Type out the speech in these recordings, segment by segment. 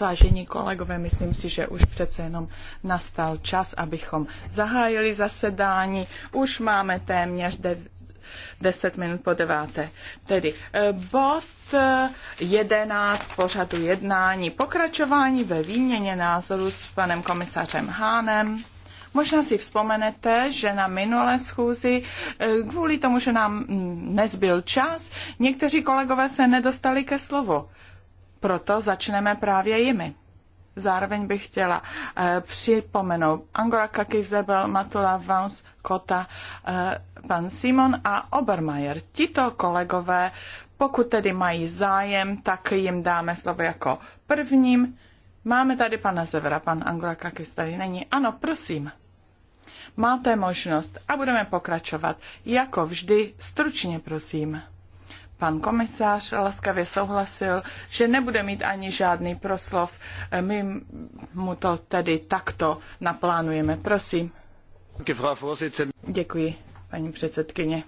Vážení kolegové, myslím si, že už přece jenom nastal čas, abychom zahájili zasedání. Už máme téměř deset minut po deváté. Tedy eh, bod 11 eh, pořadu jednání, pokračování ve výměně názoru s panem komisařem Hánem. Možná si vzpomenete, že na minulé schůzi, eh, kvůli tomu, že nám mm, nezbyl čas, někteří kolegové se nedostali ke slovu. Proto začneme právě jimi. Zároveň bych chtěla eh, připomenout Angora Kaki, Zebel, Matula, Vance, Kota, eh, pan Simon a Obermeier. Tito kolegové, pokud tedy mají zájem, tak jim dáme slovo jako prvním Máme tady pana Zevra, pan Angula Kakis tady není. Ano, prosím. Máte možnost a budeme pokračovat. Jako vždy, stručně prosím. Pan komisář laskavě souhlasil, že nebude mít ani žádný proslov. My mu to tedy takto naplánujeme. Prosím. Děkuji, paní předsedkyně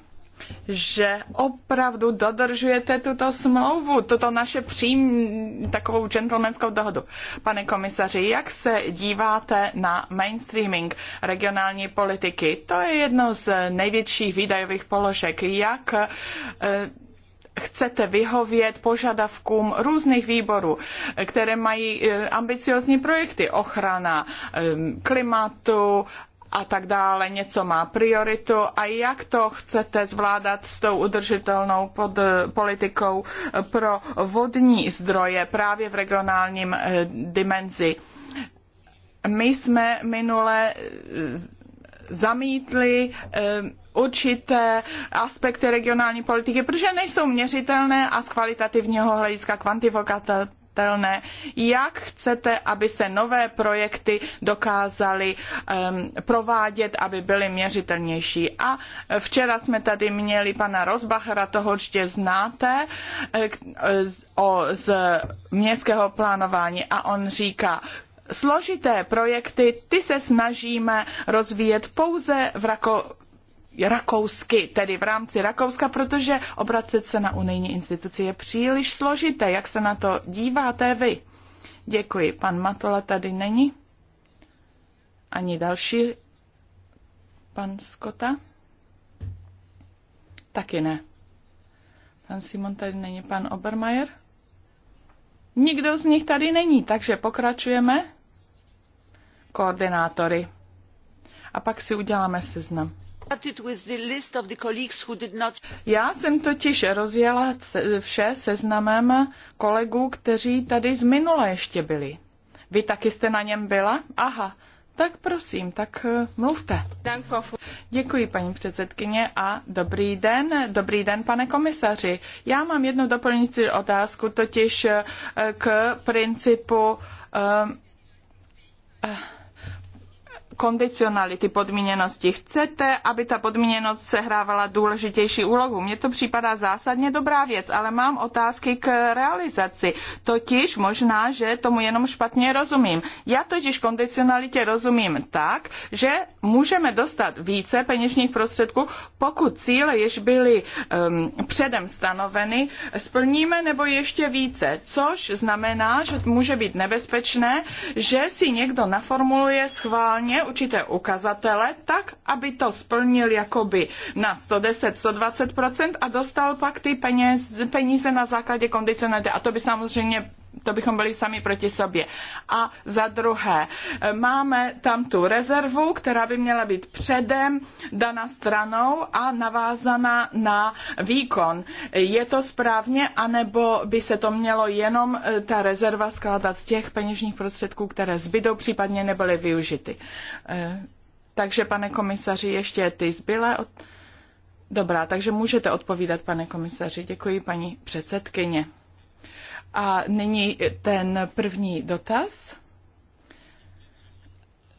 že opravdu dodržujete tuto smlouvu, tuto naše přím, takovou gentlemanskou dohodu. Pane komisaři, jak se díváte na mainstreaming regionální politiky? To je jedno z největších výdajových položek. Jak eh, chcete vyhovět požadavkům různých výborů, které mají eh, ambiciozní projekty, ochrana eh, klimatu, a tak dále, něco má prioritu a jak to chcete zvládat s tou udržitelnou pod, eh, politikou pro vodní zdroje právě v regionálním eh, dimenzi. My jsme minule eh, zamítli určité aspekty regionální politiky, protože nejsou měřitelné a z kvalitativního hlediska, kvantifikovatelné hmatatelné, jak chcete, aby se nové projekty dokázaly um, provádět, aby byly měřitelnější. A včera jsme tady měli pana Rozbachera, toho určitě znáte, eh, eh, o, z městského plánování a on říká, složité projekty, ty se snažíme rozvíjet pouze v Rako, rakousky, tedy v rámci Rakouska, protože obracet se na unijní instituci je příliš složité. Jak se na to díváte vy? Děkuji. Pan Matola tady není. Ani další. Pan Skota? Taky ne. Pan Simon tady není. Pan Obermeier? Nikdo z nich tady není, takže pokračujeme. Koordinátory. A pak si uděláme seznam. Já jsem totiž rozjela vše seznamem kolegů, kteří tady z minula ještě byli. Vy taky jste na něm byla? Aha, tak prosím, tak eh, mluvte. Děkuji, paní předsedkyně, a dobrý den, dobrý den, pane komisaři. Já mám jednu doplňující otázku, totiž eh, k principu. Uh, uh, kondicionality podmíněnosti. Chcete, aby ta podmíněnost sehrávala důležitější úlohu? Mně to připadá zásadně dobrá věc, ale mám otázky k realizaci. Totiž možná, že tomu jenom špatně rozumím. Já totiž kondicionalitě rozumím tak, že můžeme dostat více peněžních prostředků, pokud cíle, jež byly um, předem stanoveny, splníme nebo ještě více. Což znamená, že může být nebezpečné, že si někdo naformuluje schválně určité ukazatele tak, aby to splnil jakoby na 110-120% a dostal pak ty peněz, peníze na základě kondicionality. A to by samozřejmě to bychom byli sami proti sobě. A za druhé, máme tam tu rezervu, která by měla být předem dana stranou a navázaná na výkon. Je to správně, anebo by se to mělo jenom eh, ta rezerva skládat z těch peněžních prostředků, které zbydou, případně nebyly využity. Eh, takže, pane komisaři, ještě ty zbylé od... Dobrá, takže můžete odpovídat, pane komisaři. Děkuji, paní předsedkyně. A nyní ten první dotaz.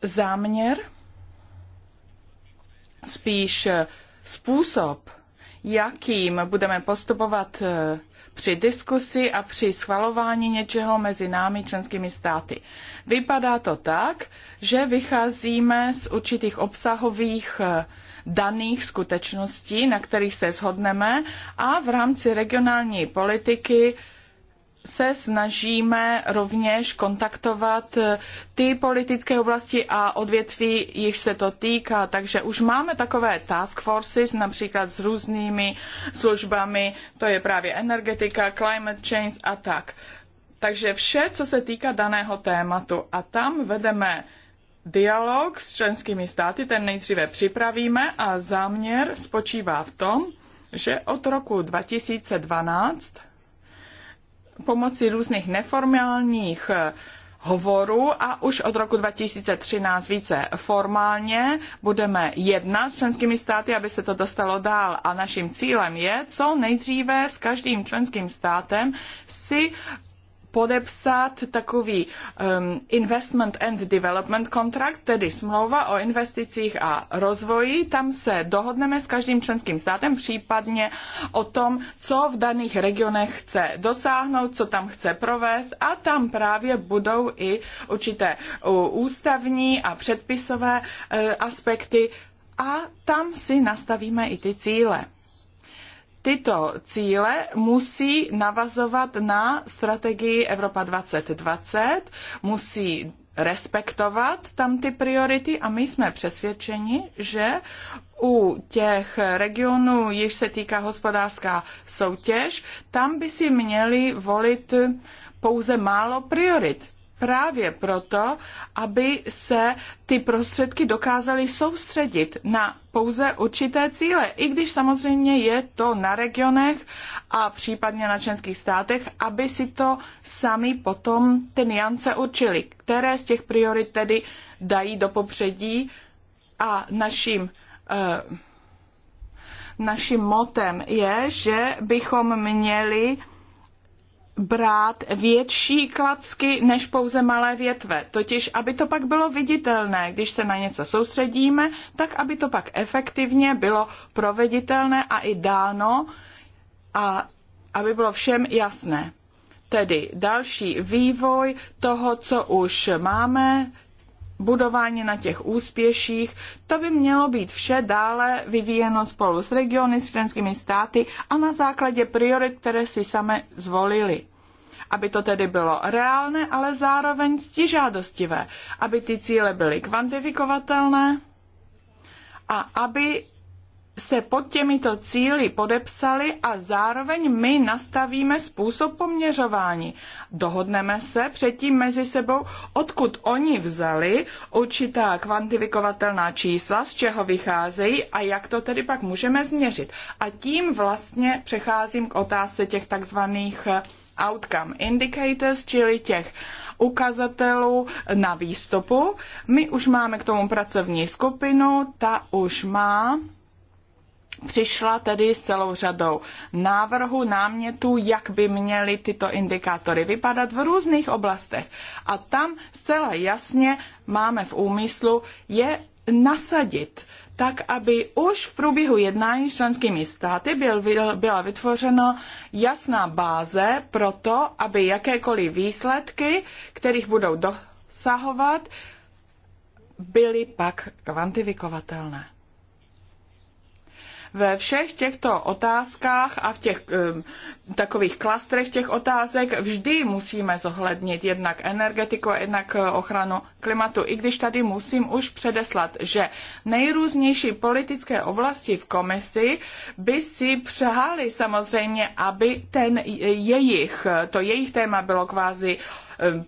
Záměr, spíš způsob, jakým budeme postupovat eh, při diskusi a při schvalování něčeho mezi námi členskými státy. Vypadá to tak, že vycházíme z určitých obsahových eh, daných skutečností, na kterých se shodneme a v rámci regionální politiky se snažíme rovněž kontaktovat eh, ty politické oblasti a odvětví, již se to týká. Takže už máme takové task forces, například s různými službami, to je právě energetika, climate change a tak. Takže vše, co se týká daného tématu a tam vedeme dialog s členskými státy, ten nejdříve připravíme a záměr spočívá v tom, že od roku 2012 pomocí různých neformálních eh, hovoru a už od roku 2013 více formálně budeme jednat s členskými státy, aby se to dostalo dál. A naším cílem je co nejdříve s každým členským státem si podepsat takový um, investment and development contract, tedy smlouva o investicích a rozvoji. Tam se dohodneme s každým členským státem, případně o tom, co v daných regionech chce dosáhnout, co tam chce provést a tam právě budou i určité ústavní a předpisové eh, aspekty a tam si nastavíme i ty cíle. Tyto cíle musí navazovat na strategii Evropa 2020, musí respektovat tam ty priority a my jsme přesvědčeni, že u těch regionů, již se týká hospodářská soutěž, tam by si měli volit pouze málo priorit právě proto, aby se ty prostředky dokázaly soustředit na pouze určité cíle, i když samozřejmě je to na regionech a případně na členských státech, aby si to sami potom ty niance určili, které z těch priorit tedy dají do popředí a naším uh, naším motem je, že bychom měli brát větší klacky než pouze malé větve. Totiž, aby to pak bylo viditelné, když se na něco soustředíme, tak aby to pak efektivně bylo proveditelné a i dáno a aby bylo všem jasné. Tedy další vývoj toho, co už máme, budování na těch úspěších. To by mělo být vše dále vyvíjeno spolu s regiony, s členskými státy a na základě priorit, které si sami zvolili. Aby to tedy bylo reálné, ale zároveň stižádostivé. Aby ty cíle byly kvantifikovatelné a aby se pod těmito cíly podepsali a zároveň my nastavíme způsob poměřování. Dohodneme se předtím mezi sebou, odkud oni vzali určitá kvantifikovatelná čísla, z čeho vycházejí a jak to tedy pak můžeme změřit. A tím vlastně přecházím k otázce těch takzvaných eh, outcome indicators, čili těch ukazatelů na výstupu. My už máme k tomu pracovní skupinu, ta už má přišla tedy s celou řadou návrhů, námětů, jak by měly tyto indikátory vypadat v různých oblastech. A tam zcela jasně máme v úmyslu je nasadit tak, aby už v průběhu jednání s členskými státy byl, byla vytvořena jasná báze pro to, aby jakékoliv výsledky, kterých budou dosahovat, byly pak kvantifikovatelné. Ve všech těchto otázkách a v těch takových klastrech těch otázek vždy musíme zohlednit jednak energetiku a jednak eh, ochranu klimatu. I když tady musím už předeslat, že nejrůznější politické oblasti v komisi by si přehály samozřejmě, aby ten jejich, to jejich téma bylo kvázi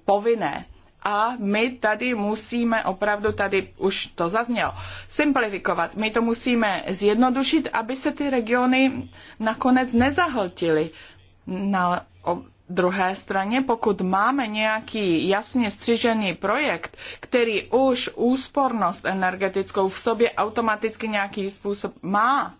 povinné a my tady musíme, opravdu tady už to zaznělo, simplifikovat. My to musíme zjednodušit, aby se ty regiony nakonec nezahltily. Na druhé straně, pokud máme nějaký jasně střižený projekt, který už úspornost energetickou v sobě automaticky nějaký způsob má,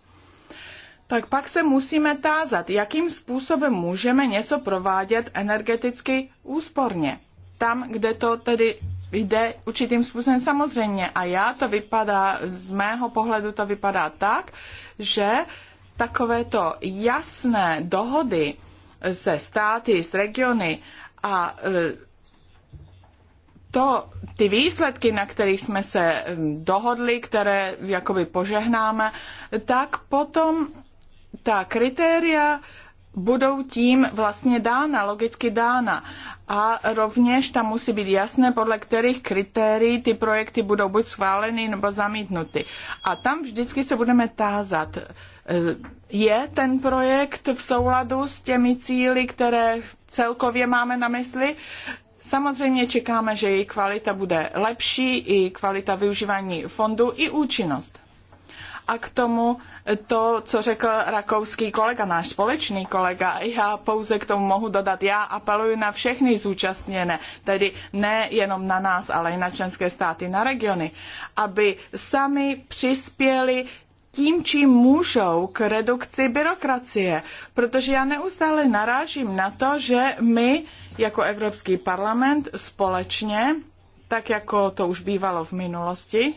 tak pak se musíme tázat, jakým způsobem můžeme něco provádět energeticky úsporně tam, kde to tedy jde určitým způsobem samozřejmě. A já to vypadá, z mého pohledu to vypadá tak, že takovéto jasné dohody se státy, z regiony a e, to, ty výsledky, na kterých jsme se dohodli, které jakoby požehnáme, tak potom ta kritéria budou tím vlastně dána, logicky dána. A rovněž tam musí být jasné, podle kterých kritérií ty projekty budou buď schváleny nebo zamítnuty. A tam vždycky se budeme tázat, eh, je ten projekt v souladu s těmi cíly, které celkově máme na mysli? Samozřejmě čekáme, že její kvalita bude lepší, i kvalita využívání fondu, i účinnost. A k tomu to, co řekl rakouský kolega, náš společný kolega, já pouze k tomu mohu dodat, já apeluji na všechny zúčastněné, tedy ne jenom na nás, ale i na členské státy, na regiony, aby sami přispěli tím, čím můžou k redukci byrokracie. Protože já neustále narážím na to, že my jako Evropský parlament společně, tak jako to už bývalo v minulosti,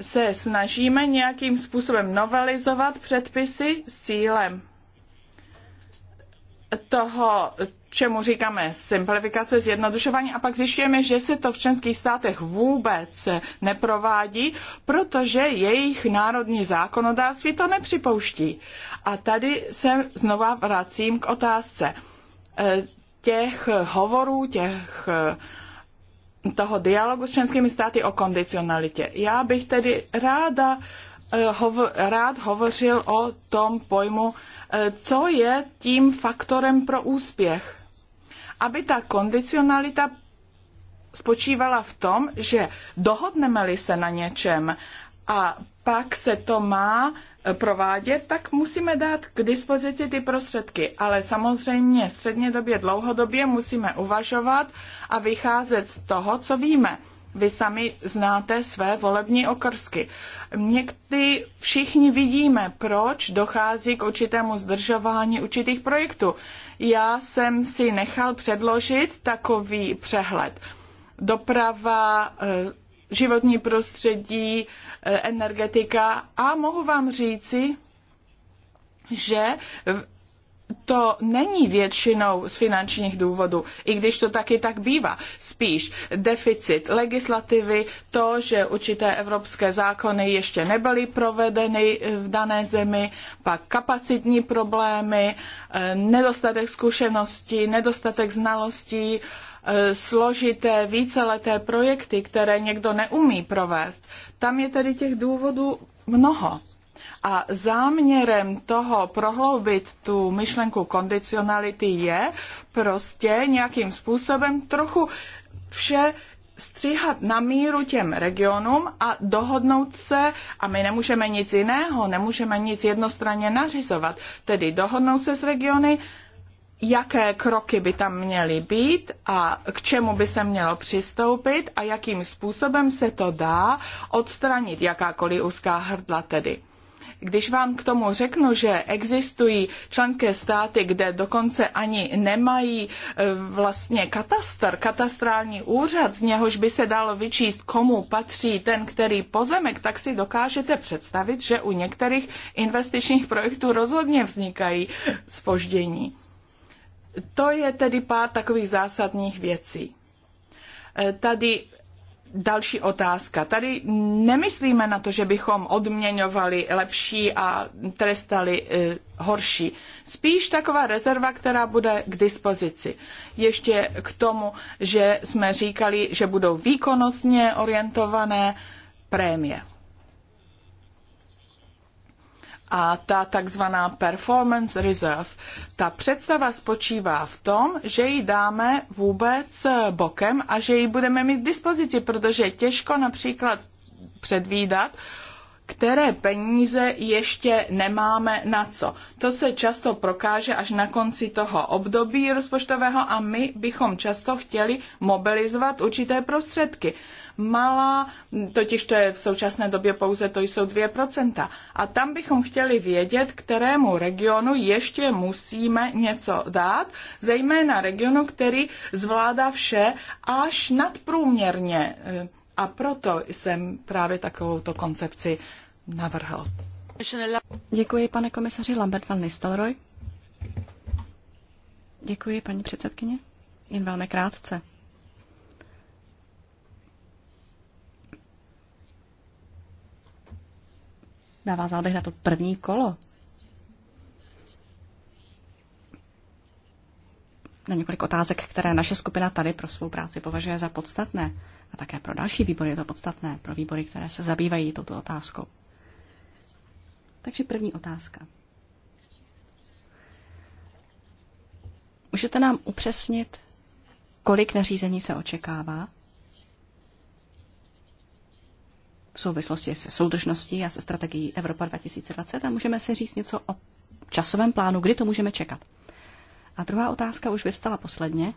se snažíme nějakým způsobem novelizovat předpisy s cílem toho, čemu říkáme simplifikace, zjednodušování a pak zjišťujeme, že se to v členských státech vůbec neprovádí, protože jejich národní zákonodárství to nepřipouští. A tady se znova vracím k otázce eh, těch hovorů, těch toho dialogu s členskými státy o kondicionalitě. Já bych tedy ráda eh, hovo, rád hovořil o tom pojmu, eh, co je tím faktorem pro úspěch. Aby ta kondicionalita spočívala v tom, že dohodneme-li se na něčem a pak se to má provádět, tak musíme dát k dispozici ty prostředky. Ale samozřejmě středně době, dlouhodobě musíme uvažovat a vycházet z toho, co víme. Vy sami znáte své volební okrsky. Někdy všichni vidíme, proč dochází k určitému zdržování určitých projektů. Já jsem si nechal předložit takový přehled. Doprava, eh, životní prostředí, energetika a mohu vám říci, že to není většinou z finančních důvodů, i když to taky tak bývá. Spíš deficit legislativy, to, že určité evropské zákony ještě nebyly provedeny v dané zemi, pak kapacitní problémy, eh, nedostatek zkušeností, nedostatek znalostí, eh, složité víceleté projekty, které někdo neumí provést. Tam je tedy těch důvodů mnoho. A záměrem toho prohloubit tu myšlenku kondicionality je prostě nějakým způsobem trochu vše stříhat na míru těm regionům a dohodnout se, a my nemůžeme nic jiného, nemůžeme nic jednostranně nařizovat, tedy dohodnout se s regiony, jaké kroky by tam měly být a k čemu by se mělo přistoupit a jakým způsobem se to dá odstranit, jakákoliv úzká hrdla tedy. Když vám k tomu řeknu, že existují členské státy, kde dokonce ani nemají e, vlastně katastr, katastrální úřad, z něhož by se dalo vyčíst, komu patří ten, který pozemek, tak si dokážete představit, že u některých investičních projektů rozhodně vznikají spoždění. To je tedy pár takových zásadních věcí. E, tady další otázka. Tady nemyslíme na to, že bychom odměňovali lepší a trestali e, horší. Spíš taková rezerva, která bude k dispozici. Ještě k tomu, že jsme říkali, že budou výkonnostně orientované prémie. A ta takzvaná performance reserve, ta představa spočívá v tom, že ji dáme vůbec bokem a že ji budeme mít k dispozici, protože těžko například předvídat, které peníze ještě nemáme na co. To se často prokáže až na konci toho období rozpočtového a my bychom často chtěli mobilizovat určité prostředky. Malá, totiž to je v současné době pouze, to jsou 2%. A tam bychom chtěli vědět, kterému regionu ještě musíme něco dát, zejména regionu, který zvládá vše až nadprůměrně. Eh, a proto jsem právě takovouto koncepci navrhl. Děkuji, pane komisaři Lambert van Nistelrooy. Děkuji, paní předsedkyně. Jen velmi krátce. Navázal bych na to první kolo. Na několik otázek, které naše skupina tady pro svou práci považuje za podstatné a také pro další výbory je to podstatné, pro výbory, které se zabývají touto otázkou. Takže první otázka. Můžete nám upřesnit, kolik nařízení se očekává v souvislosti se soudržností a se strategií Evropa 2020 a můžeme si říct něco o časovém plánu, kdy to můžeme čekat. A druhá otázka už vyvstala posledně.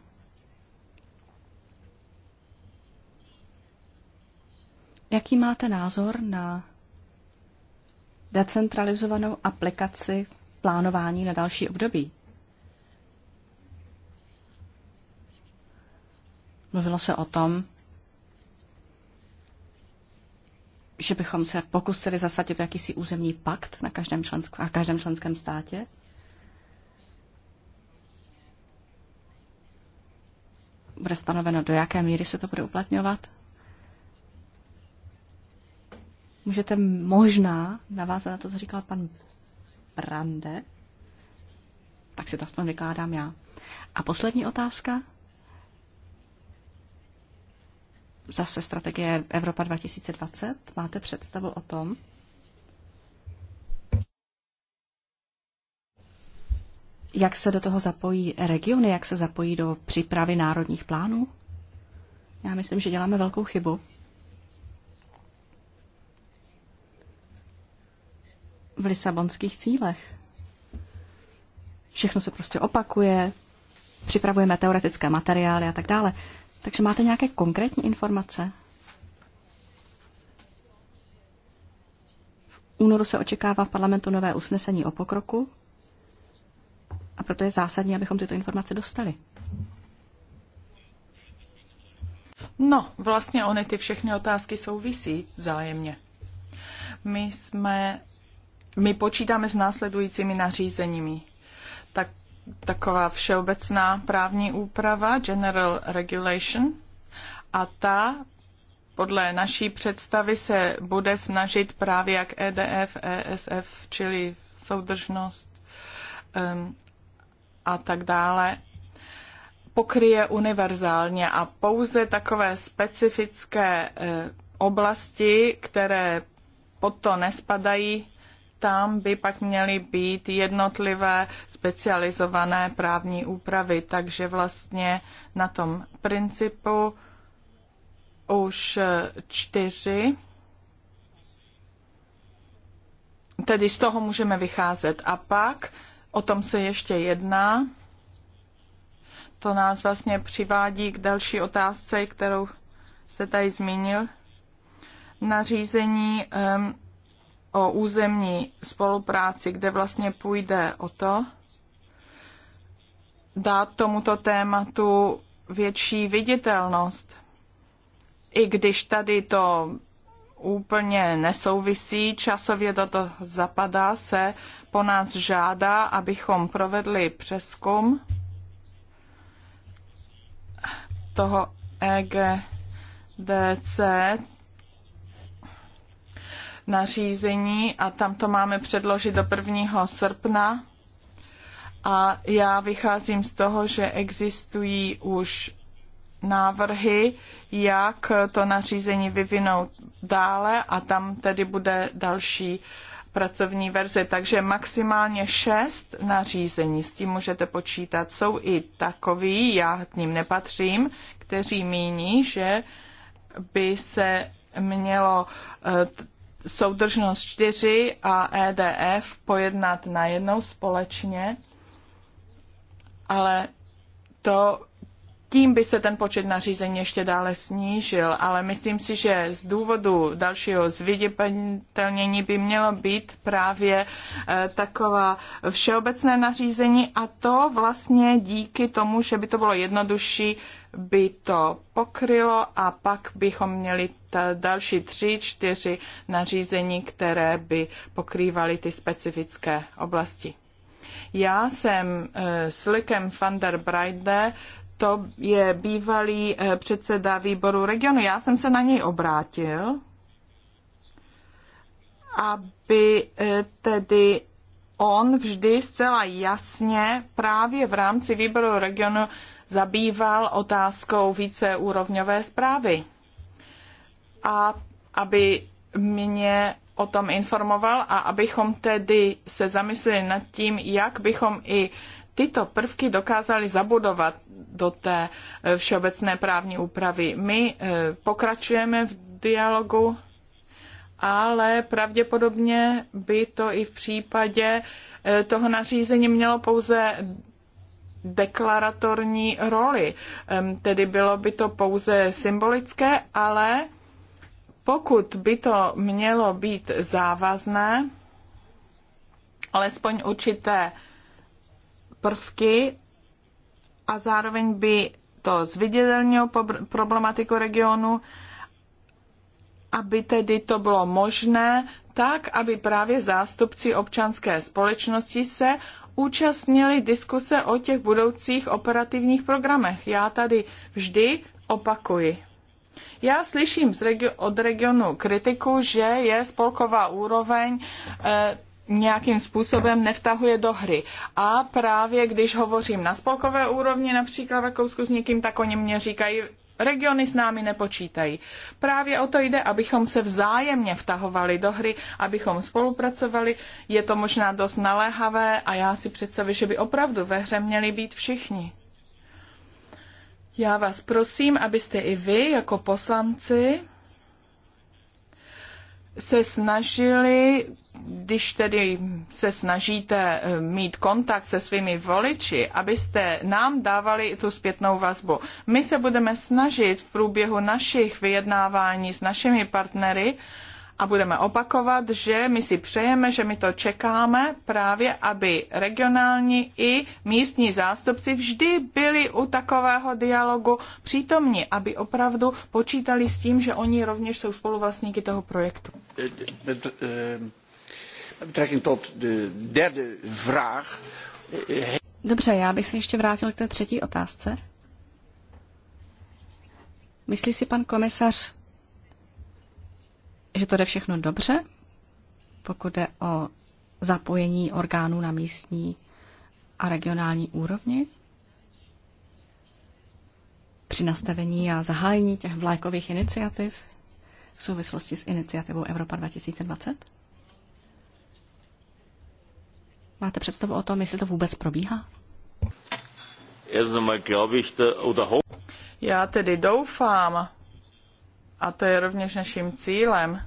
Jaký máte názor na decentralizovanou aplikaci plánování na další období? Mluvilo se o tom, že bychom se pokusili zasadit jakýsi územní pakt na každém, člensk- na každém členském státě? Bude stanoveno, do jaké míry se to bude uplatňovat? Můžete možná navázat na to, co říkal pan Brande, tak si to aspoň vykládám já. A poslední otázka. Zase strategie Evropa 2020. Máte představu o tom, jak se do toho zapojí regiony, jak se zapojí do přípravy národních plánů? Já myslím, že děláme velkou chybu. v lisabonských cílech. Všechno se prostě opakuje, připravujeme teoretické materiály a tak dále. Takže máte nějaké konkrétní informace? V únoru se očekává v parlamentu nové usnesení o pokroku a proto je zásadní, abychom tyto informace dostali. No, vlastně ony ty všechny otázky souvisí zájemně. My jsme my počítáme s následujícími nařízeními. Tak, taková všeobecná právní úprava, General Regulation, a ta podle naší představy se bude snažit právě jak EDF, ESF, čili soudržnost um, a tak dále, pokryje univerzálně a pouze takové specifické eh, oblasti, které pod to nespadají, tam by pak měly být jednotlivé specializované právní úpravy, takže vlastně na tom principu už čtyři, tedy z toho můžeme vycházet. A pak o tom se ještě jedná. To nás vlastně přivádí k další otázce, kterou jste tady zmínil. Nařízení um, o územní spolupráci, kde vlastně půjde o to, dát tomuto tématu větší viditelnost. I když tady to úplně nesouvisí, časově do toho zapadá, se po nás žádá, abychom provedli přeskum toho EGDC, nařízení a tam to máme předložit do 1. srpna. A já vycházím z toho, že existují už návrhy, jak to nařízení vyvinout dále a tam tedy bude další pracovní verze. Takže maximálně šest nařízení, s tím můžete počítat. Jsou i takový, já k ním nepatřím, kteří míní, že by se mělo eh, soudržnost 4 a EDF pojednat najednou společně, ale to tím by se ten počet nařízení ještě dále snížil, ale myslím si, že z důvodu dalšího zviditelnění by mělo být právě e, taková všeobecné nařízení a to vlastně díky tomu, že by to bylo jednodušší by to pokrylo a pak bychom měli další tři, čtyři nařízení, které by pokrývaly ty specifické oblasti. Já jsem eh, s Lukem van der Breide, to je bývalý eh, předseda výboru regionu. Já jsem se na něj obrátil, aby eh, tedy on vždy zcela jasně právě v rámci výboru regionu zabýval otázkou víceúrovňové zprávy a aby mě o tom informoval a abychom tedy se zamysleli nad tím, jak bychom i tyto prvky dokázali zabudovat do té eh, všeobecné právní úpravy. My eh, pokračujeme v dialogu, ale pravděpodobně by to i v případě eh, toho nařízení mělo pouze deklaratorní roli. Tedy bylo by to pouze symbolické, ale pokud by to mělo být závazné, alespoň určité prvky a zároveň by to zvidělnilo problematiku regionu, aby tedy to bylo možné, tak, aby právě zástupci občanské společnosti se účastnili diskuse o těch budoucích operativních programech. Já tady vždy opakuji. Já slyším z regio- od regionu kritiku, že je spolková úroveň e, nějakým způsobem nevtahuje do hry. A právě když hovořím na spolkové úrovni, například v Rakousku s někým, tak oni mě říkají, Regiony s námi nepočítají. Právě o to jde, abychom se vzájemně vtahovali do hry, abychom spolupracovali. Je to možná dost naléhavé a já si představuji, že by opravdu ve hře měli být všichni. Já vás prosím, abyste i vy jako poslanci se snažili, když tedy se snažíte eh, mít kontakt se svými voliči, abyste nám dávali tu zpětnou vazbu. My se budeme snažit v průběhu našich vyjednávání s našimi partnery a budeme opakovat, že my si přejeme, že my to čekáme právě, aby regionální i místní zástupci vždy byli u takového dialogu přítomni, aby opravdu počítali s tím, že oni rovněž jsou spoluvlastníky toho projektu. Eh, eh, eh, Dobře, já bych se ještě vrátil k té třetí otázce. Myslí si pan komisař, že to jde všechno dobře, pokud jde o zapojení orgánů na místní a regionální úrovni při nastavení a zahájení těch vlajkových iniciativ v souvislosti s iniciativou Evropa 2020? Máte představu o tom, jestli to vůbec probíhá? Já tedy doufám, a to je rovněž naším cílem,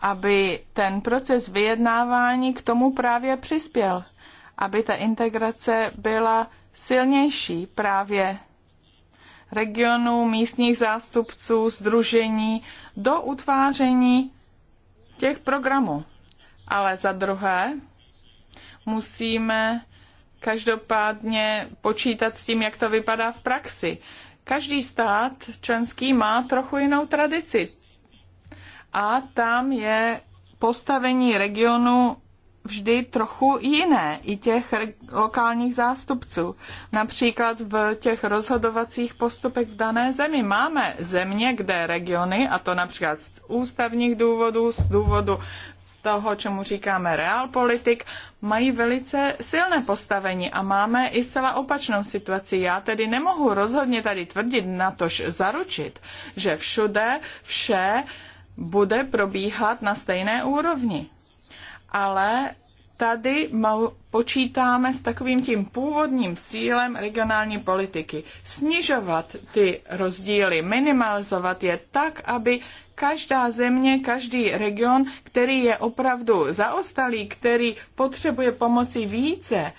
aby ten proces vyjednávání k tomu právě přispěl, aby ta integrace byla silnější právě regionů, místních zástupců, združení do utváření těch programů. Ale za druhé musíme každopádně počítat s tím, jak to vypadá v praxi. Každý stát členský má trochu jinou tradici. A tam je postavení regionu vždy trochu jiné, i těch lokálních zástupců. Například v těch rozhodovacích postupech v dané zemi máme země, kde regiony, a to například z ústavních důvodů, z důvodu toho, čemu říkáme realpolitik, mají velice silné postavení a máme i zcela opačnou situaci. Já tedy nemohu rozhodně tady tvrdit, natož zaručit, že všude vše bude probíhat na stejné úrovni. Ale tady počítáme s takovým tím původním cílem regionální politiky. Snižovat ty rozdíly, minimalizovat je tak, aby každá země, každý region, který je opravdu zaostalý, který potřebuje pomoci více,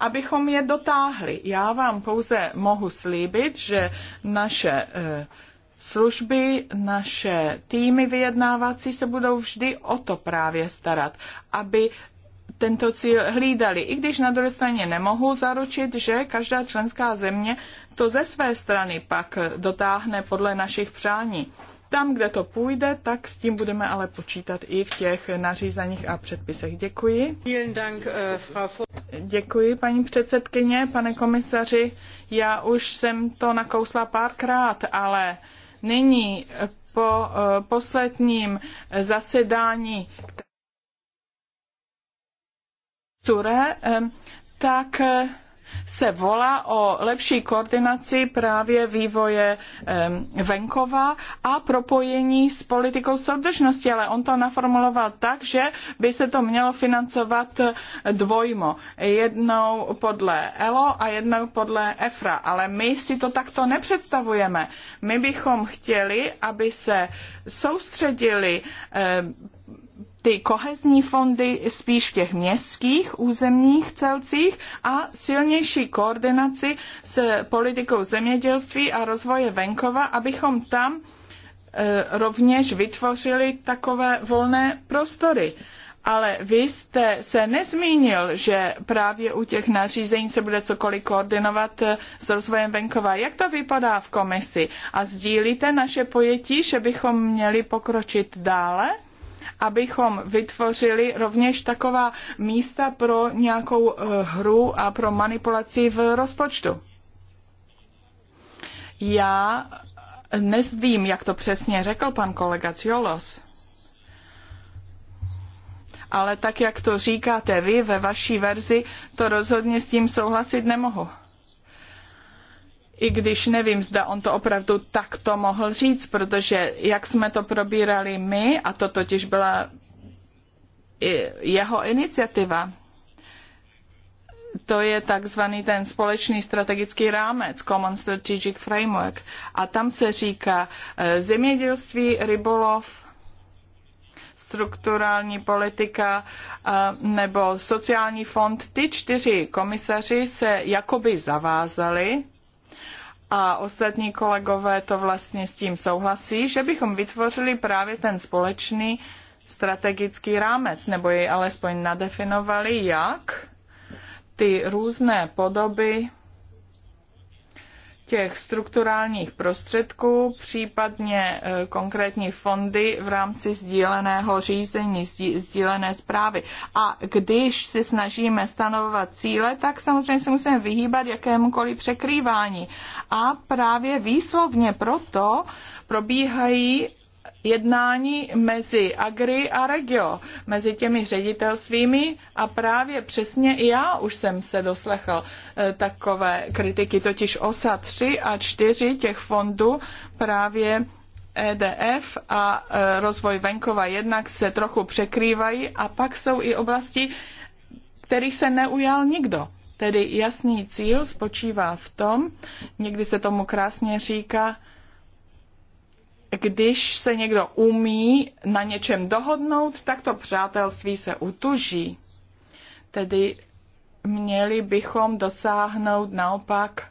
abychom je dotáhli. Já vám pouze mohu slíbit, že naše eh, služby, naše týmy vyjednávací se budou vždy o to právě starat, aby tento cíl hlídali, i když na druhé straně nemohu zaručit, že každá členská země to ze své strany pak dotáhne podle našich přání. Tam, kde to půjde, tak s tím budeme ale počítat i v těch nařízeních a předpisech. Děkuji. Eh, Děkuji, paní předsedkyně, pane komisaři. Já už jsem to nakousla párkrát, ale nyní po eh, posledním zasedání, SURE, tak eh, se volá o lepší koordinaci právě vývoje venkova a propojení s politikou soudržnosti, ale on to naformuloval tak, že by se to mělo financovat eh, dvojmo. Jednou podle ELO a jednou podle EFRA, ale my si to takto nepředstavujeme. My bychom chtěli, aby se soustředili ty kohezní fondy spíš v těch městských územních celcích a silnější koordinaci s politikou zemědělství a rozvoje venkova, abychom tam e, rovněž vytvořili takové volné prostory. Ale vy jste se nezmínil, že právě u těch nařízení se bude cokoliv koordinovat e, s rozvojem venkova. Jak to vypadá v komisi? A sdílíte naše pojetí, že bychom měli pokročit dále? abychom vytvořili rovněž taková místa pro nějakou eh, hru a pro manipulaci v rozpočtu. Já nezvím, jak to přesně řekl pan kolega Ciolos, ale tak, jak to říkáte vy ve vaší verzi, to rozhodně s tím souhlasit nemohu i když nevím, zda on to opravdu takto mohl říct, protože jak jsme to probírali my, a to totiž byla jeho iniciativa, to je takzvaný ten společný strategický rámec, Common Strategic Framework. A tam se říká eh, zemědělství, rybolov, strukturální politika eh, nebo sociální fond. Ty čtyři komisaři se jakoby zavázali, a ostatní kolegové to vlastně s tím souhlasí, že bychom vytvořili právě ten společný strategický rámec, nebo jej alespoň nadefinovali, jak ty různé podoby těch strukturálních prostředků, případně e, konkrétní fondy v rámci sdíleného řízení, sdílené zprávy. A když si snažíme stanovovat cíle, tak samozřejmě se musíme vyhýbat jakémukoliv překrývání. A právě výslovně proto probíhají jednání mezi Agri a Regio, mezi těmi ředitelstvími a právě přesně i já už jsem se doslechl eh, takové kritiky, totiž OSA 3 a 4 těch fondů právě EDF a eh, rozvoj venkova jednak se trochu překrývají a pak jsou i oblasti, kterých se neujal nikdo. Tedy jasný cíl spočívá v tom, někdy se tomu krásně říká, když se někdo umí na něčem dohodnout, tak to přátelství se utuží. Tedy měli bychom dosáhnout naopak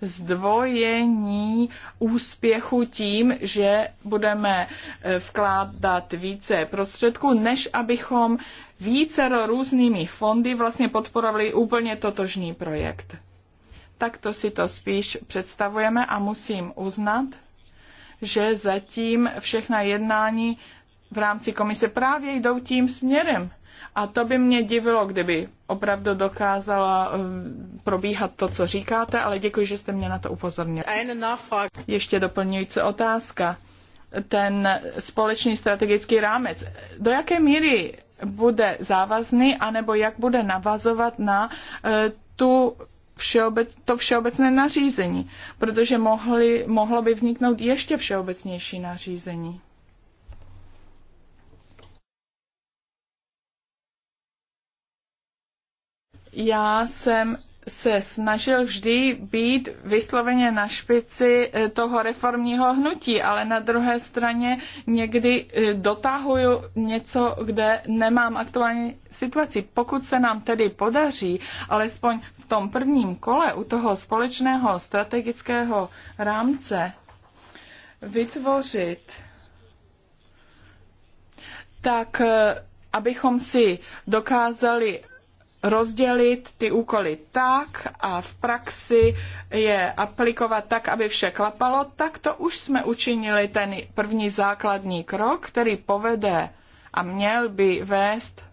zdvojení úspěchu tím, že budeme eh, vkládat více prostředků, než abychom více různými fondy vlastně podporovali úplně totožný projekt. Tak to si to spíš představujeme a musím uznat, že zatím všechna jednání v rámci komise právě jdou tím směrem. A to by mě divilo, kdyby opravdu dokázala eh, probíhat to, co říkáte, ale děkuji, že jste mě na to upozornil. Ještě doplňující otázka. Ten společný strategický rámec, do jaké míry bude závazný, anebo jak bude navazovat na eh, tu všeobec, to všeobecné nařízení, protože mohly, mohlo by vzniknout ještě všeobecnější nařízení. Já jsem se snažil vždy být vysloveně na špici eh, toho reformního hnutí, ale na druhé straně někdy eh, dotahuju něco, kde nemám aktuální situaci. Pokud se nám tedy podaří, alespoň v tom prvním kole u toho společného strategického rámce, vytvořit tak eh, abychom si dokázali rozdělit ty úkoly tak a v praxi je aplikovat tak, aby vše klapalo, tak to už jsme učinili ten první základní krok, který povede a měl by vést,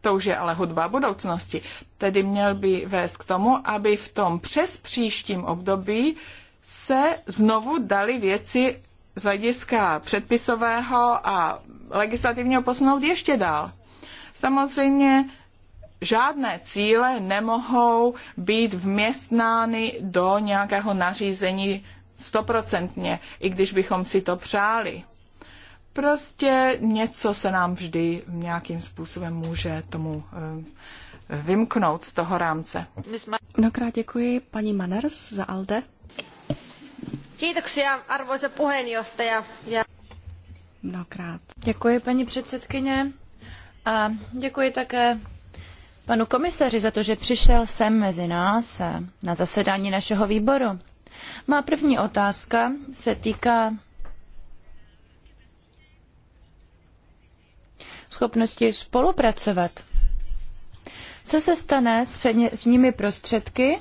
to už je ale hudba budoucnosti, tedy měl by vést k tomu, aby v tom přes příštím období se znovu dali věci z hlediska předpisového a legislativního posunout ještě dál. Samozřejmě žádné cíle nemohou být vměstnány do nějakého nařízení stoprocentně, i když bychom si to přáli. Prostě něco se nám vždy nějakým způsobem může tomu eh, vymknout z toho rámce. Mnohokrát děkuji paní Manners za ALDE. Kiitoksia, arvoisa puheenjohtaja. Ja... Mnohokrát. Děkuji paní předsedkyně a děkuji také panu komisaři za to, že přišel sem mezi nás na zasedání našeho výboru. Má první otázka se týká schopnosti spolupracovat. Co se stane s finančními prostředky,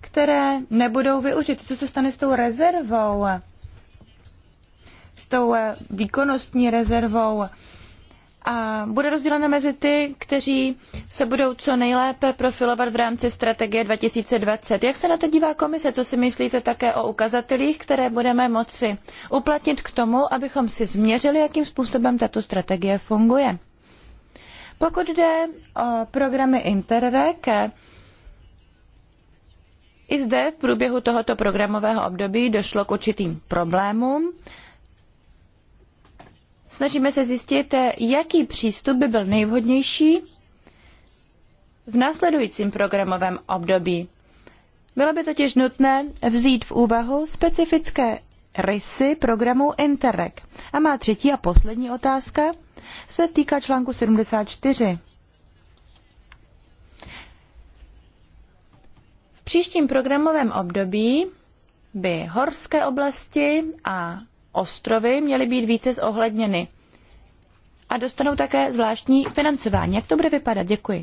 které nebudou využity? Co se stane s tou rezervou, s tou eh, výkonnostní rezervou? a bude rozdělena mezi ty, kteří se budou co nejlépe profilovat v rámci strategie 2020. Jak se na to dívá komise? Co si myslíte také o ukazatelích, které budeme moci uplatnit k tomu, abychom si změřili, jakým způsobem tato strategie funguje? Pokud jde o programy Interreg, i zde v průběhu tohoto programového období došlo k určitým problémům. Snažíme se zjistit, jaký přístup by byl nejvhodnější v následujícím programovém období. Bylo by totiž nutné vzít v úvahu specifické rysy programu Interreg. A má třetí a poslední otázka se týká článku 74. V příštím programovém období by horské oblasti a ostrovy měly být více zohledněny a dostanou také zvláštní financování. Jak to bude vypadat? Děkuji.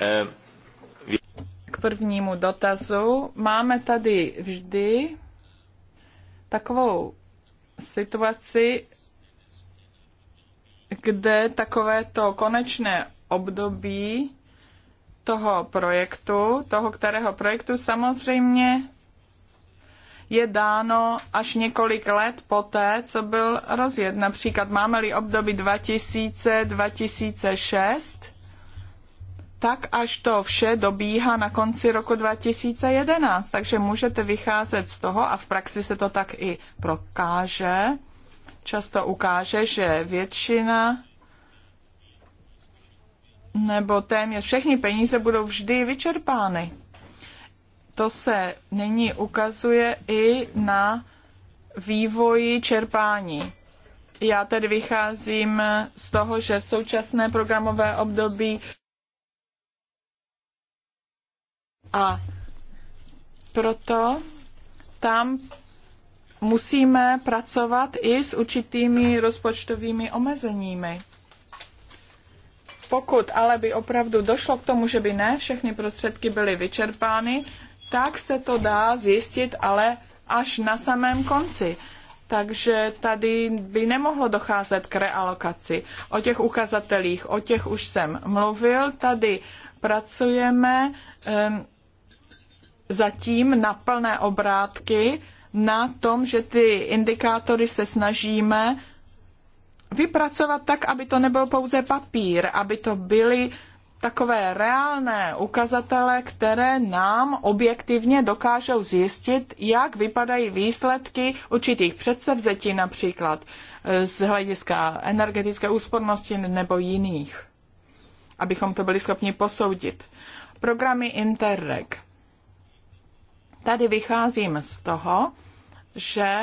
Äh, K prvnímu dotazu. Máme tady vždy takovou situaci, kde takovéto konečné období toho projektu, toho kterého projektu samozřejmě je dáno až několik let poté, co byl rozjet. Například máme-li období 2000-2006, tak až to vše dobíhá na konci roku 2011. Takže můžete vycházet z toho, a v praxi se to tak i prokáže, často ukáže, že většina nebo téměř všechny peníze budou vždy vyčerpány. To se nyní ukazuje i na vývoji čerpání. Já tedy vycházím z toho, že současné programové období a proto tam musíme pracovat i s určitými rozpočtovými omezeními. Pokud ale by opravdu došlo k tomu, že by ne všechny prostředky byly vyčerpány, tak se to dá zjistit, ale až na samém konci. Takže tady by nemohlo docházet k realokaci. O těch ukazatelích, o těch už jsem mluvil. Tady pracujeme um, zatím na plné obrátky na tom, že ty indikátory se snažíme vypracovat tak, aby to nebyl pouze papír, aby to byly takové reálné ukazatele, které nám objektivně dokážou zjistit, jak vypadají výsledky určitých předsevzetí, například eh, z hlediska energetické úspornosti nebo jiných, abychom to byli schopni posoudit. Programy Interreg. Tady vycházím z toho, že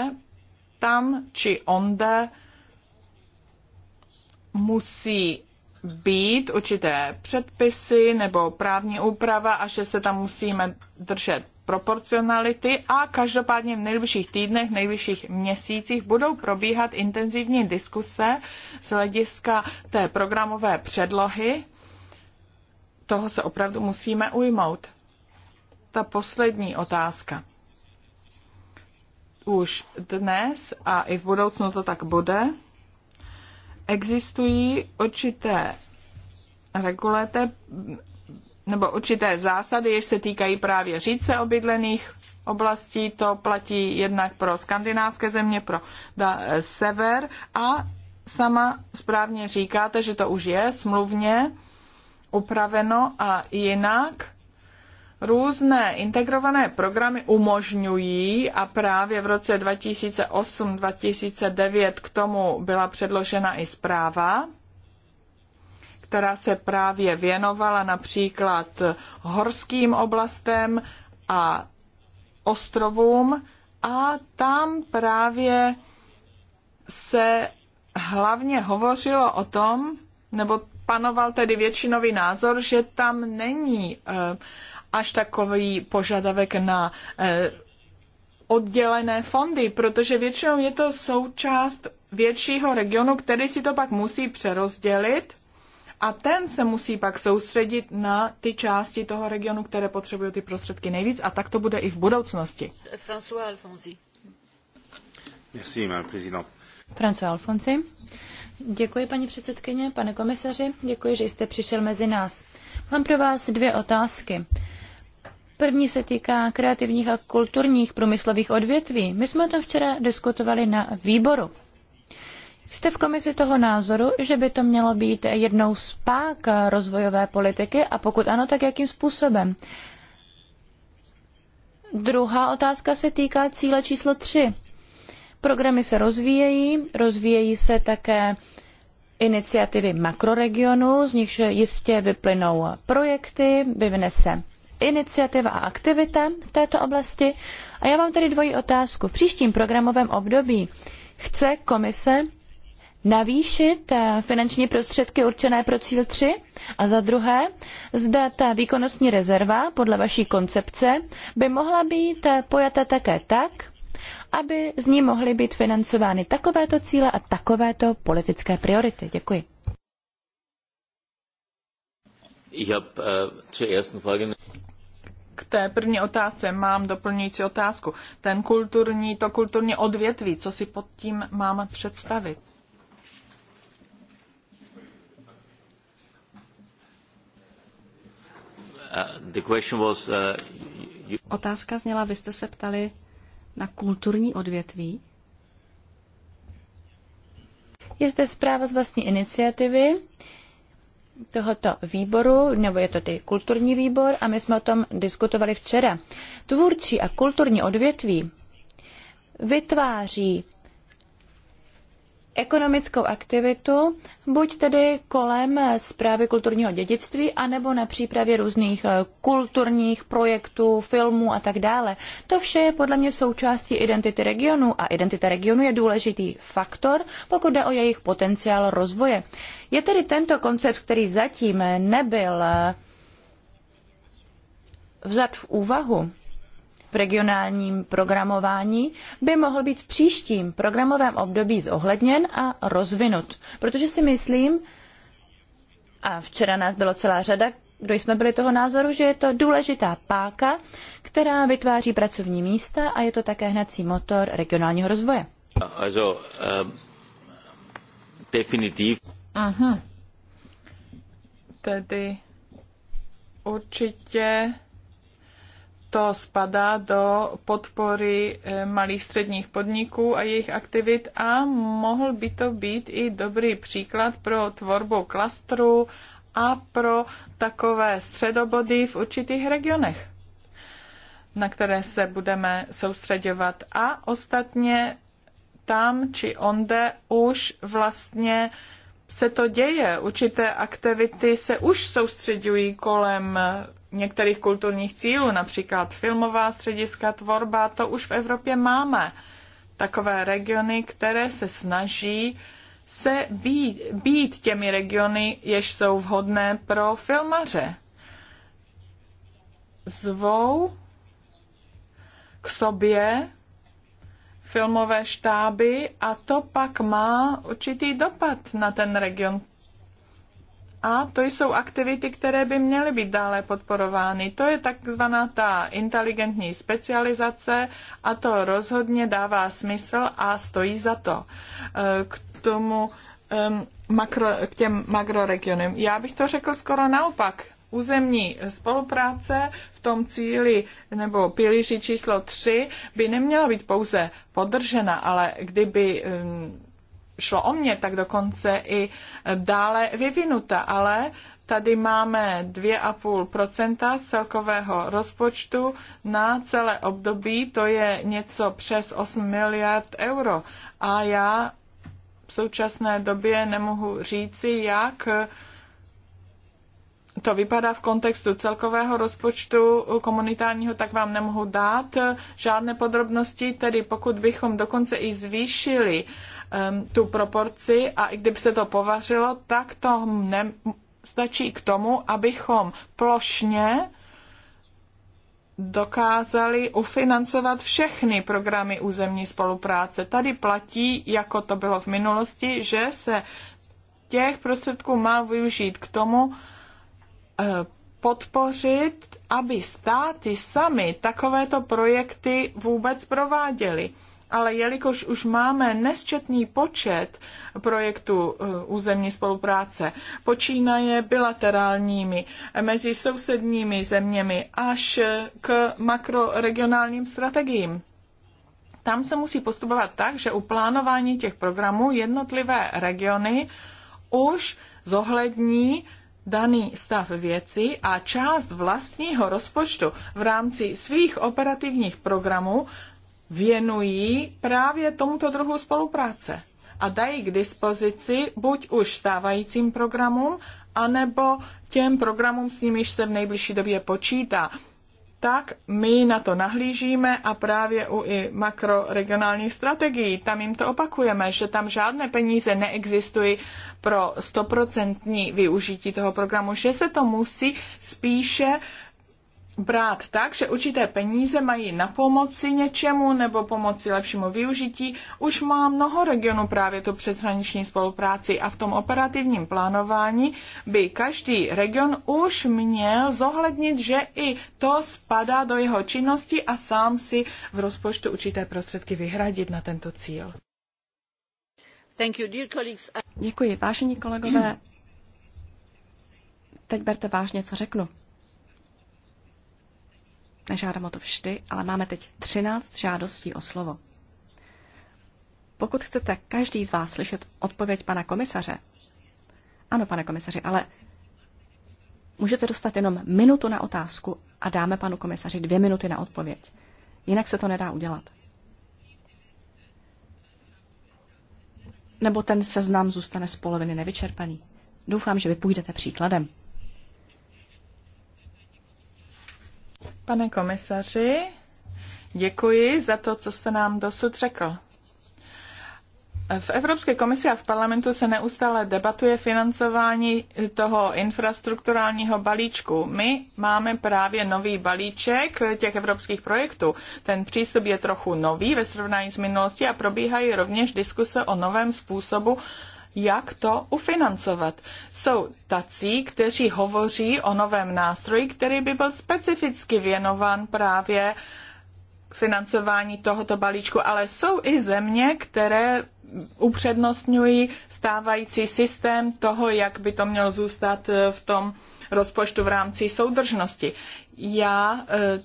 tam či onde musí být určité předpisy nebo právní úprava a že se tam musíme držet proporcionality a každopádně v nejbližších týdnech, nejbližších měsících budou probíhat intenzivní diskuse z hlediska té programové předlohy. Toho se opravdu musíme ujmout. Ta poslední otázka. Už dnes a i v budoucnu to tak bude existují určité regulete nebo určité zásady, jež se týkají právě říce obydlených oblastí. To platí jednak pro skandinávské země, pro da, sever a sama správně říkáte, že to už je smluvně upraveno a jinak různé integrované programy umožňují a právě v roce 2008-2009 k tomu byla předložena i zpráva, která se právě věnovala například horským oblastem a ostrovům a tam právě se hlavně hovořilo o tom, nebo panoval tedy většinový názor, že tam není eh, až takový požadavek na eh, oddělené fondy, protože většinou je to součást většího regionu, který si to pak musí přerozdělit a ten se musí pak soustředit na ty části toho regionu, které potřebují ty prostředky nejvíc a tak to bude i v budoucnosti. François Alfonsi. Merci, madame François Alfonsi. Děkuji, paní předsedkyně, pane komisaři, děkuji, že jste přišel mezi nás. Mám pro vás dvě otázky. První se týká kreativních a kulturních průmyslových odvětví. My jsme o tom včera diskutovali na výboru. Jste v komisi toho názoru, že by to mělo být jednou z pák rozvojové politiky a pokud ano, tak jakým způsobem? Druhá otázka se týká cíle číslo 3. Programy se rozvíjejí, rozvíjejí se také iniciativy makroregionu, z nichž jistě vyplynou projekty, vyvine se iniciativa a aktivita v této oblasti. A já mám tedy dvojí otázku. V příštím programovém období chce komise navýšit eh, finanční prostředky určené pro cíl 3? A za druhé, zda ta výkonnostní rezerva podle vaší koncepce by mohla být eh, pojata také tak, aby z ní mohly být financovány takovéto cíle a takovéto politické priority. Děkuji. Äh, K té první otázce mám doplňující otázku. Ten kulturní, to kulturní odvětví, co si pod tím mám představit? Uh, uh, Otázka zněla, vy jste se ptali, na kulturní odvětví? Je zde zpráva z vlastní iniciativy tohoto výboru, nebo je to tedy kulturní výbor, a my jsme o tom diskutovali včera. Tvůrčí a kulturní odvětví vytváří ekonomickou aktivitu, buď tedy kolem zprávy kulturního dědictví, anebo na přípravě různých eh, kulturních projektů, filmů a tak dále. To vše je podle mě součástí identity regionu a identita regionu je důležitý faktor, pokud jde o jejich potenciál rozvoje. Je tedy tento koncept, který zatím nebyl eh, vzat v úvahu, v regionálním programování by mohl být v příštím programovém období zohledněn a rozvinut. Protože si myslím, a včera nás bylo celá řada, kdo jsme byli toho názoru, že je to důležitá páka, která vytváří pracovní místa a je to také hnací motor regionálního rozvoje. Also, um, definitiv. Aha. Tedy určitě to spadá do podpory eh, malých středních podniků a jejich aktivit a mohl by to být i dobrý příklad pro tvorbu klastru a pro takové středobody v určitých regionech, na které se budeme soustředovat. A ostatně tam či onde už vlastně se to děje. Určité aktivity se už soustředují kolem některých kulturních cílů, například filmová střediska, tvorba, to už v Evropě máme. Takové regiony, které se snaží se být, být těmi regiony, jež jsou vhodné pro filmaře. Zvou k sobě filmové štáby a to pak má určitý dopad na ten region, a to jsou aktivity, které by měly být dále podporovány. To je takzvaná ta inteligentní specializace a to rozhodně dává smysl a stojí za to. E, k tomu makro, k těm makroregionům. Já bych to řekl skoro naopak. Územní spolupráce v tom cíli nebo pilíři číslo 3 by neměla být pouze podržena, ale kdyby um, šlo o mě, tak dokonce i dále vyvinuta, ale tady máme 2,5 celkového rozpočtu na celé období, to je něco přes 8 miliard euro. A já v současné době nemohu říci, jak to vypadá v kontextu celkového rozpočtu komunitárního, tak vám nemohu dát žádné podrobnosti, tedy pokud bychom dokonce i zvýšili Um, tu proporci a i kdyby se to povařilo, tak to ne, stačí k tomu, abychom plošně dokázali ufinancovat všechny programy územní spolupráce. Tady platí, jako to bylo v minulosti, že se těch prostředků má využít k tomu, uh, podpořit, aby státy sami takovéto projekty vůbec prováděly ale jelikož už máme nesčetný počet projektů eh, územní spolupráce, počínaje bilaterálními eh, mezi sousedními zeměmi až eh, k makroregionálním strategiím. Tam se musí postupovat tak, že u plánování těch programů jednotlivé regiony už zohlední daný stav věci a část vlastního rozpočtu v rámci svých operativních programů věnují právě tomuto druhu spolupráce a dají k dispozici buď už stávajícím programům, anebo těm programům, s nimiž se v nejbližší době počítá. Tak my na to nahlížíme a právě u i makroregionálních strategií, tam jim to opakujeme, že tam žádné peníze neexistují pro stoprocentní využití toho programu, že se to musí spíše brát tak, že určité peníze mají na pomoci něčemu nebo pomoci lepšímu využití. Už má mnoho regionů právě tu přeshraniční spolupráci a v tom operativním plánování by každý region už měl zohlednit, že i to spadá do jeho činnosti a sám si v rozpočtu určité prostředky vyhradit na tento cíl. Thank you, dear colleagues. Děkuji, vážení kolegové. Teď berte vážně, co řeknu. Nežádám o to vždy, ale máme teď 13 žádostí o slovo. Pokud chcete každý z vás slyšet odpověď pana komisaře, ano, pane komisaři, ale můžete dostat jenom minutu na otázku a dáme panu komisaři dvě minuty na odpověď. Jinak se to nedá udělat. Nebo ten seznam zůstane z poloviny nevyčerpaný. Doufám, že vy půjdete příkladem. Pane komisaři, děkuji za to, co jste nám dosud řekl. V Evropské komisi a v parlamentu se neustále debatuje financování toho infrastrukturálního balíčku. My máme právě nový balíček těch evropských projektů. Ten přístup je trochu nový ve srovnání s minulostí a probíhají rovněž diskuse o novém způsobu jak to ufinancovat. Jsou tací, kteří hovoří o novém nástroji, který by byl specificky věnován právě financování tohoto balíčku, ale jsou i země, které upřednostňují stávající systém toho, jak by to mělo zůstat eh, v tom rozpočtu v rámci soudržnosti. Já eh,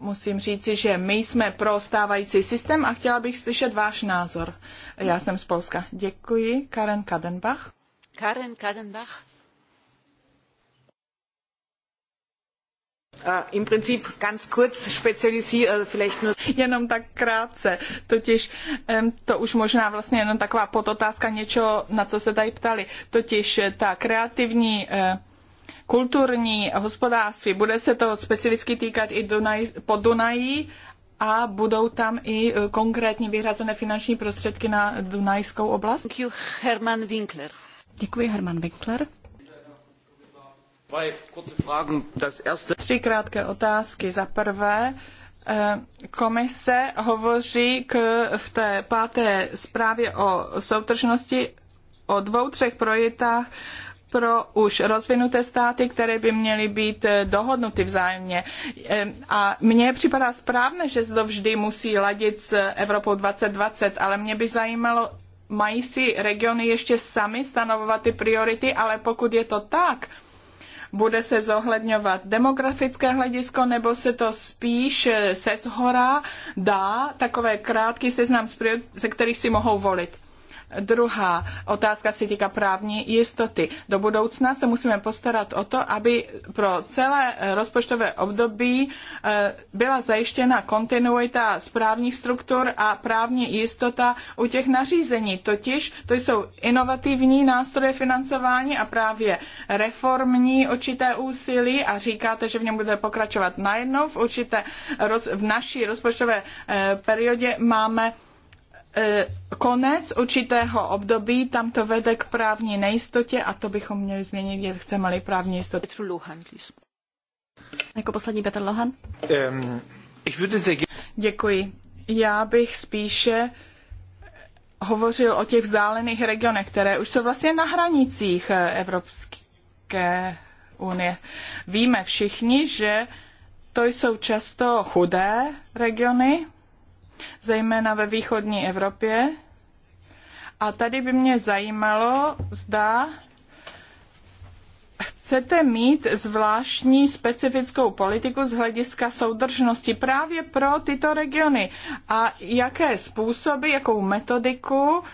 musím říci, že my jsme pro stávající systém a chtěla bych slyšet váš názor. Já jsem z Polska. Děkuji. Karen Kadenbach. Karen Kadenbach. Im ganz kurz äh, Jenom tak krátce, totiž to už možná vlastně jenom taková podotázka něčeho, na co se tady ptali, totiž eh, ta kreativní eh, kulturní hospodářství. Bude se to specificky týkat i Dunaj, po Dunají a budou tam i e, konkrétně vyhrazené finanční prostředky na Dunajskou oblast? Děkuji, Herman Winkler. Děkuji, Herman Winkler. Tři krátké otázky. Za prvé, e, komise hovoří k, v té páté zprávě o soutržnosti o dvou, třech projektách pro už rozvinuté státy, které by měly být eh, dohodnuty vzájemně. Eh, a mně připadá správné, že se to vždy musí ladit s Evropou 2020, ale mě by zajímalo, mají si regiony ještě sami stanovovat ty priority, ale pokud je to tak, bude se zohledňovat demografické hledisko, nebo se to spíš eh, se zhora dá takové krátký seznam, se kterých si mohou volit. Druhá otázka se týká právní jistoty. Do budoucna se musíme postarat o to, aby pro celé rozpočtové období eh, byla zajištěna kontinuita správních struktur a právní jistota u těch nařízení. Totiž to jsou inovativní nástroje financování a právě reformní určité úsilí a říkáte, že v něm bude pokračovat najednou v určité v naší rozpočtové eh, periodě máme E, konec určitého období, tam to vede k právní nejistotě a to bychom měli změnit, kde chceme-li právní jistotu. Petr Jako poslední Petr Lohan. Děkuji. Já bych spíše hovořil o těch vzdálených regionech, které už jsou vlastně na hranicích e, Evropské unie. Víme všichni, že to jsou často chudé regiony, zejména ve východní Evropě. A tady by mě zajímalo, zda chcete mít zvláštní specifickou politiku z hlediska soudržnosti právě pro tyto regiony a jaké způsoby, jakou metodiku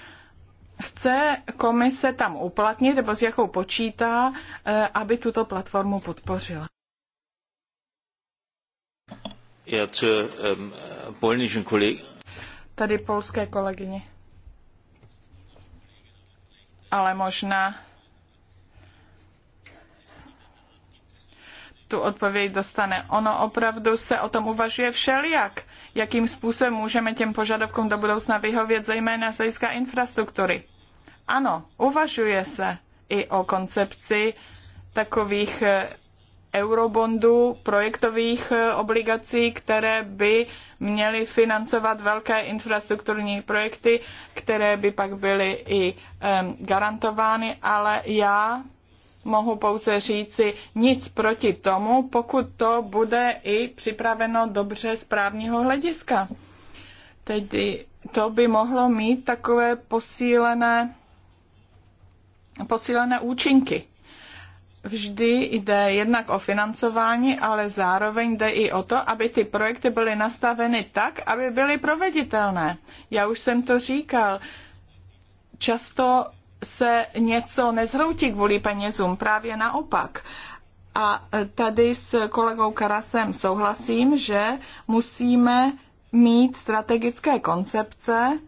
chce komise tam uplatnit nebo s jakou počítá, eh, aby tuto platformu podpořila. Ja zur ähm, polnischen Kollegin. Tady polské kolegyně. Ale možná tu odpověď dostane. Ono opravdu se o tom uvažuje všelijak, jakým způsobem můžeme těm požadavkům do budoucna vyhovět, zejména z hlediska infrastruktury. Ano, uvažuje se i o koncepci takových eh, eurobondů, projektových eh, obligací, které by měly financovat velké infrastrukturní projekty, které by pak byly i garantovány, ale já mohu pouze říci nic proti tomu, pokud to bude i připraveno dobře z právního hlediska. Tedy to by mohlo mít takové posílené, posílené účinky vždy jde jednak o financování, ale zároveň jde i o to, aby ty projekty byly nastaveny tak, aby byly proveditelné. Já už jsem to říkal. Často se něco nezhroutí kvůli penězům, právě naopak. A tady s kolegou Karasem souhlasím, že musíme mít strategické koncepce,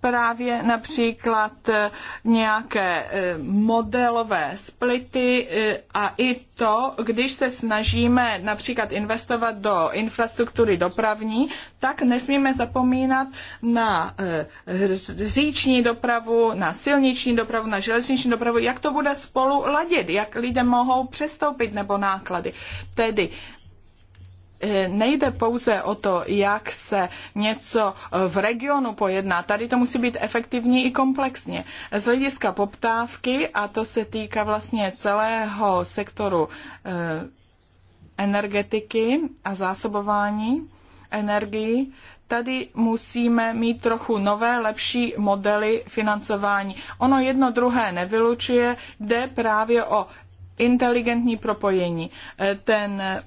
právě například eh, nějaké eh, modelové splity eh, a i to, když se snažíme například investovat do infrastruktury dopravní, tak nesmíme zapomínat na říční dopravu, na silniční dopravu, na železniční dopravu, jak to bude spolu ladit, jak lidé mohou přestoupit nebo náklady. Tedy Eh, nejde pouze o to, jak se něco v regionu pojedná. Tady to musí být efektivní i komplexně. Z hlediska poptávky, a to se týká vlastně celého sektoru eh, energetiky a zásobování energií, tady musíme mít trochu nové, lepší modely financování. Ono jedno druhé nevylučuje, jde právě o inteligentní propojení. Eh, ten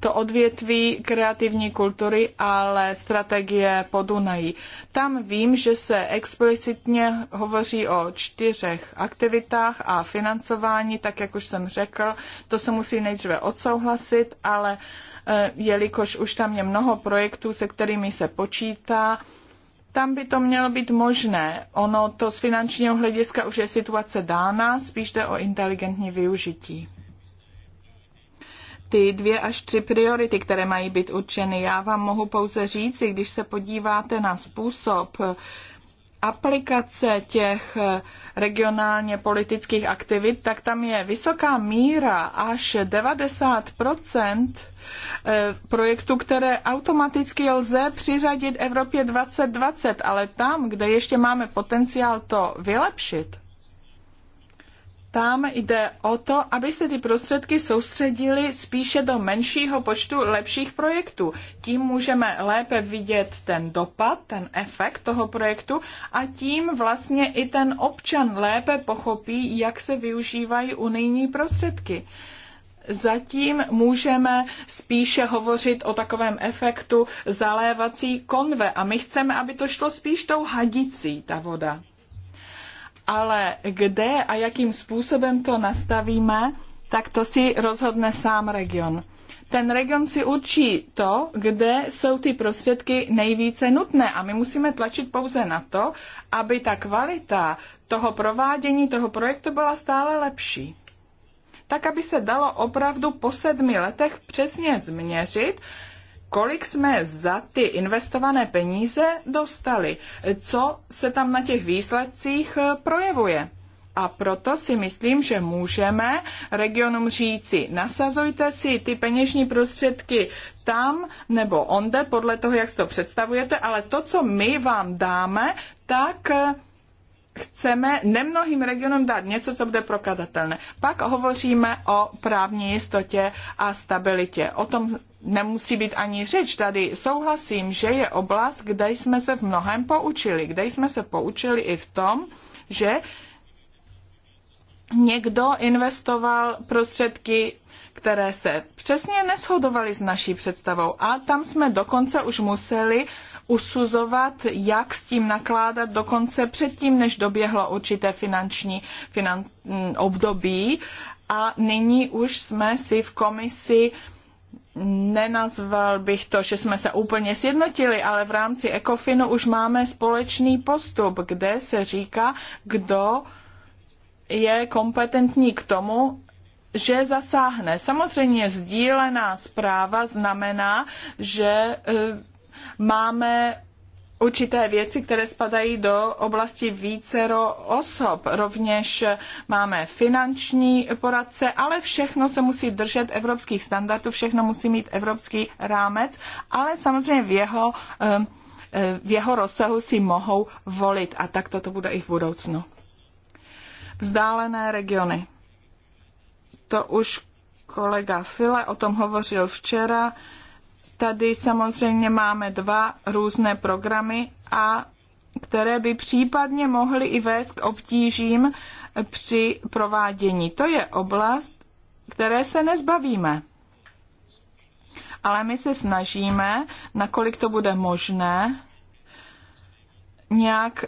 to odvětví kreativní kultury, ale strategie Podunají. Tam vím, že se explicitně hovoří o čtyřech aktivitách a financování, tak jak už jsem řekl, to se musí nejdříve odsouhlasit, ale eh, jelikož už tam je mnoho projektů, se kterými se počítá, tam by to mělo být možné. Ono to z finančního hlediska už je situace dána, spíš jde o inteligentní využití ty dvě až tři priority, které mají být určeny. Já vám mohu pouze říci, když se podíváte na způsob aplikace těch regionálně politických aktivit, tak tam je vysoká míra až 90 eh, projektů, které automaticky lze přiřadit Evropě 2020, ale tam, kde ještě máme potenciál to vylepšit, tam jde o to, aby se ty prostředky soustředily spíše do menšího počtu lepších projektů. Tím můžeme lépe vidět ten dopad, ten efekt toho projektu a tím vlastně i ten občan lépe pochopí, jak se využívají unijní prostředky. Zatím můžeme spíše hovořit o takovém efektu zalévací konve a my chceme, aby to šlo spíš tou hadicí, ta voda ale kde a jakým způsobem to nastavíme, tak to si rozhodne sám region. Ten region si určí to, kde jsou ty prostředky nejvíce nutné a my musíme tlačit pouze na to, aby ta kvalita toho provádění, toho projektu byla stále lepší tak aby se dalo opravdu po sedmi letech přesně změřit, kolik jsme za ty investované peníze dostali, co se tam na těch výsledcích eh, projevuje. A proto si myslím, že můžeme regionům říci, nasazujte si ty peněžní prostředky tam nebo onde, podle toho, jak si to představujete, ale to, co my vám dáme, tak eh, chceme nemnohým regionům dát něco, co bude prokazatelné. Pak hovoříme o právní jistotě a stabilitě. O tom nemusí být ani řeč. Tady souhlasím, že je oblast, kde jsme se v mnohem poučili. Kde jsme se poučili i v tom, že někdo investoval prostředky které se přesně neshodovaly s naší představou a tam jsme dokonce už museli usuzovat, jak s tím nakládat dokonce předtím, než doběhlo určité finanční finan, mm, období. A nyní už jsme si v komisi nenazval bych to, že jsme se úplně sjednotili, ale v rámci ECOFINu už máme společný postup, kde se říká, kdo je kompetentní k tomu, že zasáhne. Samozřejmě sdílená zpráva znamená, že eh, máme určité věci, které spadají do oblasti vícero osob. Rovněž máme finanční poradce, ale všechno se musí držet evropských standardů, všechno musí mít evropský rámec, ale samozřejmě v jeho, eh, eh, v jeho rozsahu si mohou volit a tak toto bude i v budoucnu. Vzdálené regiony. To už kolega File o tom hovořil včera Tady samozřejmě máme dva různé programy, a které by případně mohly i vést k obtížím při provádění. To je oblast, které se nezbavíme. Ale my se snažíme, nakolik to bude možné, nějak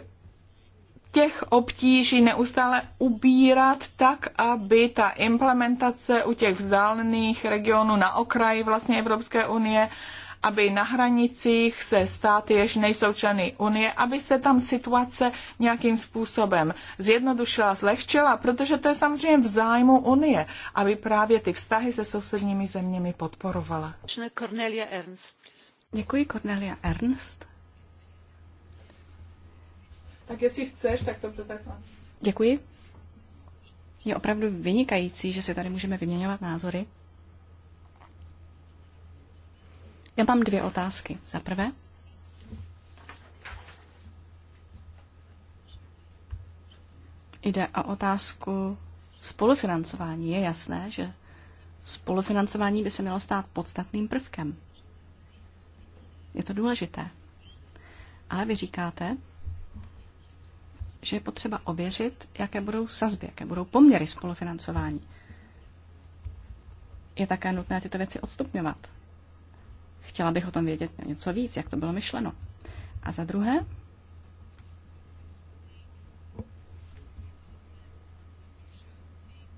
těch obtíží neustále ubírat tak, aby ta implementace u těch vzdálených regionů na okraji vlastně Evropské unie, aby na hranicích se státy, jež nejsou členy Unie, aby se tam situace nějakým způsobem zjednodušila, zlehčila, protože to je samozřejmě v zájmu Unie, aby právě ty vztahy se sousedními zeměmi podporovala. Děkuji, Cornelia Ernst. Tak jestli chceš, tak to tak snad. Děkuji. Je opravdu vynikající, že se tady můžeme vyměňovat názory. Já mám dvě otázky. Za prvé, jde o otázku spolufinancování. Je jasné, že spolufinancování by se mělo stát podstatným prvkem. Je to důležité. Ale vy říkáte, že je potřeba ověřit, jaké budou sazby, jaké budou poměry spolufinancování. Je také nutné tyto věci odstupňovat. Chtěla bych o tom vědět něco víc, jak to bylo myšleno. A za druhé,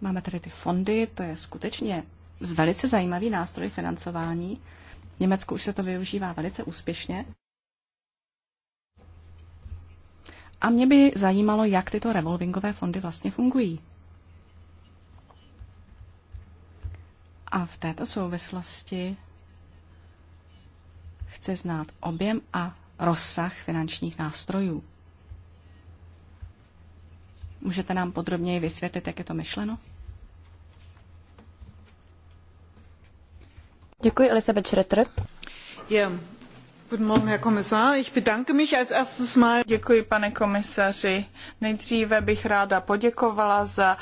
máme tady ty fondy, to je skutečně velice zajímavý nástroj financování. V Německu už se to využívá velice úspěšně. A mě by zajímalo, jak tyto revolvingové fondy vlastně fungují. A v této souvislosti chce znát objem a rozsah finančních nástrojů. Můžete nám podrobněji vysvětlit, jak je to myšleno? Děkuji, Elizabeth Schroeter. Yeah. Děkuji, pane komisaři. Nejdříve bych ráda poděkovala za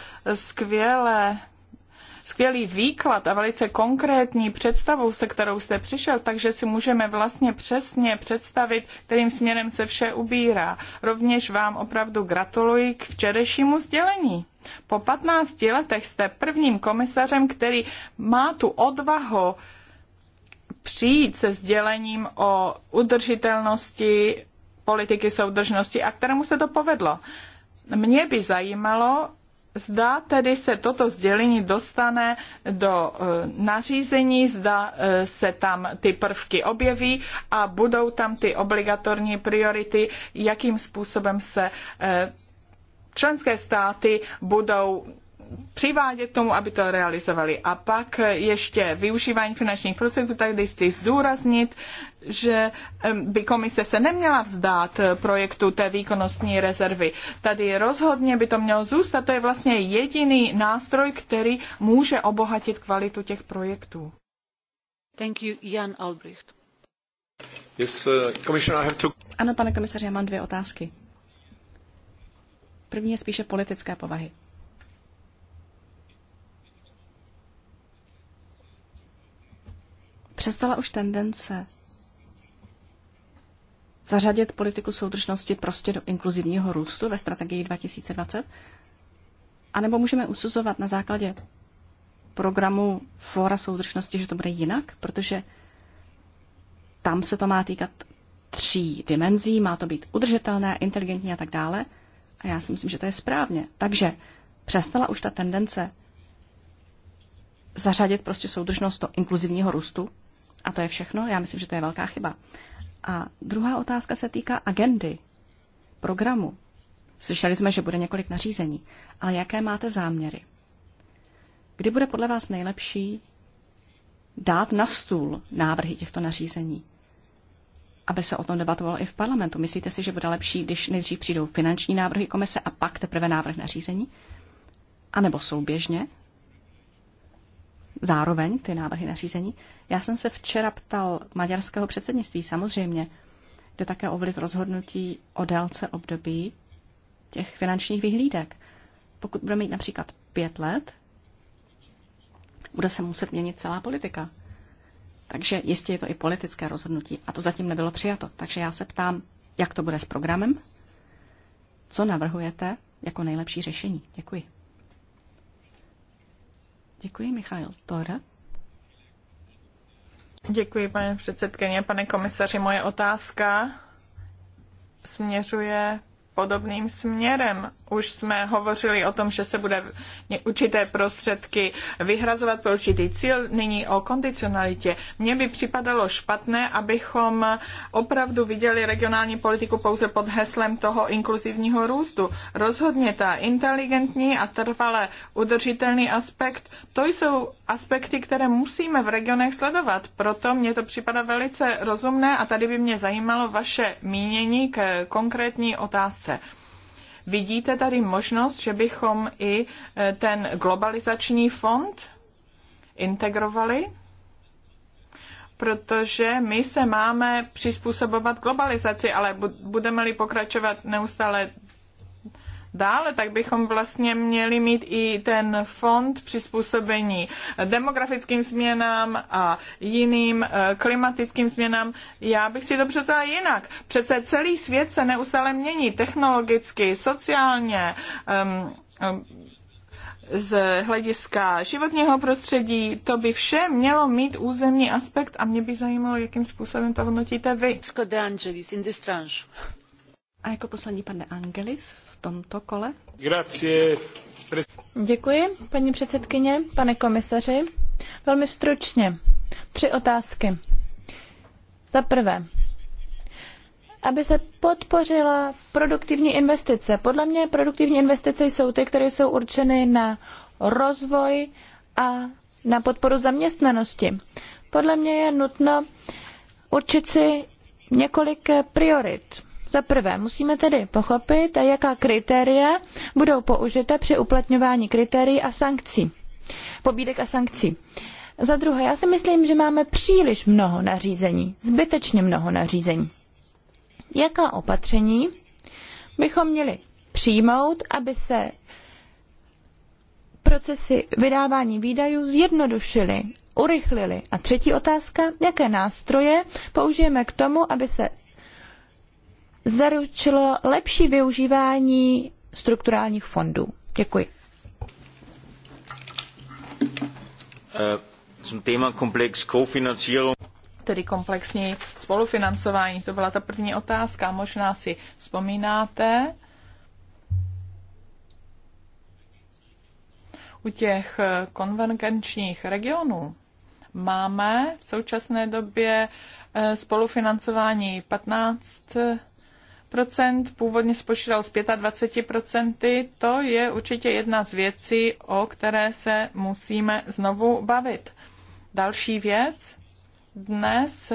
skvělý výklad a velice konkrétní představu, se kterou jste přišel, takže si můžeme vlastně přesně představit, kterým směrem se vše ubírá. Rovněž vám opravdu gratuluji k včerejšímu sdělení. Po 15 letech jste prvním komisařem, který má tu odvahu přijít se sdělením o udržitelnosti politiky soudržnosti a kterému se to povedlo. Mě by zajímalo, zda tedy se toto sdělení dostane do e, nařízení, zda e, se tam ty prvky objeví a budou tam ty obligatorní priority, jakým způsobem se e, členské státy budou přivádět k tomu, aby to realizovali. A pak ještě využívání finančních prostředků, tak když chci zdůraznit, že by komise se neměla vzdát eh, projektu té výkonnostní rezervy. Tady rozhodně by to mělo zůstat. To je vlastně jediný nástroj, který může obohatit kvalitu těch projektů. Thank you, Jan Albrecht. Yes, uh, to... Ano, pane komisaře, já mám dvě otázky. První je spíše politické povahy. přestala už tendence zařadit politiku soudržnosti prostě do inkluzivního růstu ve strategii 2020? A nebo můžeme usuzovat na základě programu Fóra soudržnosti, že to bude jinak, protože tam se to má týkat tří dimenzí, má to být udržitelné, inteligentní a tak dále. A já si myslím, že to je správně. Takže přestala už ta tendence zařadit prostě soudržnost do inkluzivního růstu, a to je všechno. Já myslím, že to je velká chyba. A druhá otázka se týká agendy, programu. Slyšeli jsme, že bude několik nařízení, ale jaké máte záměry? Kdy bude podle vás nejlepší dát na stůl návrhy těchto nařízení? aby se o tom debatovalo i v parlamentu. Myslíte si, že bude lepší, když nejdřív přijdou finanční návrhy komise a pak teprve návrh nařízení? A nebo souběžně? zároveň ty návrhy na řízení. Já jsem se včera ptal maďarského předsednictví, samozřejmě, jde také o vliv rozhodnutí o délce období těch finančních vyhlídek. Pokud budeme mít například pět let, bude se muset měnit celá politika. Takže jistě je to i politické rozhodnutí a to zatím nebylo přijato. Takže já se ptám, jak to bude s programem? Co navrhujete jako nejlepší řešení? Děkuji. Děkuji, Michal Tora. Děkuji, paní předsedkyně. Pane komisaři, moje otázka směřuje podobným směrem. Už jsme hovořili o tom, že se bude určité prostředky vyhrazovat pro určitý cíl, nyní o kondicionalitě. Mně by připadalo špatné, abychom opravdu viděli regionální politiku pouze pod heslem toho inkluzivního růstu. Rozhodně ta inteligentní a trvale udržitelný aspekt, to jsou aspekty, které musíme v regionech sledovat. Proto mně to připadá velice rozumné a tady by mě zajímalo vaše mínění k konkrétní otázce komise. Vidíte tady možnost, že bychom i e, ten globalizační fond integrovali? protože my se máme přizpůsobovat globalizaci, ale budeme-li pokračovat neustále dále, tak bychom vlastně měli mít i ten fond přizpůsobení demografickým změnám a jiným eh, klimatickým změnám. Já bych si to představila jinak. Přece celý svět se neustále mění technologicky, sociálně, um, um, z hlediska životního prostředí, to by vše mělo mít územní aspekt a mě by zajímalo, jakým způsobem to hodnotíte vy. A jako poslední pan Angelis tomto kole? Děkuji, paní předsedkyně, pane komisaři. Velmi stručně. Tři otázky. Za prvé, aby se podpořila produktivní investice. Podle mě produktivní investice jsou ty, které jsou určeny na rozvoj a na podporu zaměstnanosti. Podle mě je nutno určit si několik priorit za prvé, musíme tedy pochopit, jaká kritéria budou použita při uplatňování kritérií a sankcí, pobídek a sankcí. Za druhé, já si myslím, že máme příliš mnoho nařízení, zbytečně mnoho nařízení. Jaká opatření bychom měli přijmout, aby se procesy vydávání výdajů zjednodušily, urychlily? A třetí otázka, jaké nástroje použijeme k tomu, aby se zaručilo lepší využívání strukturálních fondů. Děkuji. Eh, zum Komplex Tedy komplexní spolufinancování, to byla ta první otázka. Možná si vzpomínáte, u těch eh, konvergenčních regionů máme v současné době eh, spolufinancování 15 původně spočítal z 25%, to je určitě jedna z věcí, o které se musíme znovu bavit. Další věc, dnes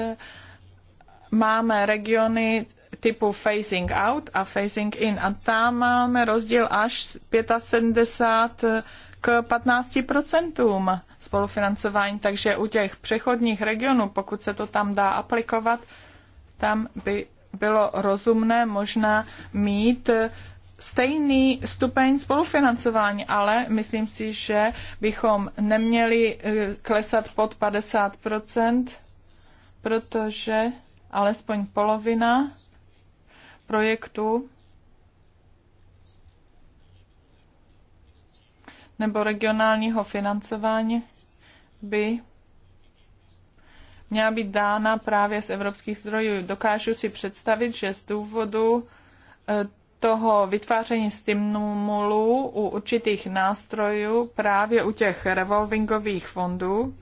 máme regiony typu phasing out a phasing in a tam máme rozdíl až z 75 k 15% spolufinancování, takže u těch přechodních regionů, pokud se to tam dá aplikovat, tam by bylo rozumné možná mít stejný stupeň spolufinancování, ale myslím si, že bychom neměli eh, klesat pod 50%, protože alespoň polovina projektu nebo regionálního financování by měla být dána právě z evropských zdrojů. Dokážu si představit, že z důvodu eh, toho vytváření stimulů u určitých nástrojů právě u těch revolvingových fondů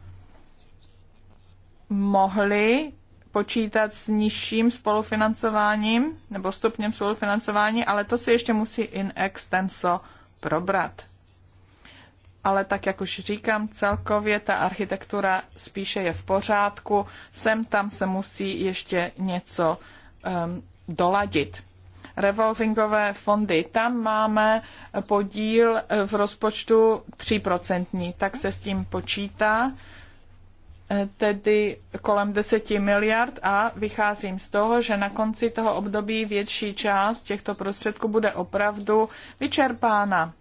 mohli počítat s nižším spolufinancováním nebo stupněm spolufinancování, ale to se ještě musí in extenso probrat ale tak, jak už říkám, celkově ta architektura spíše je v pořádku. Sem tam se musí ještě něco um, doladit. Revolvingové fondy, tam máme podíl v rozpočtu 3%, tak se s tím počítá, eh, tedy kolem 10 miliard a vycházím z toho, že na konci toho období větší část těchto prostředků bude opravdu vyčerpána.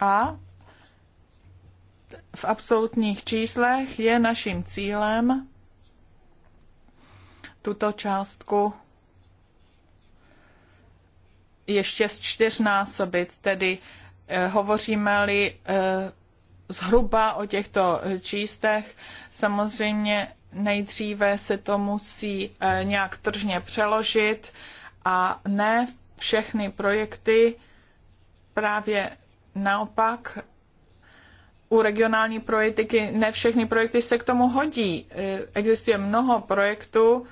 A v absolutních číslech je naším cílem tuto částku ještě z čtyřnásobit, tedy eh, hovoříme-li eh, zhruba o těchto eh, čístech, samozřejmě nejdříve se to musí nějak tržně přeložit a ne všechny projekty právě naopak u regionální projektiky ne všechny projekty se k tomu hodí. E, existuje mnoho projektů,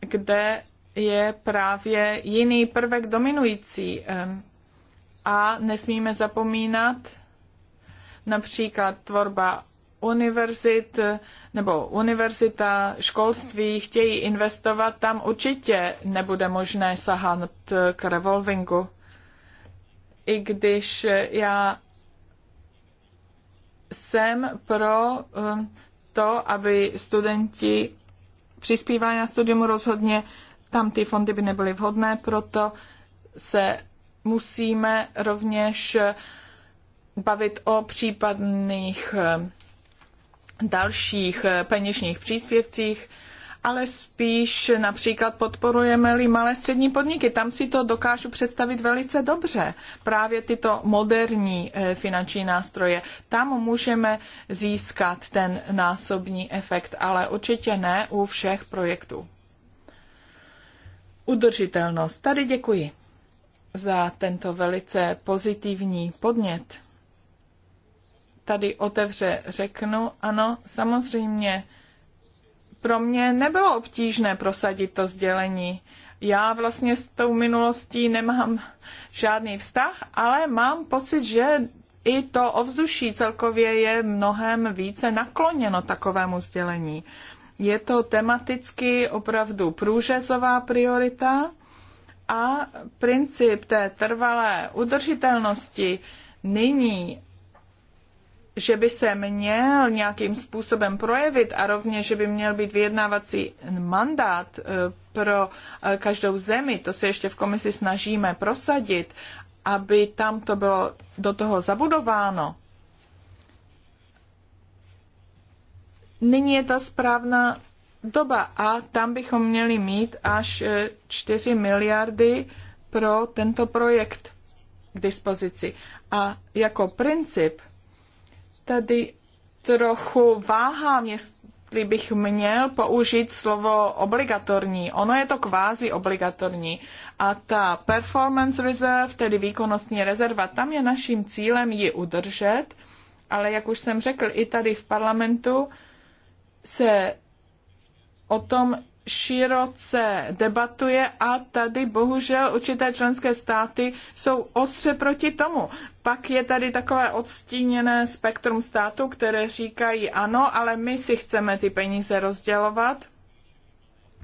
kde je právě jiný prvek dominující. E, a nesmíme zapomínat například tvorba univerzit e, nebo univerzita, školství chtějí investovat, tam určitě nebude možné sahat k revolvingu. I když já jsem pro eh, to, aby studenti přispívali na studium rozhodně, tam ty fondy by nebyly vhodné, proto se musíme rovněž eh, bavit o případných eh, dalších peněžních příspěvcích, ale spíš například podporujeme-li malé střední podniky. Tam si to dokážu představit velice dobře. Právě tyto moderní eh, finanční nástroje. Tam můžeme získat ten násobný efekt, ale určitě ne u všech projektů. Udržitelnost. Tady děkuji za tento velice pozitivní podnět. Tady otevře řeknu, ano, samozřejmě pro mě nebylo obtížné prosadit to sdělení. Já vlastně s tou minulostí nemám žádný vztah, ale mám pocit, že i to ovzduší celkově je mnohem více nakloněno takovému sdělení. Je to tematicky opravdu průřezová priorita a princip té trvalé udržitelnosti nyní že by se měl nějakým způsobem projevit a rovněž, že by měl být vyjednávací mandát eh, pro eh, každou zemi, to se ještě v komisi snažíme prosadit, aby tam to bylo do toho zabudováno. Nyní je ta správná doba a tam bychom měli mít až 4 eh, miliardy pro tento projekt k dispozici. A jako princip tady trochu váhám, jestli bych měl použít slovo obligatorní. Ono je to kvázi obligatorní. A ta performance reserve, tedy výkonnostní rezerva, tam je naším cílem ji udržet, ale jak už jsem řekl, i tady v parlamentu se o tom široce debatuje a tady bohužel určité členské státy jsou ostře proti tomu. Pak je tady takové odstíněné spektrum států, které říkají ano, ale my si chceme ty peníze rozdělovat.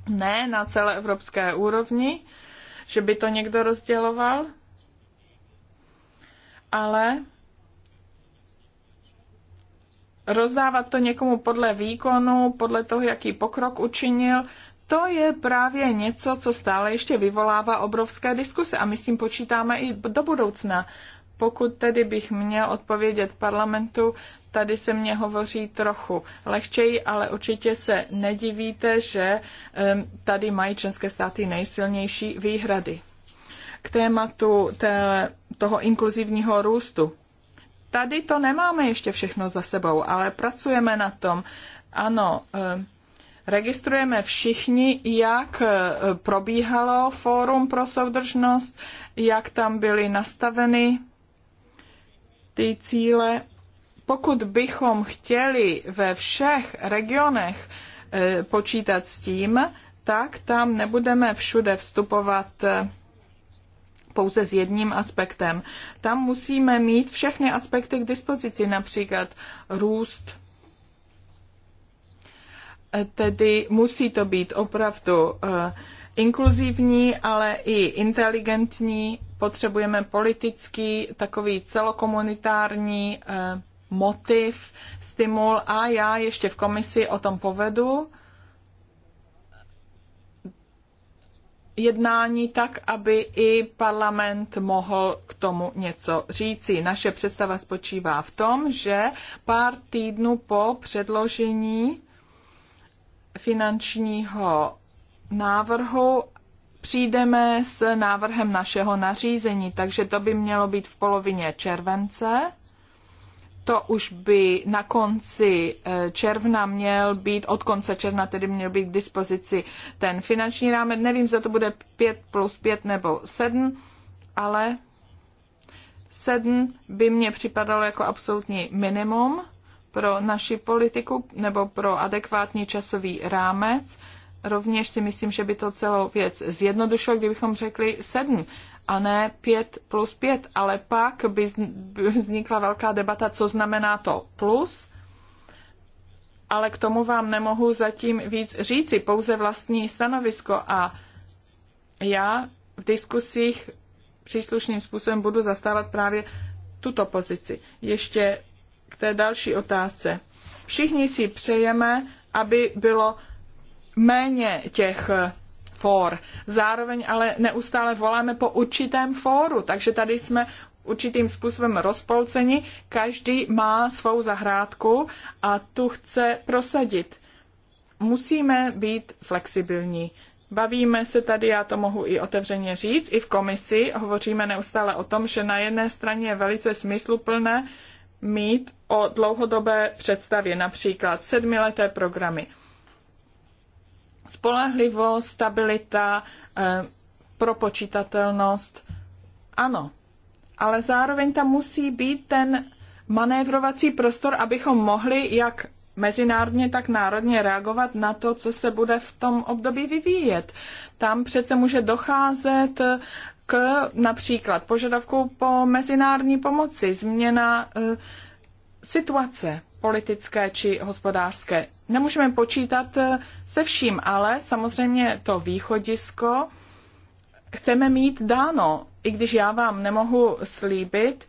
Ne na celé evropské úrovni, že by to někdo rozděloval, ale rozdávat to někomu podle výkonu, podle toho, jaký pokrok učinil, to je právě něco, co stále ještě vyvolává obrovské diskuse a my s tím počítáme i do budoucna. Pokud tedy bych měl odpovědět parlamentu, tady se mě hovoří trochu lehčeji, ale určitě se nedivíte, že tady mají členské státy nejsilnější výhrady. K tématu té, toho inkluzivního růstu. Tady to nemáme ještě všechno za sebou, ale pracujeme na tom. Ano, registrujeme všichni, jak eh, probíhalo fórum pro soudržnost, jak tam byly nastaveny ty cíle. Pokud bychom chtěli ve všech regionech eh, počítat s tím, tak tam nebudeme všude vstupovat eh, pouze s jedním aspektem. Tam musíme mít všechny aspekty k dispozici, například růst, tedy musí to být opravdu eh, inkluzivní, ale i inteligentní. Potřebujeme politický, takový celokomunitární eh, motiv, stimul a já ještě v komisi o tom povedu jednání tak, aby i parlament mohl k tomu něco říci. Naše představa spočívá v tom, že pár týdnů po předložení finančního návrhu přijdeme s návrhem našeho nařízení, takže to by mělo být v polovině července. To už by na konci eh, června měl být, od konce června tedy měl být k dispozici ten finanční rámec. Nevím, zda to bude 5 plus 5 nebo 7, ale 7 by mě připadalo jako absolutní minimum pro naši politiku nebo pro adekvátní časový rámec. Rovněž si myslím, že by to celou věc zjednodušilo, kdybychom řekli sedm a ne pět plus pět, ale pak by vznikla velká debata, co znamená to plus, ale k tomu vám nemohu zatím víc říci, pouze vlastní stanovisko a já v diskusích příslušným způsobem budu zastávat právě tuto pozici. Ještě k té další otázce. Všichni si přejeme, aby bylo méně těch eh, for. Zároveň ale neustále voláme po určitém fóru, takže tady jsme určitým způsobem rozpolceni. Každý má svou zahrádku a tu chce prosadit. Musíme být flexibilní. Bavíme se tady, já to mohu i otevřeně říct, i v komisi hovoříme neustále o tom, že na jedné straně je velice smysluplné, mít o dlouhodobé představě, například sedmileté programy. Spolehlivost, stabilita, eh, propočítatelnost, ano. Ale zároveň tam musí být ten manévrovací prostor, abychom mohli jak mezinárodně, tak národně reagovat na to, co se bude v tom období vyvíjet. Tam přece může docházet k například požadavku po mezinárodní pomoci, změna e, situace politické či hospodářské. Nemůžeme počítat e, se vším, ale samozřejmě to východisko chceme mít dáno, i když já vám nemohu slíbit,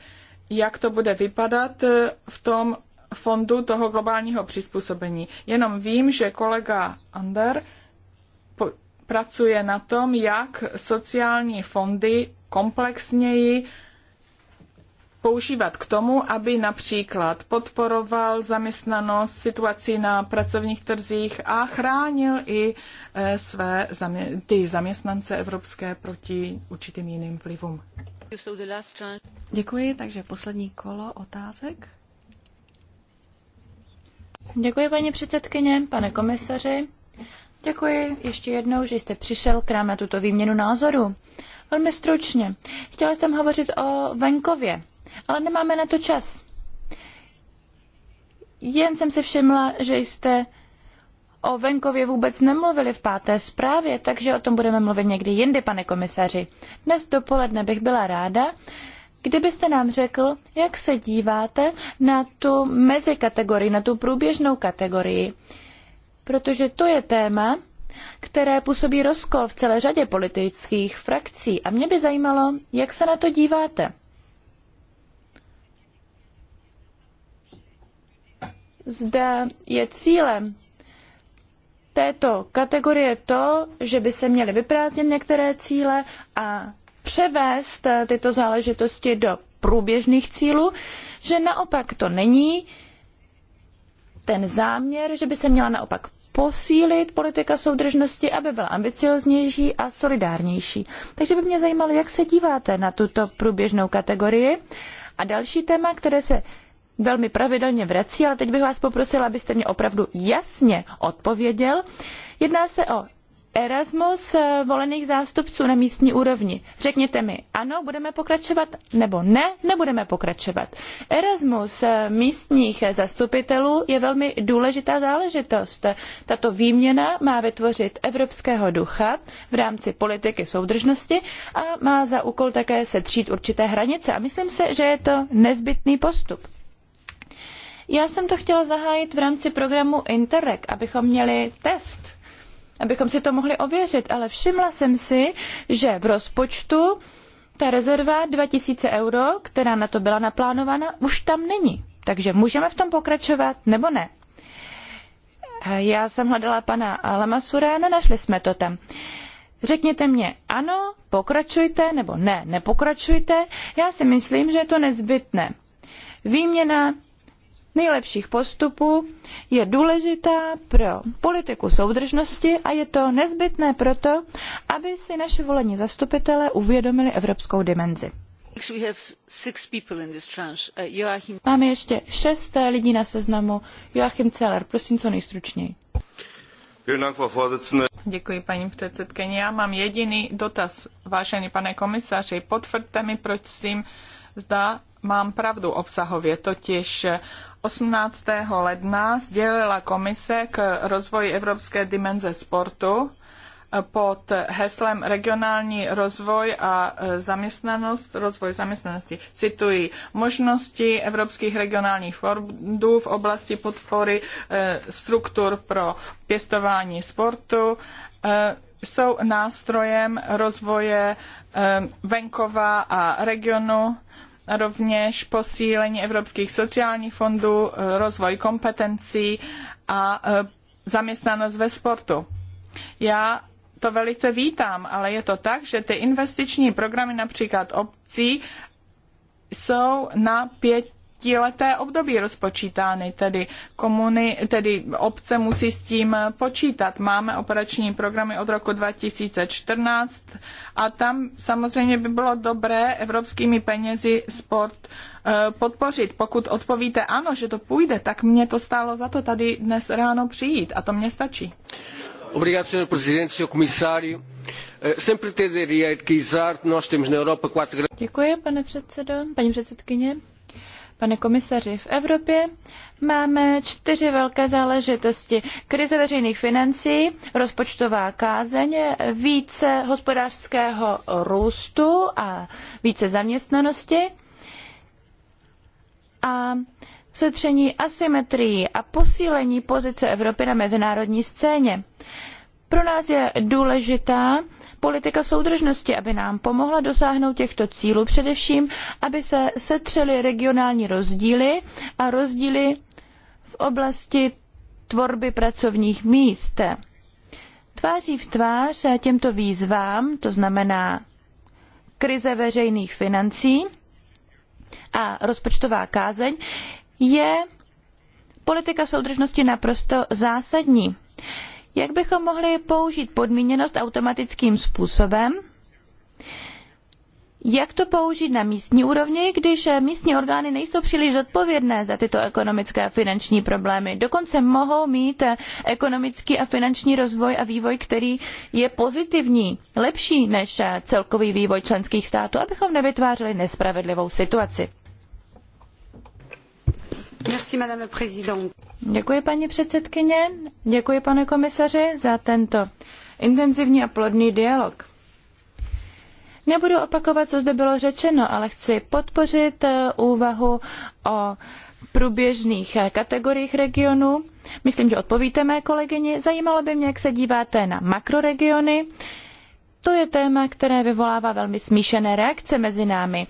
jak to bude vypadat e, v tom fondu toho globálního přizpůsobení. Jenom vím, že kolega Ander pracuje na tom, jak sociální fondy komplexněji používat k tomu, aby například podporoval zaměstnanost, situaci na pracovních trzích a chránil i eh, své ty zaměstnance evropské proti určitým jiným vlivům. Děkuji, takže poslední kolo otázek. Děkuji, paní předsedkyně, pane komisaři. Děkuji ještě jednou, že jste přišel k nám na tuto výměnu názoru. Velmi stručně. Chtěla jsem hovořit o venkově, ale nemáme na to čas. Jen jsem si všimla, že jste o venkově vůbec nemluvili v páté zprávě, takže o tom budeme mluvit někdy jindy, pane komisaři. Dnes dopoledne bych byla ráda, kdybyste nám řekl, jak se díváte na tu mezikategorii, na tu průběžnou kategorii protože to je téma, které působí rozkol v celé řadě politických frakcí. A mě by zajímalo, jak se na to díváte. Zde je cílem této kategorie to, že by se měly vyprázdnit některé cíle a převést tyto záležitosti do průběžných cílů, že naopak to není, ten záměr, že by se měla naopak posílit politika soudržnosti, aby byla ambicioznější a solidárnější. Takže by mě zajímalo, jak se díváte na tuto průběžnou kategorii. A další téma, které se velmi pravidelně vrací, ale teď bych vás poprosila, abyste mě opravdu jasně odpověděl. Jedná se o Erasmus eh, volených zástupců na místní úrovni. Řekněte mi, ano, budeme pokračovat, nebo ne, nebudeme pokračovat. Erasmus eh, místních zastupitelů je velmi důležitá záležitost. Tato výměna má vytvořit evropského ducha v rámci politiky soudržnosti a má za úkol také setřít určité hranice. A myslím se, že je to nezbytný postup. Já jsem to chtěla zahájit v rámci programu Interreg, abychom měli test abychom si to mohli ověřit, ale všimla jsem si, že v rozpočtu ta rezerva 2000 euro, která na to byla naplánována, už tam není. Takže můžeme v tom pokračovat nebo ne? Já jsem hledala pana Lamasura, nenašli jsme to tam. Řekněte mě ano, pokračujte, nebo ne, nepokračujte. Já si myslím, že je to nezbytné. Výměna nejlepších postupů je důležitá pro politiku soudržnosti a je to nezbytné proto, aby si naše volení zastupitelé uvědomili evropskou dimenzi. Máme ještě šest lidí na seznamu. Joachim Celer, prosím co nejstručněji. Děkuji, paní předsedkyně. Já mám jediný dotaz, vážený pane komisaři. Potvrďte mi, prosím, zda mám pravdu obsahově, totiž 18. ledna sdělila komise k rozvoji evropské dimenze sportu pod heslem Regionální rozvoj a zaměstnanost, rozvoj zaměstnanosti. Cituji, možnosti evropských regionálních fondů v oblasti podpory eh, struktur pro pěstování sportu eh, jsou nástrojem rozvoje eh, venkova a regionu rovněž posílení evropských sociálních fondů, eh, rozvoj kompetencí a eh, zaměstnanost ve sportu. Já to velice vítám, ale je to tak, že ty investiční programy například obcí jsou na pět pětileté období rozpočítány, tedy, komuny, tedy obce musí s tím počítat. Máme operační programy od roku 2014 a tam samozřejmě by bylo dobré evropskými penězi sport eh, podpořit. Pokud odpovíte ano, že to půjde, tak mě to stálo za to tady dnes ráno přijít a to mě stačí. Obrigado, senhor Presidente, senhor Comissário. Eh, Sem pretenderia que nós temos na Europa quatro grandes... Děkuji, pane předsedo, paní předsedkyně. Pane komisaři, v Evropě máme čtyři velké záležitosti. Krize veřejných financí, rozpočtová kázeň, více hospodářského růstu a více zaměstnanosti a setření asymetrií a posílení pozice Evropy na mezinárodní scéně. Pro nás je důležitá politika soudržnosti, aby nám pomohla dosáhnout těchto cílů, především, aby se setřely regionální rozdíly a rozdíly v oblasti tvorby pracovních míst. Tváří v tvář těmto výzvám, to znamená krize veřejných financí a rozpočtová kázeň, je politika soudržnosti naprosto zásadní. Jak bychom mohli použít podmíněnost automatickým způsobem? Jak to použít na místní úrovni, když místní orgány nejsou příliš odpovědné za tyto ekonomické a finanční problémy? Dokonce mohou mít ekonomický a finanční rozvoj a vývoj, který je pozitivní, lepší než celkový vývoj členských států, abychom nevytvářeli nespravedlivou situaci. Děkuji, paní předsedkyně. Děkuji, pane komisaři, za tento intenzivní a plodný dialog. Nebudu opakovat, co zde bylo řečeno, ale chci podpořit eh, úvahu o průběžných eh, kategoriích regionů. Myslím, že odpovíte mé kolegyni. Zajímalo by mě, jak se díváte na makroregiony. To je téma, které vyvolává velmi smíšené reakce mezi námi.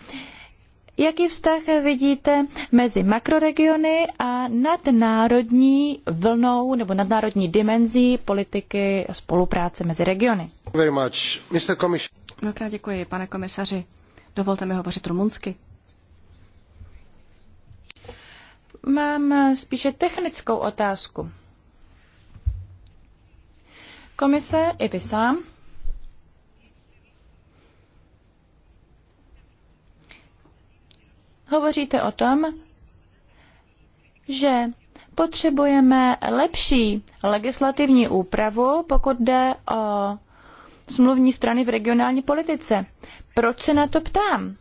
Jaký vztah vidíte mezi makroregiony a nadnárodní vlnou nebo nadnárodní dimenzí politiky spolupráce mezi regiony? Mnohokrát děkuji, pane komisaři. Dovolte mi hovořit rumunsky. Mám spíše technickou otázku. Komise i vy sám hovoříte o tom, že potřebujeme lepší legislativní úpravu, pokud jde o smluvní strany v regionální politice. Proč se na to ptám?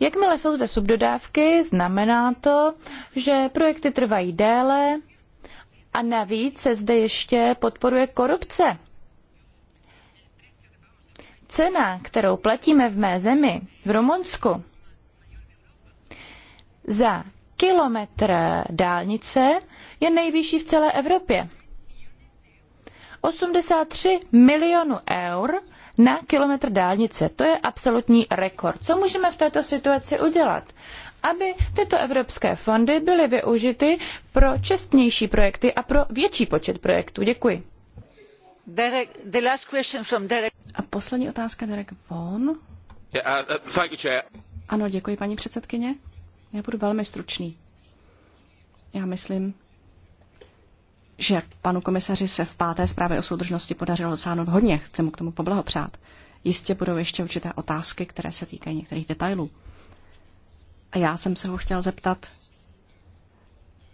Jakmile jsou zde subdodávky, znamená to, že projekty trvají déle a navíc se zde ještě podporuje korupce. Cena, kterou platíme v mé zemi, v Rumunsku, za kilometr dálnice je nejvyšší v celé Evropě. 83 milionů eur na kilometr dálnice. To je absolutní rekord. Co můžeme v této situaci udělat? Aby tyto evropské fondy byly využity pro čestnější projekty a pro větší počet projektů. Děkuji. Derek, the last question from Derek. A poslední otázka Derek Von. Yeah, uh, uh, thank you, chair. Ano, děkuji paní předsedkyně. Já budu velmi stručný. Já myslím, že panu komisaři se v páté zprávě o soudržnosti podařilo dosáhnout hodně. Chci mu k tomu poblahopřát. Jistě budou ještě určité otázky, které se týkají některých detailů. A já jsem se ho chtěl zeptat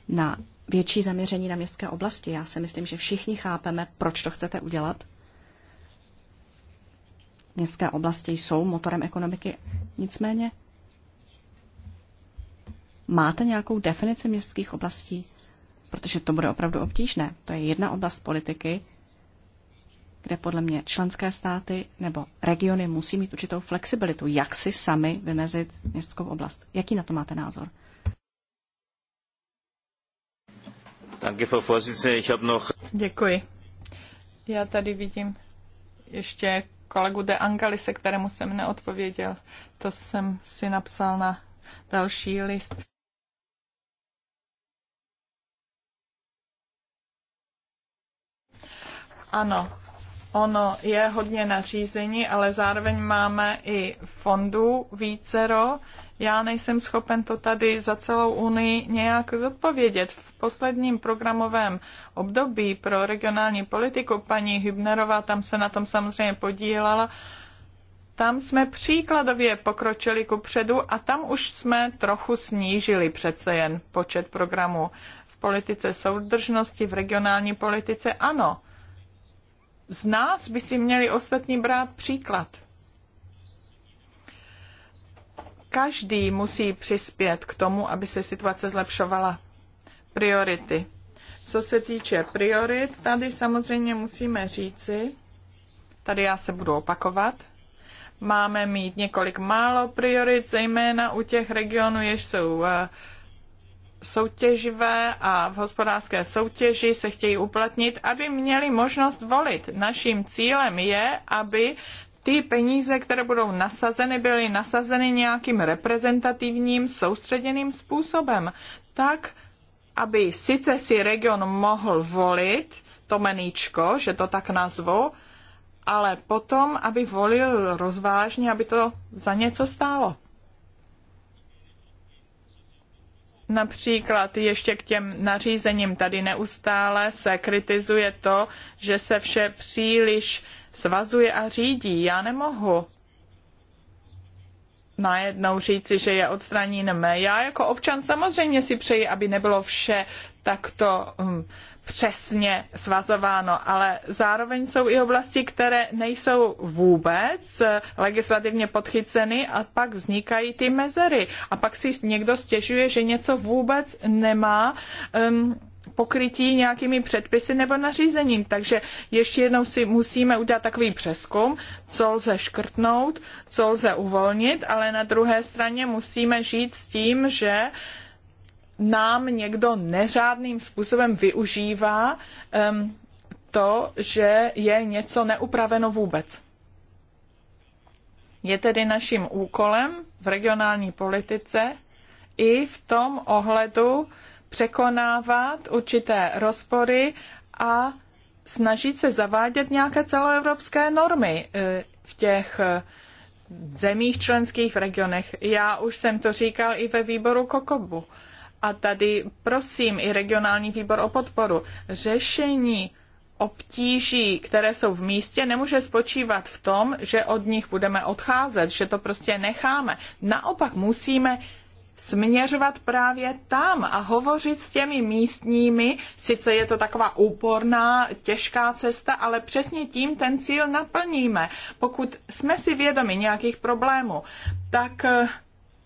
na větší zaměření na městské oblasti. Já si myslím, že všichni chápeme, proč to chcete udělat. Městské oblasti jsou motorem ekonomiky. Nicméně Máte nějakou definici městských oblastí? Protože to bude opravdu obtížné. To je jedna oblast politiky, kde podle mě členské státy nebo regiony musí mít určitou flexibilitu, jak si sami vymezit městskou oblast. Jaký na to máte názor? Děkuji. Já tady vidím ještě kolegu de Angelise, kterému jsem neodpověděl. To jsem si napsal na další list. Ano, ono je hodně nařízení, ale zároveň máme i fondů vícero. Já nejsem schopen to tady za celou Unii nějak zodpovědět. V posledním programovém období pro regionální politiku paní Hübnerová tam se na tom samozřejmě podílela. Tam jsme příkladově pokročili ku předu a tam už jsme trochu snížili přece jen počet programů. V politice soudržnosti, v regionální politice ano z nás by si měli ostatní brát příklad. Každý musí přispět k tomu, aby se situace zlepšovala. Priority. Co se týče priorit, tady samozřejmě musíme říci, tady já se budu opakovat, máme mít několik málo priorit, zejména u těch regionů, jež jsou eh, soutěživé a v hospodářské soutěži se chtějí uplatnit, aby měli možnost volit. Naším cílem je, aby ty peníze, které budou nasazeny, byly nasazeny nějakým reprezentativním, soustředěným způsobem. Tak, aby sice si region mohl volit, to meníčko, že to tak nazvu, ale potom, aby volil rozvážně, aby to za něco stálo. Například ještě k těm nařízením tady neustále se kritizuje to, že se vše příliš svazuje a řídí. Já nemohu najednou říci, že je odstraníme. Já jako občan samozřejmě si přeji, aby nebylo vše takto hm, přesně svazováno, ale zároveň jsou i oblasti, které nejsou vůbec eh, legislativně podchyceny a pak vznikají ty mezery. A pak si někdo stěžuje, že něco vůbec nemá um, pokrytí nějakými předpisy nebo nařízením. Takže ještě jednou si musíme udělat takový přeskum, co lze škrtnout, co lze uvolnit, ale na druhé straně musíme žít s tím, že uh, nám někdo neřádným způsobem využívá um, to, že je něco neupraveno vůbec. Je tedy naším úkolem v regionální politice i v tom ohledu překonávat určité rozpory a snažit se zavádět nějaké celoevropské normy eh, v těch eh, zemích členských v regionech. Já už jsem to říkal i ve výboru Kokobu a tady prosím i regionální výbor o podporu. Řešení obtíží, které jsou v místě, nemůže spočívat v tom, že od nich budeme odcházet, že to prostě necháme. Naopak musíme směřovat právě tam a hovořit s těmi místními. Sice je to taková úporná, těžká cesta, ale přesně tím ten cíl naplníme. Pokud jsme si vědomi nějakých problémů, tak eh,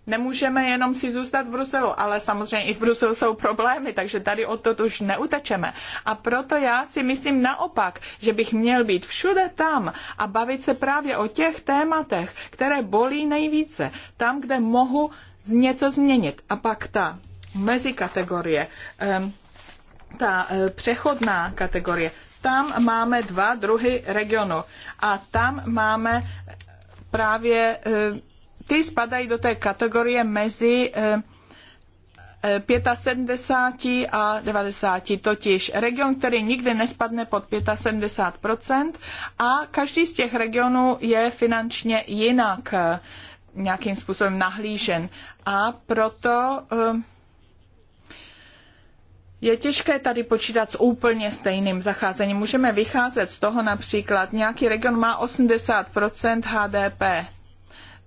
Nemůžeme jenom si zůstat v Bruselu, ale samozřejmě i v Bruselu jsou problémy, takže tady to už neutečeme. A proto já si myslím naopak, že bych měl být všude tam a bavit se právě o těch tématech, které bolí nejvíce, tam, kde mohu něco změnit. A pak ta mezikategorie, ta e, přechodná kategorie, tam máme dva druhy regionu a tam máme právě e, ty spadají do té kategorie mezi 75 eh, eh, a 90, totiž region, který nikdy nespadne pod 75 a každý z těch regionů je finančně jinak eh, nějakým způsobem nahlížen. A proto je těžké tady počítat s úplně stejným zacházením. Můžeme vycházet z toho například, nějaký region má 80 HDP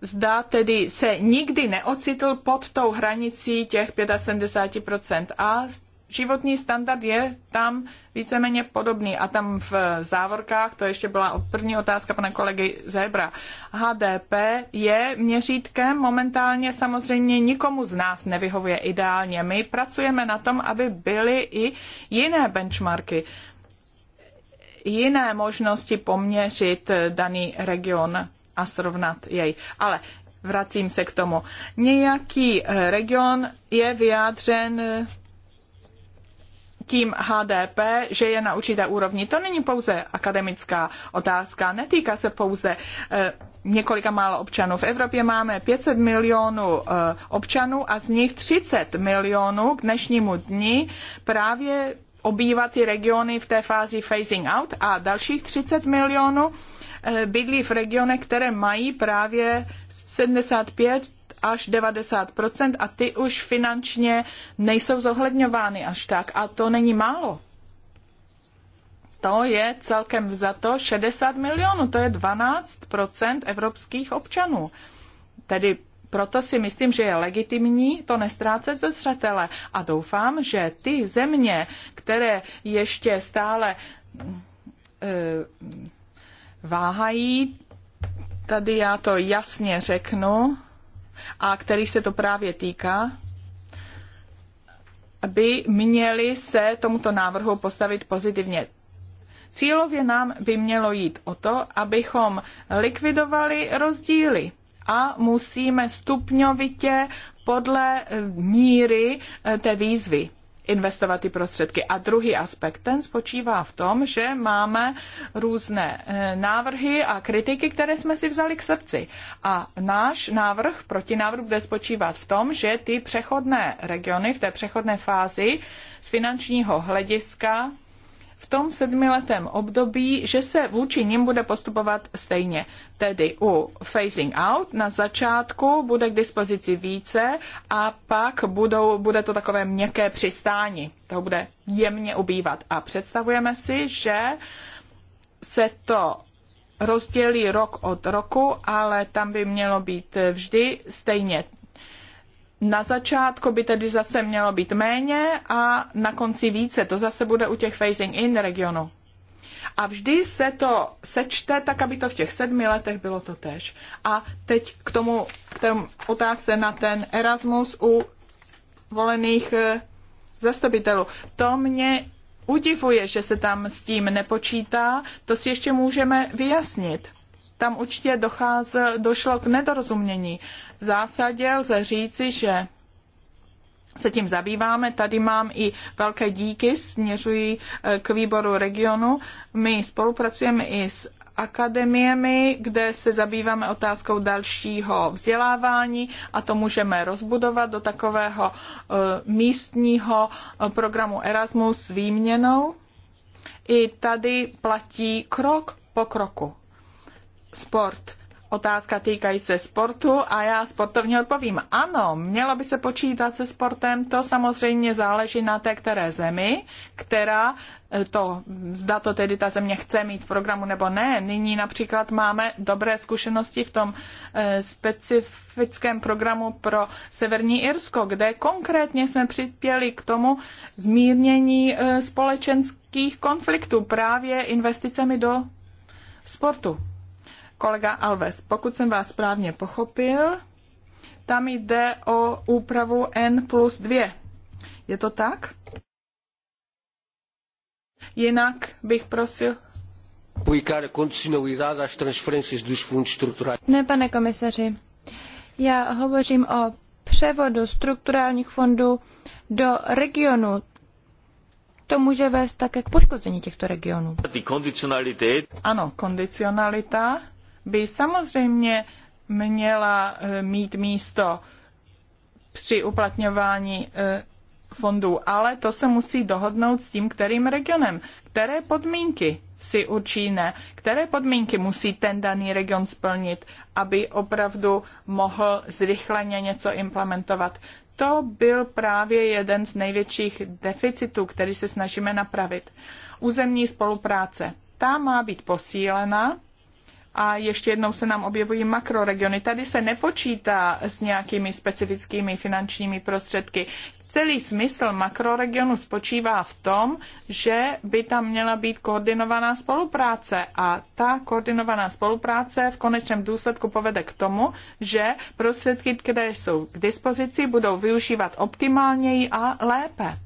zda tedy se nikdy neocitl pod tou hranicí těch 75%. A životní standard je tam víceméně podobný. A tam v závorkách, to ještě byla první otázka pana kolegy Zebra, HDP je měřítkem momentálně samozřejmě nikomu z nás nevyhovuje ideálně. My pracujeme na tom, aby byly i jiné benchmarky jiné možnosti poměřit daný region a srovnat jej. Ale vracím se k tomu. Nějaký eh, region je vyjádřen eh, tím HDP, že je na určité úrovni. To není pouze akademická otázka, netýká se pouze eh, několika málo občanů. V Evropě máme 500 milionů občanů a z nich 30 milionů k dnešnímu dni právě obývá ty regiony v té fázi phasing out a dalších 30 milionů bydlí v regionech, které mají právě 75 až 90 a ty už finančně nejsou zohledňovány až tak. A to není málo. To je celkem vzato 60 milionů, to je 12 evropských občanů. Tedy proto si myslím, že je legitimní to nestrácet ze zřetele. A doufám, že ty země, které ještě stále. Eh, váhají, tady já to jasně řeknu, a který se to právě týká, by měli se tomuto návrhu postavit pozitivně. Cílově nám by mělo jít o to, abychom likvidovali rozdíly a musíme stupňovitě podle míry eh, té výzvy investovat ty prostředky. A druhý aspekt, ten spočívá v tom, že máme různé eh, návrhy a kritiky, které jsme si vzali k srdci. A náš návrh, protinávrh, bude spočívat v tom, že ty přechodné regiony v té přechodné fázi z finančního hlediska v tom sedmiletém období, že se vůči ním bude postupovat stejně. Tedy u phasing out na začátku bude k dispozici více a pak budou, bude to takové měkké přistání. To bude jemně ubývat. A představujeme si, že se to rozdělí rok od roku, ale tam by mělo být vždy stejně na začátku by tedy zase mělo být méně a na konci více. To zase bude u těch phasing in regionu. A vždy se to sečte tak, aby to v těch sedmi letech bylo to tež. A teď k tomu, k otázce na ten Erasmus u volených eh, zastupitelů. To mě udivuje, že se tam s tím nepočítá. To si ještě můžeme vyjasnit tam určitě docházel, došlo k nedorozumění. V zásadě lze říci, že se tím zabýváme. Tady mám i velké díky, směřují eh, k výboru regionu. My spolupracujeme i s akademiemi, kde se zabýváme otázkou dalšího vzdělávání a to můžeme rozbudovat do takového eh, místního eh, programu Erasmus s výměnou. I tady platí krok po kroku sport. Otázka týkají se sportu a já sportovně odpovím. Ano, mělo by se počítat se sportem, to samozřejmě záleží na té které zemi, která e, to, zda to tedy ta země chce mít v programu nebo ne. Nyní například máme dobré zkušenosti v tom e, specifickém programu pro Severní Irsko, kde konkrétně jsme přispěli k tomu zmírnění e, společenských konfliktů právě investicemi do sportu kolega Alves, pokud jsem vás správně pochopil, tam jde o úpravu N plus 2. Je to tak? Jinak bych prosil aplicar a condicionalidade às transferências dos fundos estruturais. Ne, pane komisaři, já hovořím o převodu strukturálních fondů do regionu. To může vést také k poškození těchto regionů. Ano, kondicionalita by samozřejmě měla eh, mít místo při uplatňování eh, fondů, ale to se musí dohodnout s tím, kterým regionem, které podmínky si určí ne, které podmínky musí ten daný region splnit, aby opravdu mohl zrychleně něco implementovat. To byl právě jeden z největších deficitů, který se snažíme napravit. Územní spolupráce. Ta má být posílena, a ještě jednou se nám objevují makroregiony. Tady se nepočítá s nějakými specifickými finančními prostředky. Celý smysl makroregionu spočívá v tom, že by tam měla být koordinovaná spolupráce a ta koordinovaná spolupráce v konečném důsledku povede k tomu, že prostředky, které jsou k dispozici, budou využívat optimálněji a lépe.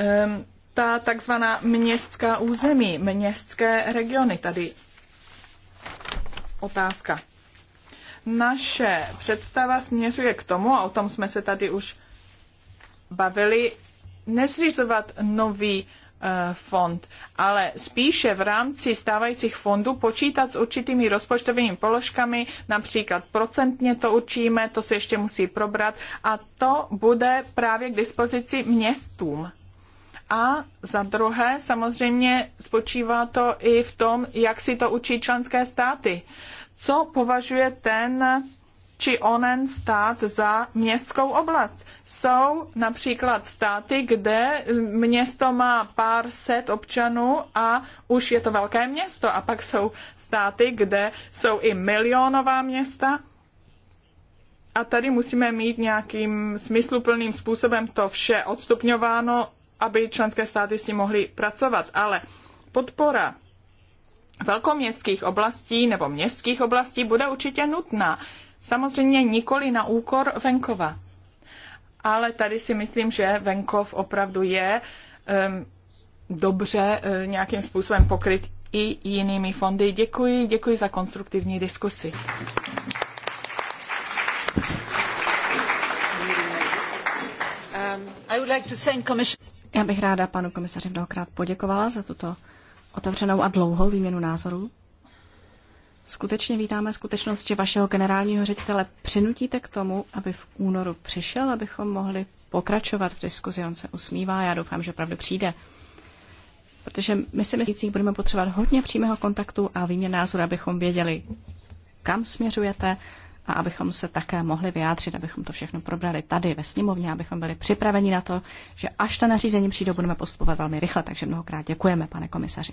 Um, ta takzvaná městská území, městské regiony. Tady otázka. Naše představa směřuje k tomu, a o tom jsme se tady už bavili, nezřizovat nový eh, fond, ale spíše v rámci stávajících fondů počítat s určitými rozpočtovými položkami, například procentně to určíme, to se ještě musí probrat a to bude právě k dispozici městům. A za druhé, samozřejmě spočívá to i v tom, jak si to učí členské státy. Co považuje ten či onen stát za městskou oblast. Jsou například státy, kde město má pár set občanů a už je to velké město. A pak jsou státy, kde jsou i milionová města. A tady musíme mít nějakým smysluplným způsobem to vše odstupňováno aby členské státy s tím mohly pracovat, ale podpora velkoměstských oblastí nebo městských oblastí bude určitě nutná. Samozřejmě nikoli na úkor venkova. Ale tady si myslím, že venkov opravdu je um, dobře um, nějakým způsobem pokryt i jinými fondy. Děkuji, děkuji za konstruktivní diskusi. Um, já bych ráda panu komisaři mnohokrát poděkovala za tuto otevřenou a dlouhou výměnu názorů. Skutečně vítáme skutečnost, že vašeho generálního ředitele přinutíte k tomu, aby v únoru přišel, abychom mohli pokračovat v diskuzi. On se usmívá, já doufám, že opravdu přijde. Protože my si myslících budeme potřebovat hodně přímého kontaktu a výměn názoru, abychom věděli, kam směřujete a abychom se také mohli vyjádřit, abychom to všechno probrali tady ve sněmovně, abychom byli připraveni na to, že až ta nařízení přijde, budeme postupovat velmi rychle. Takže mnohokrát děkujeme, pane komisaři.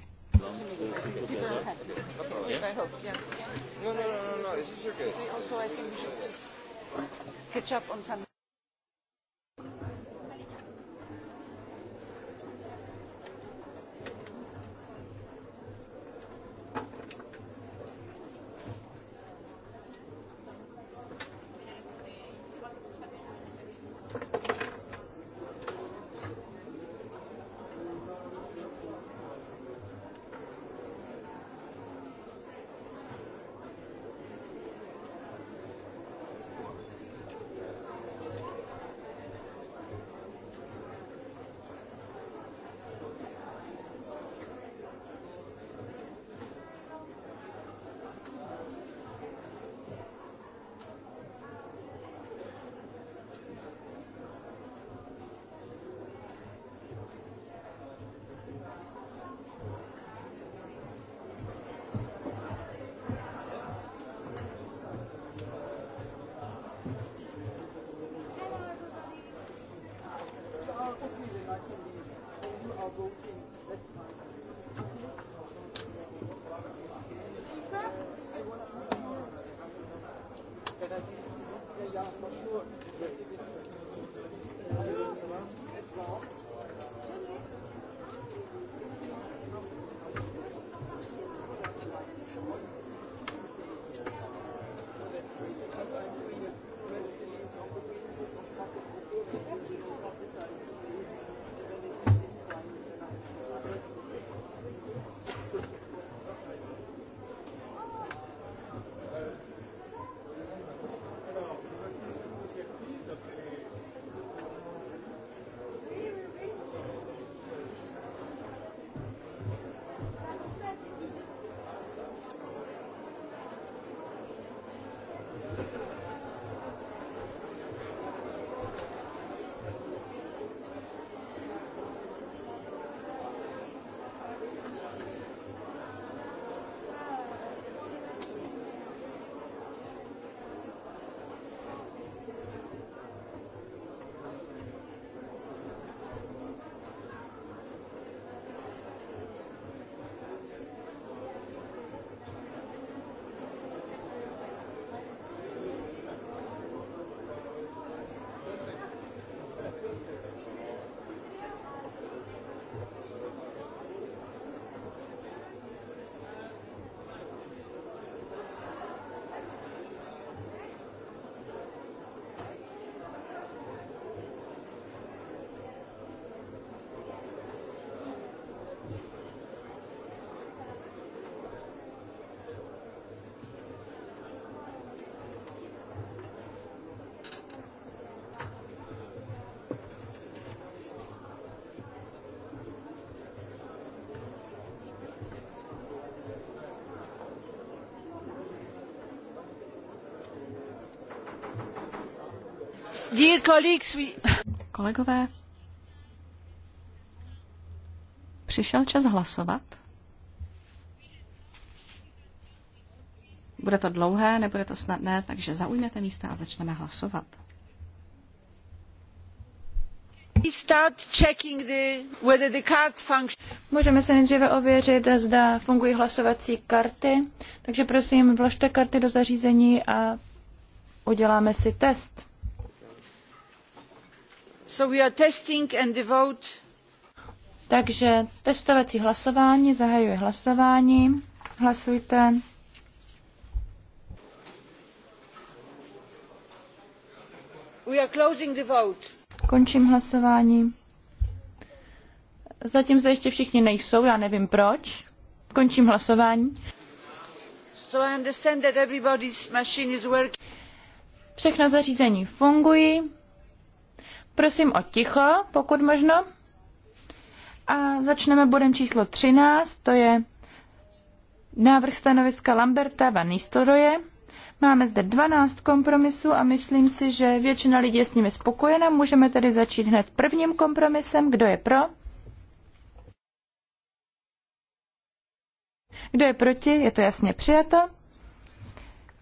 Kolegové, přišel čas hlasovat. Bude to dlouhé, nebude to snadné, takže zaujměte místa a začneme hlasovat. Můžeme se nejdříve ověřit, zda fungují hlasovací karty, takže prosím, vložte karty do zařízení a uděláme si test. Takže testovací hlasování, zahajuje hlasování, hlasujte. We are closing the vote. Končím hlasování. Zatím zde ještě všichni nejsou, já nevím proč. Končím hlasování. So I understand that everybody's machine is working. Všechna zařízení fungují, Prosím o ticho, pokud možno. A začneme bodem číslo 13, to je návrh stanoviska Lamberta van Nistelrooye. Máme zde 12 kompromisů a myslím si, že většina lidí je s nimi spokojena. Můžeme tedy začít hned prvním kompromisem. Kdo je pro? Kdo je proti? Je to jasně přijato.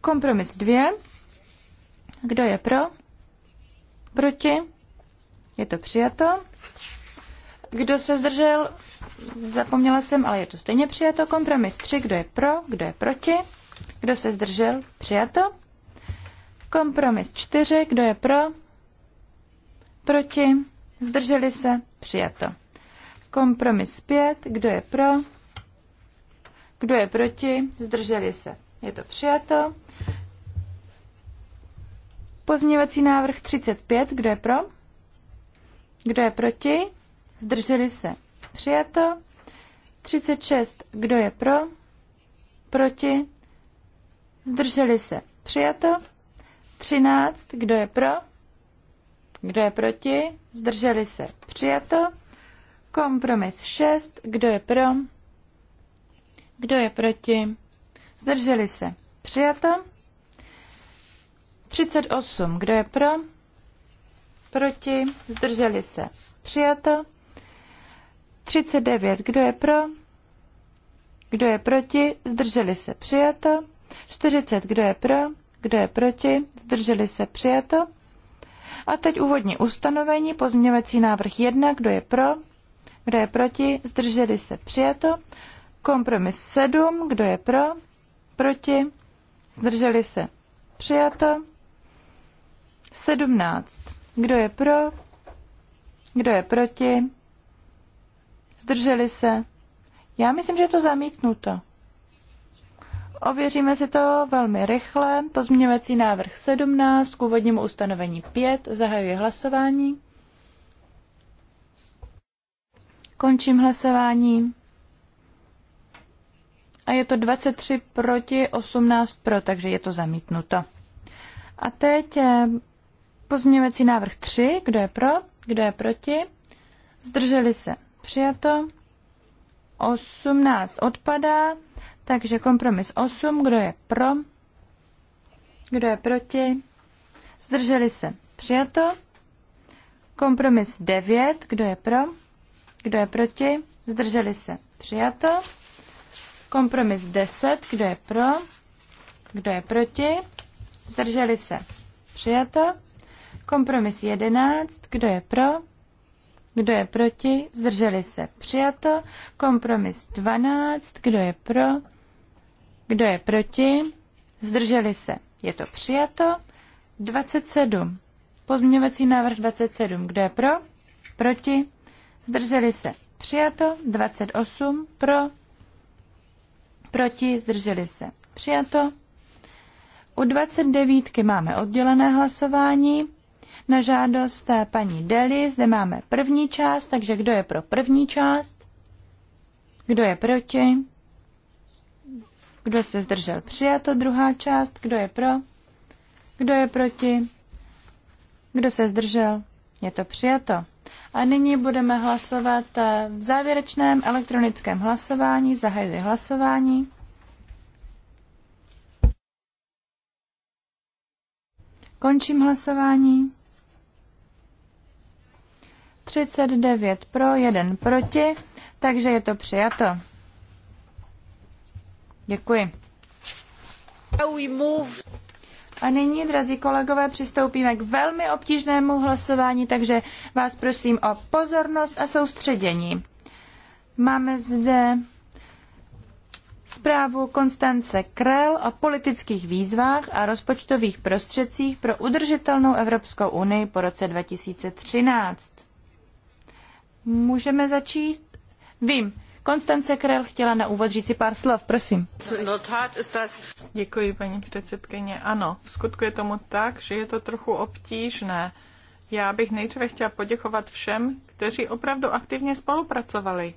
Kompromis 2. Kdo je pro? Proti? Je to přijato. Kdo se zdržel? Zapomněla jsem, ale je to stejně přijato. Kompromis 3. Kdo je pro? Kdo je proti? Kdo se zdržel? Přijato. Kompromis 4. Kdo je pro? Proti? Zdrželi se? Přijato. Kompromis 5. Kdo je pro? Kdo je proti? Zdrželi se. Je to přijato. Pozměňovací návrh 35. Kdo je pro? Kdo je proti? Zdrželi se. Přijato. 36. Kdo je pro? Proti? Zdrželi se. Přijato. 13. Kdo je pro? Kdo je proti? Zdrželi se. Přijato. Kompromis 6. Kdo je pro? Kdo je proti? Zdrželi se. Přijato. 38. Kdo je pro? proti, zdrželi se, přijato. 39, kdo je pro, kdo je proti, zdrželi se, přijato. 40, kdo je pro, kdo je proti, zdrželi se, přijato. A teď úvodní ustanovení, pozměňovací návrh 1, kdo je pro, kdo je proti, zdrželi se, přijato. Kompromis 7, kdo je pro, proti, zdrželi se, přijato. 17. Kdo je pro? Kdo je proti? Zdrželi se? Já myslím, že je to zamítnuto. Ověříme si to velmi rychle. Pozměňovací návrh 17 k úvodnímu ustanovení 5. Zahajuji hlasování. Končím hlasování. A je to 23 proti 18 pro, takže je to zamítnuto. A teď eh, Pozměňovací návrh 3, kdo je pro, kdo je proti, zdrželi se, přijato. 18 odpadá, takže kompromis 8, kdo je pro, kdo je proti, zdrželi se, přijato. Kompromis 9, kdo je pro, kdo je proti, zdrželi se, přijato. Kompromis 10, kdo je pro, kdo je proti, zdrželi se, přijato. Kompromis 11. Kdo je pro? Kdo je proti? Zdrželi se. Přijato. Kompromis 12. Kdo je pro? Kdo je proti? Zdrželi se. Je to přijato. 27. Pozměňovací návrh 27. Kdo je pro? Proti? Zdrželi se. Přijato. 28. Pro? Proti? Zdrželi se. Přijato. U 29 máme oddělené hlasování na žádost eh, paní Deli. Zde máme první část, takže kdo je pro první část? Kdo je proti? Kdo se zdržel? Přijato druhá část. Kdo je pro? Kdo je proti? Kdo se zdržel? Je to přijato. A nyní budeme hlasovat eh, v závěrečném elektronickém hlasování. Zahajuji hlasování. Končím hlasování. 39 pro, 1 proti, takže je to přijato. Děkuji. A nyní, drazí kolegové, přistoupíme k velmi obtížnému hlasování, takže vás prosím o pozornost a soustředění. Máme zde zprávu Konstance Krell o politických výzvách a rozpočtových prostředcích pro udržitelnou Evropskou unii po roce 2013. Můžeme začít? Vím. Konstance Krell chtěla na úvod říct si pár slov, prosím. Děkuji, paní předsedkyně. Ano, v skutku je tomu tak, že je to trochu obtížné. Já bych nejdříve chtěla poděkovat všem, kteří opravdu aktivně spolupracovali.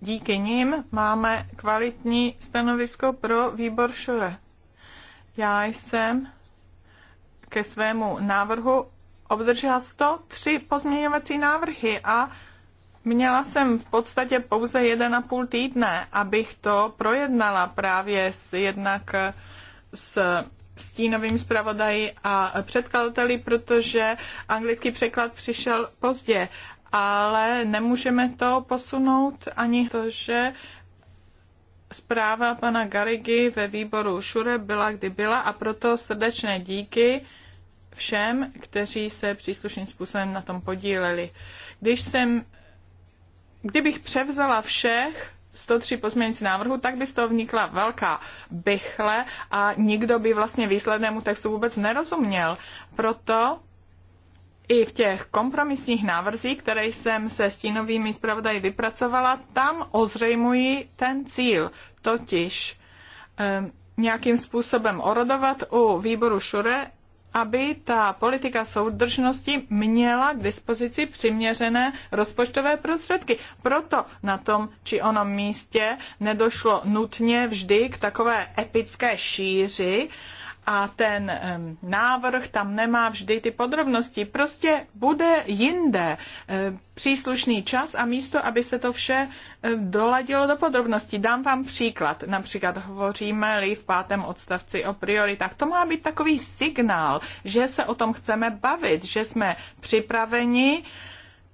Díky nim máme kvalitní stanovisko pro výbor Šure. Já jsem ke svému návrhu obdržela 103 pozměňovací návrhy a Měla jsem v podstatě pouze 1,5 půl týdne, abych to projednala právě s, jednak s stínovým zpravodají a předkladateli, protože anglický překlad přišel pozdě. Ale nemůžeme to posunout ani to, že zpráva pana Garigy ve výboru Šure byla kdy byla a proto srdečné díky všem, kteří se příslušným způsobem na tom podíleli. Když jsem, kdybych převzala všech 103 pozměňující návrhu, tak by z toho vnikla velká bychle a nikdo by vlastně výslednému textu vůbec nerozuměl. Proto i v těch kompromisních návrzích, které jsem se stínovými zpravodaji vypracovala, tam ozřejmuji ten cíl, totiž um, nějakým způsobem orodovat u výboru Šure aby ta politika soudržnosti měla k dispozici přiměřené rozpočtové prostředky. Proto na tom či onom místě nedošlo nutně vždy k takové epické šíři, a ten návrh tam nemá vždy ty podrobnosti. Prostě bude jinde příslušný čas a místo, aby se to vše doladilo do podrobností. Dám vám příklad. Například hovoříme-li v pátém odstavci o prioritách. To má být takový signál, že se o tom chceme bavit, že jsme připraveni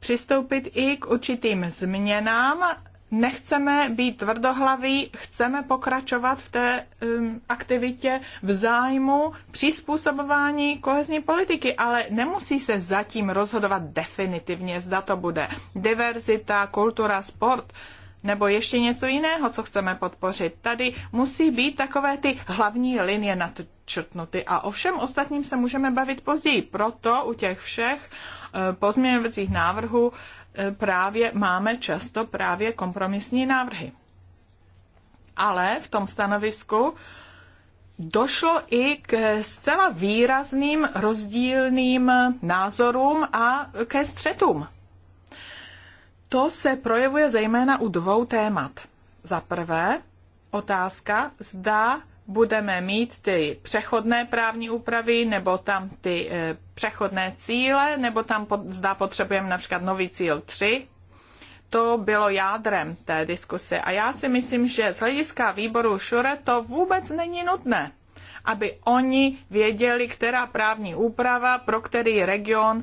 přistoupit i k určitým změnám nechceme být tvrdohlaví, chceme pokračovat v té um, aktivitě v zájmu přizpůsobování kohezní politiky, ale nemusí se zatím rozhodovat definitivně, zda to bude diverzita, kultura, sport nebo ještě něco jiného, co chceme podpořit. Tady musí být takové ty hlavní linie nadčrtnuty a o všem ostatním se můžeme bavit později. Proto u těch všech eh, pozměňovacích návrhů právě máme často právě kompromisní návrhy. Ale v tom stanovisku došlo i k zcela výrazným rozdílným názorům a ke střetům. To se projevuje zejména u dvou témat. Za prvé, otázka, zda budeme mít ty přechodné právní úpravy, nebo tam ty eh, přechodné cíle, nebo tam pod, zda potřebujeme například nový cíl 3. To bylo jádrem té diskuse. A já si myslím, že z hlediska výboru Šure to vůbec není nutné aby oni věděli, která právní úprava pro který region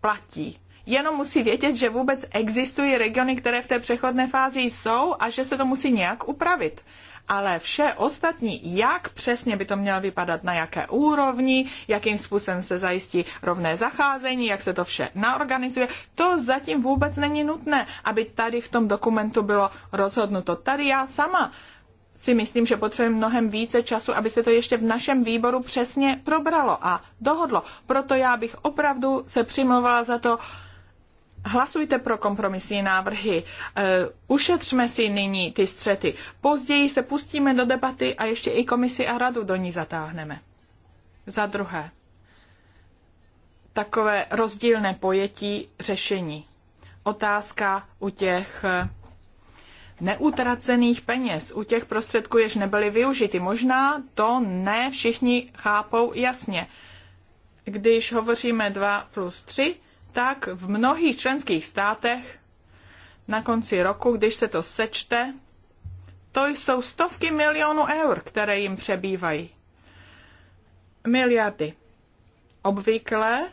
platí. Jenom musí vědět, že vůbec existují regiony, které v té přechodné fázi jsou a že se to musí nějak upravit ale vše ostatní, jak přesně by to mělo vypadat, na jaké úrovni, jakým způsobem se zajistí rovné zacházení, jak se to vše naorganizuje, to zatím vůbec není nutné, aby tady v tom dokumentu bylo rozhodnuto. Tady já sama si myslím, že potřebujeme mnohem více času, aby se to ještě v našem výboru přesně probralo a dohodlo. Proto já bych opravdu se přimlouvala za to, Hlasujte pro kompromisní návrhy. E, ušetřme si nyní ty střety. Později se pustíme do debaty a ještě i komisi a radu do ní zatáhneme. Za druhé, takové rozdílné pojetí řešení. Otázka u těch neutracených peněz, u těch prostředků, jež nebyly využity. Možná to ne všichni chápou jasně. Když hovoříme 2 plus 3, tak v mnohých členských státech na konci roku, když se to sečte, to jsou stovky milionů eur, které jim přebývají. Miliardy. Obvykle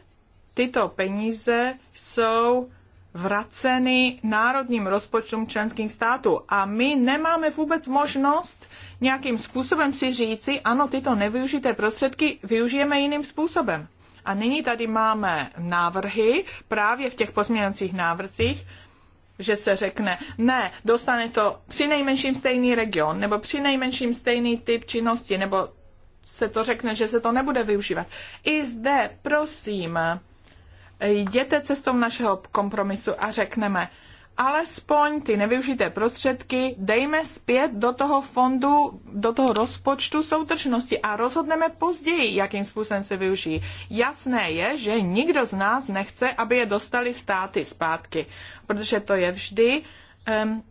tyto peníze jsou vraceny národním rozpočtům členských států. A my nemáme vůbec možnost nějakým způsobem si říci, ano, tyto nevyužité prostředky využijeme jiným způsobem. A nyní tady máme návrhy právě v těch pozměňovacích návrzích, že se řekne, ne, dostane to při nejmenším stejný region, nebo při nejmenším stejný typ činnosti, nebo se to řekne, že se to nebude využívat. I zde, prosím, jděte cestou našeho kompromisu a řekneme, alespoň ty nevyužité prostředky dejme zpět do toho fondu, do toho rozpočtu soutržnosti a rozhodneme později, jakým způsobem se využijí. Jasné je, že nikdo z nás nechce, aby je dostali státy zpátky, protože to je vždy um,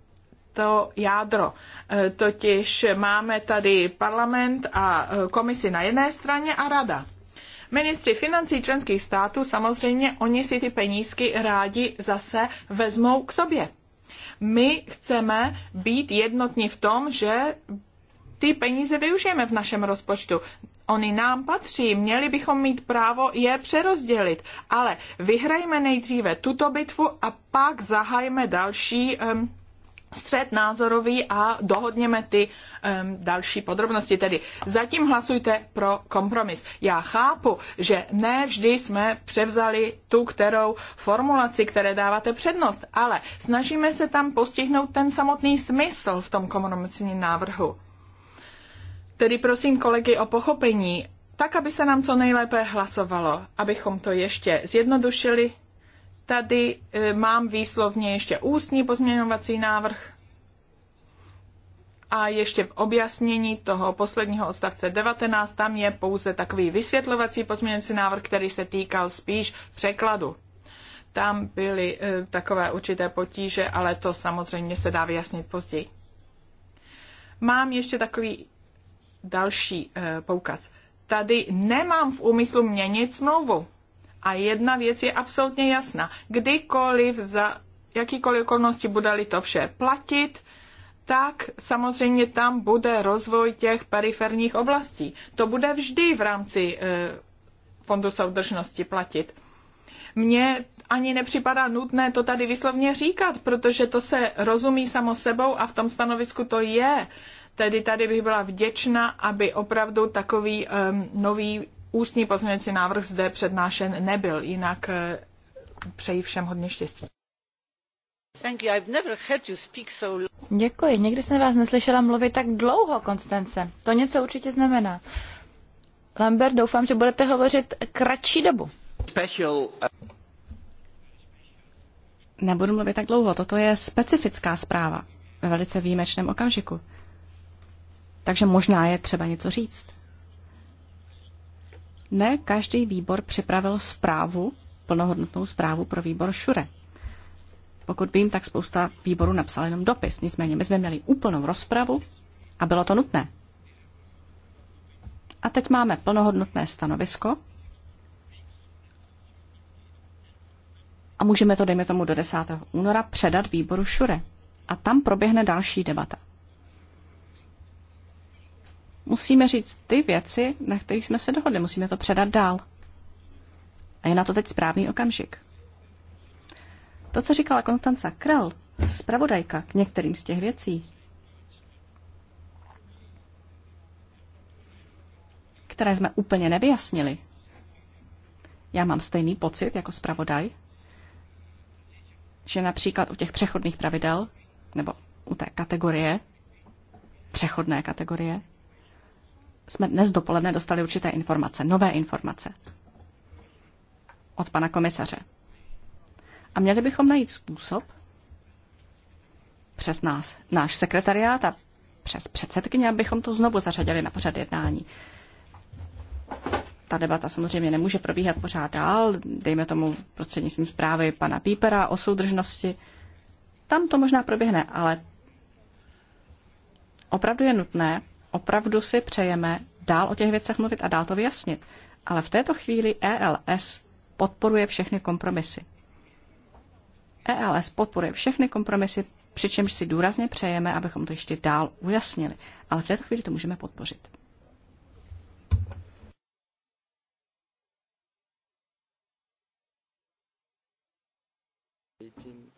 to jádro. E, totiž máme tady parlament a e, komisi na jedné straně a rada Ministři financí členských států samozřejmě oni si ty penízky rádi zase vezmou k sobě. My chceme být jednotní v tom, že ty peníze využijeme v našem rozpočtu. Oni nám patří, měli bychom mít právo je přerozdělit, ale vyhrajme nejdříve tuto bitvu a pak zahajme další um, střed názorový a dohodněme ty um, další podrobnosti. Tedy zatím hlasujte pro kompromis. Já chápu, že ne vždy jsme převzali tu, kterou formulaci, které dáváte přednost, ale snažíme se tam postihnout ten samotný smysl v tom kompromisním návrhu. Tedy prosím kolegy o pochopení, tak, aby se nám co nejlépe hlasovalo, abychom to ještě zjednodušili, Tady e, mám výslovně ještě ústní pozměňovací návrh a ještě v objasnění toho posledního odstavce 19, tam je pouze takový vysvětlovací pozměňovací návrh, který se týkal spíš překladu. Tam byly e, takové určité potíže, ale to samozřejmě se dá vyjasnit později. Mám ještě takový další e, poukaz. Tady nemám v úmyslu měnit smlouvu. A jedna věc je absolutně jasná. Kdykoliv za jakýkoliv okolnosti bude to vše platit, tak samozřejmě tam bude rozvoj těch periferních oblastí. To bude vždy v rámci e, Fondu soudržnosti platit. Mně ani nepřipadá nutné to tady vyslovně říkat, protože to se rozumí samo sebou a v tom stanovisku to je. Tedy tady bych byla vděčna, aby opravdu takový um, nový ústní pozměňovací návrh zde přednášen nebyl, jinak eh, přeji všem hodně štěstí. Děkuji, nikdy jsem vás neslyšela mluvit tak dlouho, Konstance. To něco určitě znamená. Lambert, doufám, že budete hovořit kratší dobu. Special... Eh, Nebudu mluvit tak dlouho, toto je specifická zpráva ve velice výjimečném okamžiku. Takže možná je třeba něco říct. Ne každý výbor připravil zprávu, plnohodnotnou zprávu pro výbor Šure. Pokud vím, tak spousta výborů napsala jenom dopis. Nicméně my jsme měli úplnou rozpravu a bylo to nutné. A teď máme plnohodnotné stanovisko a můžeme to, dejme tomu, do 10. února předat výboru Šure. A tam proběhne další debata. Musíme říct ty věci, na kterých jsme se dohodli. Musíme to předat dál. A je na to teď správný okamžik. To, co říkala Konstanca Krell, zpravodajka k některým z těch věcí, které jsme úplně nevyjasnili, já mám stejný pocit jako zpravodaj, že například u těch přechodných pravidel, nebo u té kategorie, přechodné kategorie, jsme dnes dopoledne dostali určité informace, nové informace od pana komisaře. A měli bychom najít způsob přes nás, náš sekretariát a přes předsedkyně, abychom to znovu zařadili na pořad jednání. Ta debata samozřejmě nemůže probíhat pořád dál, dejme tomu prostřednictvím zprávy pana Pípera o soudržnosti. Tam to možná proběhne, ale opravdu je nutné, opravdu si přejeme dál o těch věcech mluvit a dál to vyjasnit. Ale v této chvíli ELS podporuje všechny kompromisy. ELS podporuje všechny kompromisy, přičemž si důrazně přejeme, abychom to ještě dál ujasnili. Ale v této chvíli to můžeme podpořit. E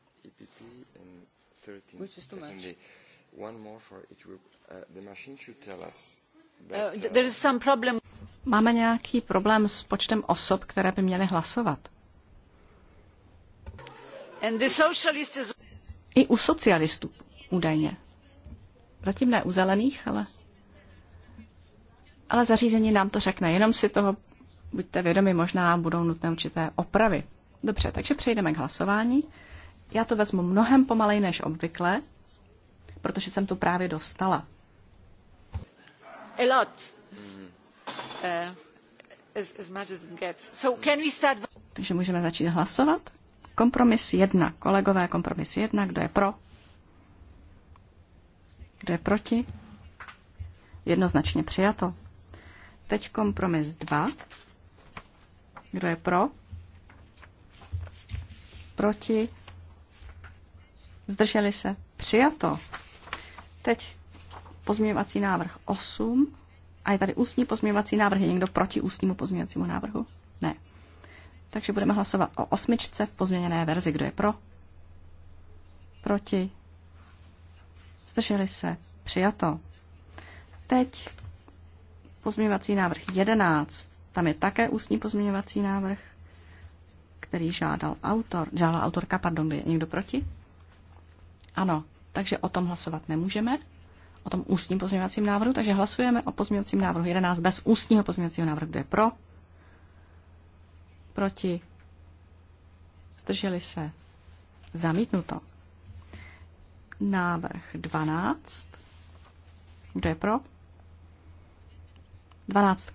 Which is too much one more for each group. Uh, the machine should tell us. Uh, uh, there is some problem. Máme nějaký problém s počtem osob, které by měly hlasovat. I u socialistů údajně. Zatím ne u zelených, ale, ale zařízení nám to řekne. Jenom si toho buďte vědomi, možná budou nutné určité opravy. Dobře, takže přejdeme k hlasování. Já to vezmu mnohem pomalej než obvykle, protože jsem to právě dostala. A lot. Uh, as as So can we start... Takže můžeme začít hlasovat. Kompromis jedna. Kolegové, kompromis jedna. Kdo je pro? Kdo je proti? Jednoznačně přijato. Teď kompromis dva. Kdo je pro? Proti? Zdrželi se? Přijato. Teď pozměňovací návrh 8 a je tady ústní pozměňovací návrh. Je někdo proti ústnímu pozměňovacímu návrhu? Ne. Takže budeme hlasovat o osmičce v pozměněné verzi. Kdo je pro? Proti? Zdrželi se? Přijato. Teď pozměňovací návrh 11. Tam je také ústní pozměňovací návrh, který žádal autor. Žádala autorka, pardon, je někdo proti? Ano takže o tom hlasovat nemůžeme, o tom ústním pozměňovacím návrhu, takže hlasujeme o pozměňovacím návrhu 11 bez ústního pozměňovacího návrhu, kdo je pro, proti, zdrželi se, zamítnuto. Návrh 12, kdo je pro? 12.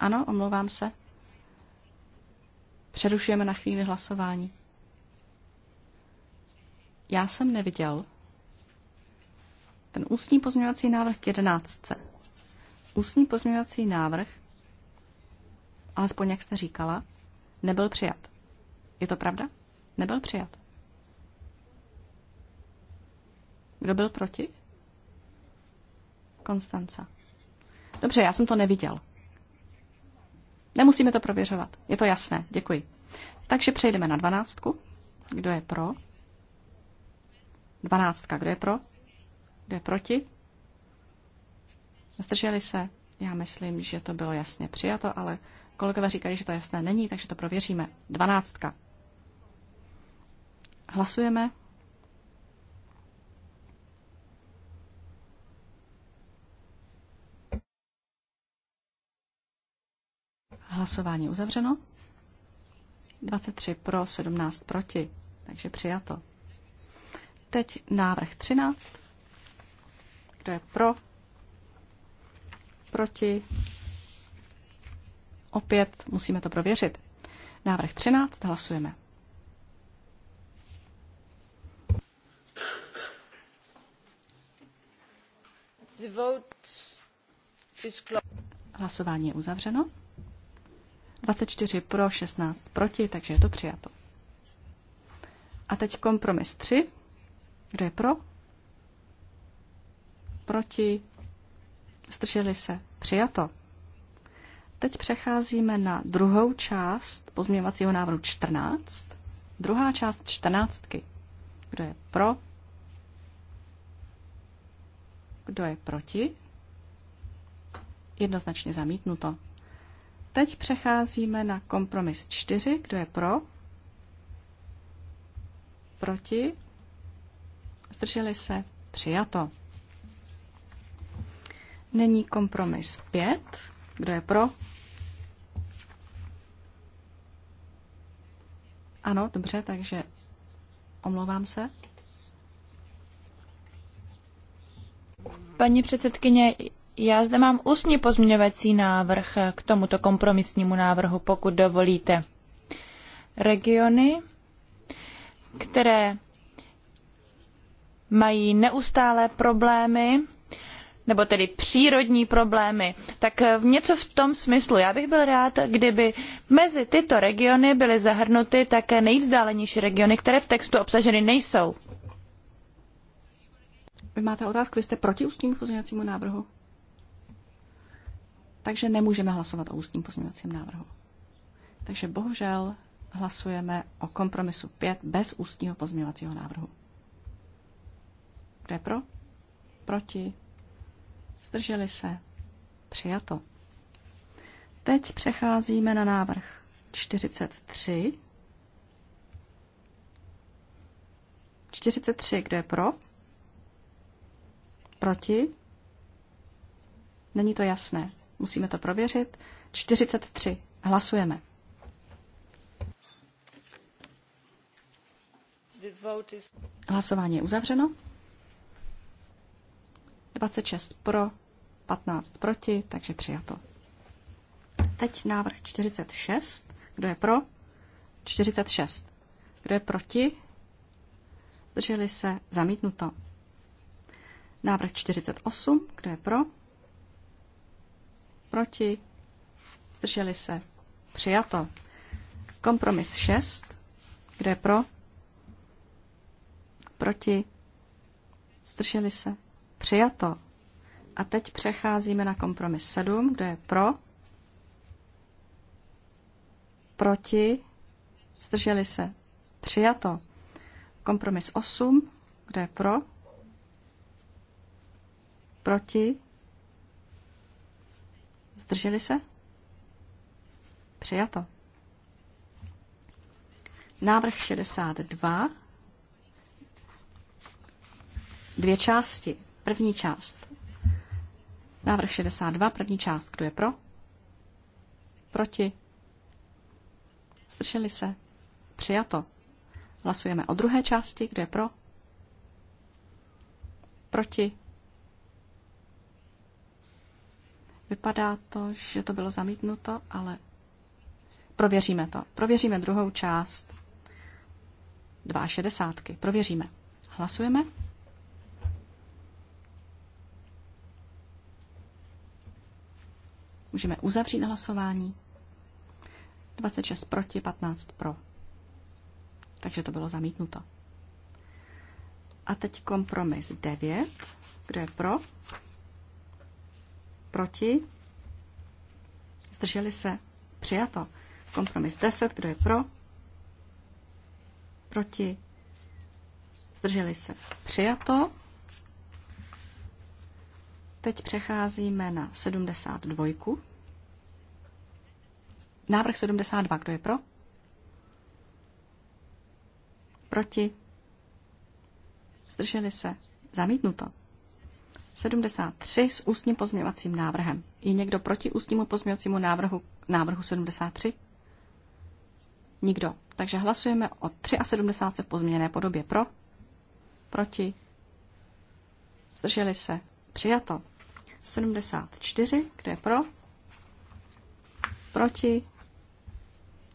Ano, omlouvám se. Přerušujeme na chvíli hlasování. Já jsem neviděl ten ústní pozměňovací návrh k jedenáctce. Ústní pozměňovací návrh, alespoň jak jste říkala, nebyl přijat. Je to pravda? Nebyl přijat. Kdo byl proti? Konstanca. Dobře, já jsem to neviděl. Nemusíme to prověřovat. Je to jasné. Děkuji. Takže přejdeme na dvanáctku. Kdo je pro? Dvanáctka. Kdo je pro? Kdo je proti? Zdrželi se? Já myslím, že to bylo jasně přijato, ale kolegové říkali, že to jasné není, takže to prověříme. Dvanáctka. Hlasujeme. Hlasování uzavřeno. 23 pro, 17 proti, takže přijato. Teď návrh 13. Kdo je pro? Proti? Opět musíme to prověřit. Návrh 13. Hlasujeme. The vote is Hlasování je uzavřeno. 24 pro, 16 proti, takže je to přijato. A teď kompromis 3. Kdo je pro? Proti? Zdrželi se? Přijato. Teď přecházíme na druhou část pozměňovacího návrhu 14. Druhá část čtrnáctky. Kdo je pro? Kdo je proti? Jednoznačně zamítnuto. Teď přecházíme na kompromis 4. Kdo je pro? Proti? Zdrželi se? Přijato. Není kompromis 5. Kdo je pro? Ano, dobře, takže omlouvám se. Paní předsedkyně, já zde mám ústní pozměňovací návrh k tomuto kompromisnímu návrhu, pokud dovolíte. Regiony, které mají neustále problémy, nebo tedy přírodní problémy, tak v něco v tom smyslu. Já bych byl rád, kdyby mezi tyto regiony byly zahrnuty také nejvzdálenější regiony, které v textu obsaženy nejsou. Vy máte otázku, vy jste proti ústnímu pozměňovacímu návrhu? Takže nemůžeme hlasovat o ústním pozměňovacím návrhu. Takže bohužel hlasujeme o kompromisu 5 bez ústního pozměňovacího návrhu. Kdo je pro? Proti? Zdrželi se? Přijato. Teď přecházíme na návrh 43. 43, kdo je pro? Proti? Není to jasné. Musíme to prověřit. 43. Hlasujeme. Hlasování je uzavřeno. 26 pro, 15 proti, takže přijato. Teď návrh 46. Kdo je pro? 46. Kdo je proti? Zdrželi se zamítnuto. Návrh 48. Kdo je pro? Proti? Zdrželi se přijato. Kompromis 6. Kdo je pro? Proti? Zdrželi se Přijato. A teď přecházíme na kompromis 7, kdo je pro, proti, zdrželi se, přijato. Kompromis 8, kdo je pro, proti, zdrželi se, přijato. Návrh 62, dvě části. První část. Návrh 62, první část. Kdo je pro? Proti? Zdrželi se? Přijato. Hlasujeme o druhé části. Kdo je pro? Proti? Vypadá to, že to bylo zamítnuto, ale prověříme to. Prověříme druhou část. Dva šedesátky. Prověříme. Hlasujeme. Můžeme uzavřít hlasování. 26 proti, 15 pro. Takže to bylo zamítnuto. A teď kompromis 9. Kdo je pro? Proti? Zdrželi se? Přijato. Kompromis 10. Kdo je pro? Proti? Zdrželi se? Přijato. Teď přecházíme na 72. Návrh 72, kdo je pro? Proti? Zdrželi se? Zamítnuto. 73 s ústním pozměňovacím návrhem. Je někdo proti ústnímu pozměňovacímu návrhu, návrhu 73? Nikdo. Takže hlasujeme o 73 v pozměněné podobě pro, proti, zdrželi se, přijato. 74, kde je pro? Proti?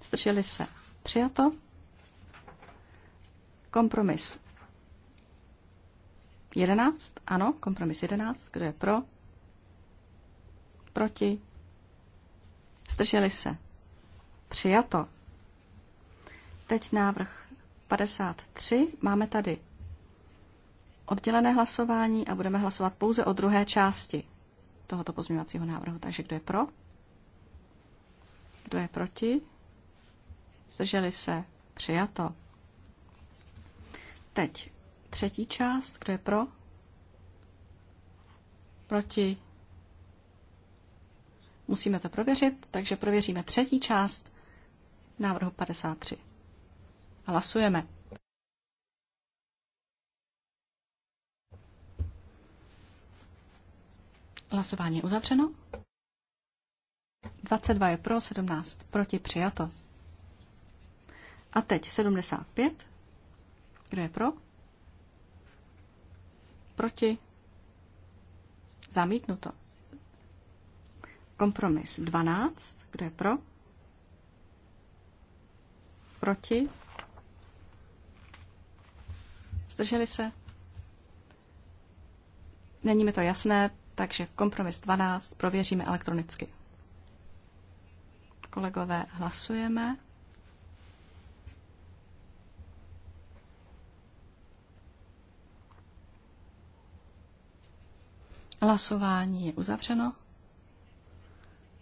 Zdrželi se. Přijato. Kompromis 11, ano, kompromis 11, kdo je pro? Proti? Zdrželi se. Přijato. Teď návrh 53. Máme tady oddělené hlasování a budeme hlasovat pouze o druhé části tohoto pozměňovacího návrhu. Takže kdo je pro? Kdo je proti? Zdrželi se? Přijato. Teď třetí část. Kdo je pro? Proti? Musíme to prověřit, takže prověříme třetí část návrhu 53. Hlasujeme. Hlasování je uzavřeno. 22 je pro, 17 proti, přijato. A teď 75. Kdo je pro? Proti? Zamítnuto. Kompromis 12. Kdo je pro? Proti? Zdrželi se? Není mi to jasné, takže kompromis 12 prověříme elektronicky. Kolegové, hlasujeme. Hlasování je uzavřeno.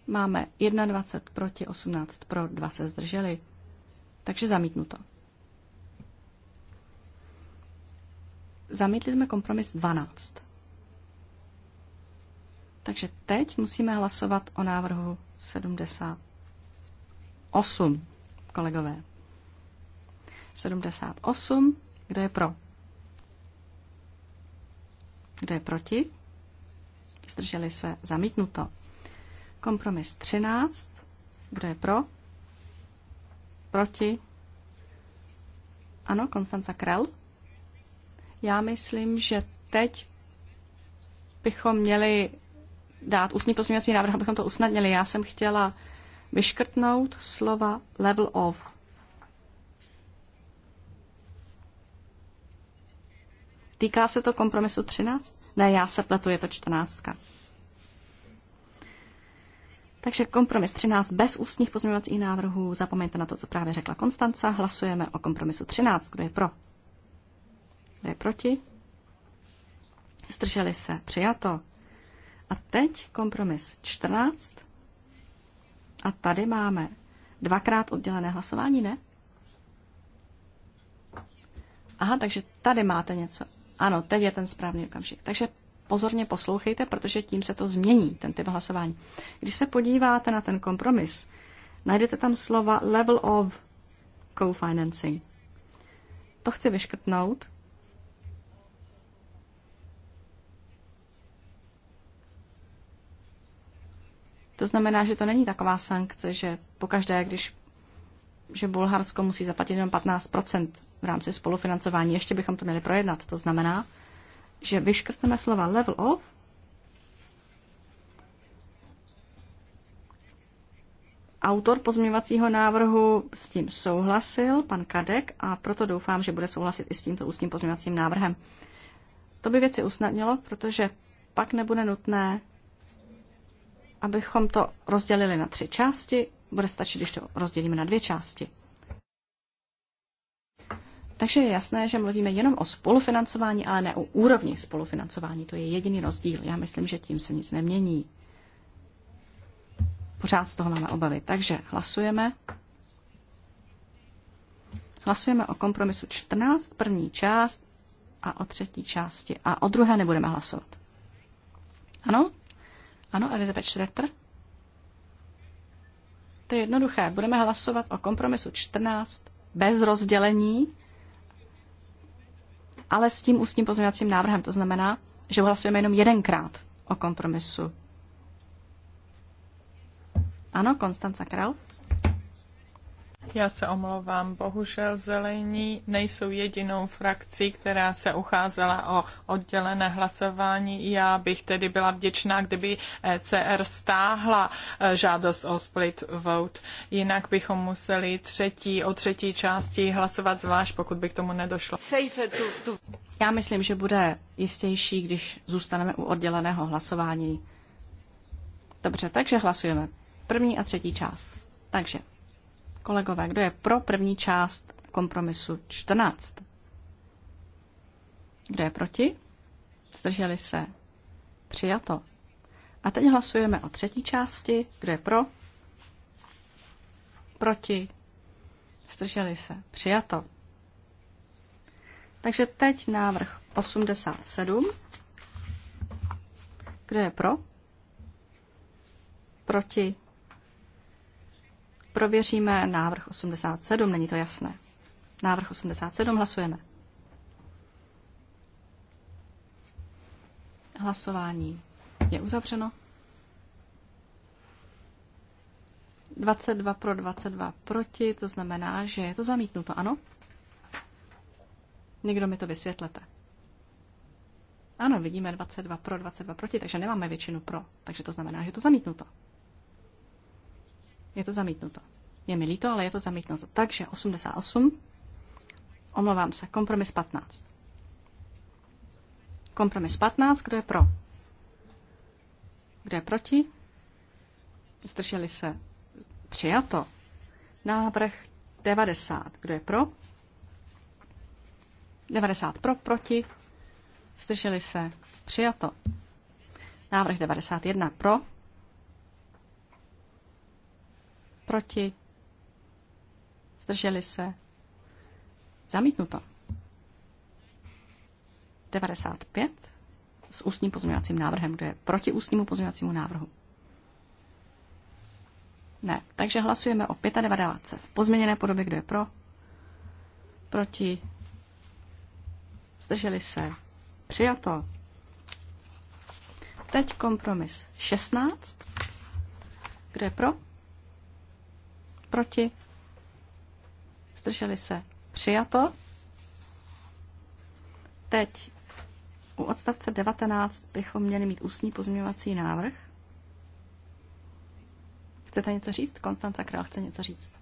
Máme 21 proti, 18 pro, 2 se zdrželi. Takže zamítnuto. Zamítli jsme kompromis 12. Takže teď musíme hlasovat o návrhu 78. Kolegové. 78. Kdo je pro? Kdo je proti? Zdrželi se zamítnuto. Kompromis 13. Kdo je pro? Proti? Ano, Konstanca Krell. Já myslím, že teď bychom měli dát ústní pozměňovací návrh, abychom to usnadnili. Já jsem chtěla vyškrtnout slova level of. Týká se to kompromisu 13? Ne, já se pletu, je to 14. Takže kompromis 13 bez ústních pozměňovacích návrhů. Zapomeňte na to, co právě řekla Konstanca. Hlasujeme o kompromisu 13. Kdo je pro? Kdo je proti? Zdrželi se. Přijato. A teď kompromis 14. A tady máme dvakrát oddělené hlasování, ne? Aha, takže tady máte něco. Ano, teď je ten správný okamžik. Takže pozorně poslouchejte, protože tím se to změní, ten typ hlasování. Když se podíváte na ten kompromis, najdete tam slova level of co-financing. To chci vyškrtnout, To znamená, že to není taková sankce, že pokaždé, když že Bulharsko musí zaplatit jenom 15 v rámci spolufinancování, ještě bychom to měli projednat. To znamená, že vyškrtneme slova level off Autor pozměňovacího návrhu s tím souhlasil, pan Kadek, a proto doufám, že bude souhlasit i s tímto ústním pozměňovacím návrhem. To by věci usnadnilo, protože pak nebude nutné abychom to rozdělili na tři části. Bude stačit, když to rozdělíme na dvě části. Takže je jasné, že mluvíme jenom o spolufinancování, ale ne o úrovni spolufinancování. To je jediný rozdíl. Já myslím, že tím se nic nemění. Pořád z toho máme obavy. Takže hlasujeme. Hlasujeme o kompromisu 14, první část a o třetí části. A o druhé nebudeme hlasovat. Ano? Ano, Elizabeth Schroeter? To je jednoduché. Budeme hlasovat o kompromisu 14 bez rozdělení, ale s tím ústním pozměňovacím návrhem. To znamená, že hlasujeme jenom jedenkrát o kompromisu. Ano, Konstanca Kraut? Já se omlouvám, bohužel zelení nejsou jedinou frakcí, která se ucházela o oddělené hlasování. Já bych tedy byla vděčná, kdyby e CR stáhla e, žádost o split vote. Jinak bychom museli třetí, o třetí části hlasovat zvlášť, pokud by k tomu nedošlo. Já myslím, že bude jistější, když zůstaneme u odděleného hlasování. Dobře, takže hlasujeme. První a třetí část. Takže Kolegové, kdo je pro první část kompromisu 14? Kdo je proti? Zdrželi se? Přijato. A teď hlasujeme o třetí části. Kdo je pro? Proti? Zdrželi se? Přijato. Takže teď návrh 87. Kdo je pro? Proti? Prověříme návrh 87, není to jasné. Návrh 87, hlasujeme. Hlasování je uzavřeno. 22 pro 22 proti, to znamená, že je to zamítnuto, ano? Někdo mi to vysvětlete. Ano, vidíme 22 pro, 22 proti, takže nemáme většinu pro, takže to znamená, že je to zamítnuto. Je to zamítnuto. Je mi líto, ale je to zamítnuto. Takže 88. Omlouvám se. Kompromis 15. Kompromis 15. Kdo je pro? Kdo je proti? Zdrželi se. Přijato. Návrh 90. Kdo je pro? 90 pro, proti. Zdrželi se. Přijato. Návrh 91 pro, Proti? Zdrželi se? Zamítnuto. 95 s ústním pozměňovacím návrhem. kde je proti ústnímu pozměňovacímu návrhu? Ne. Takže hlasujeme o 95 v pozměněné podobě. Kdo je pro? Proti? Zdrželi se? Přijato. Teď kompromis 16. Kdo je pro? Proti? Zdrželi se. Přijato. Teď u odstavce 19 bychom měli mít ústní pozměňovací návrh. Chcete něco říct? Konstanca Král chce něco říct.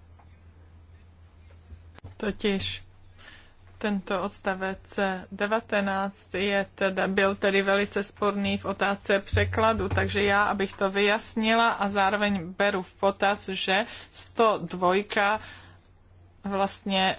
Totiž tento odstavec 19 je teda, byl tedy velice sporný v otázce překladu, takže já, abych to vyjasnila a zároveň beru v potaz, že 102 vlastně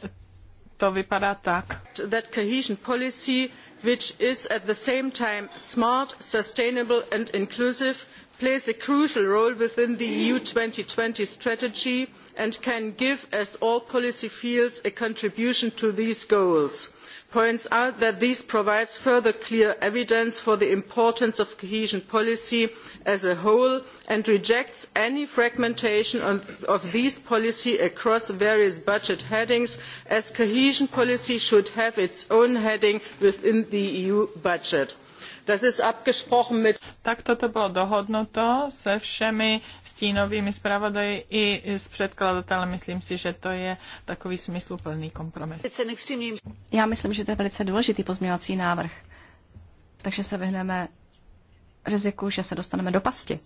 to vypadá tak. That cohesion policy, which is at the same time smart, sustainable and inclusive, plays a crucial role within the EU 2020 strategy and can give as all policy fields a contribution to these goals points out that this provides further clear evidence for the importance of cohesion policy as a whole and rejects any fragmentation of these policy across various budget headings as cohesion policy should have its own heading within the eu budget. Tak toto bylo dohodnuto se všemi stínovými zpravodaji i s předkladatelem. Myslím si, že to je takový smysluplný kompromis. Já myslím, že to je velice důležitý pozměňovací návrh. Takže se vyhneme riziku, že se dostaneme do pasti.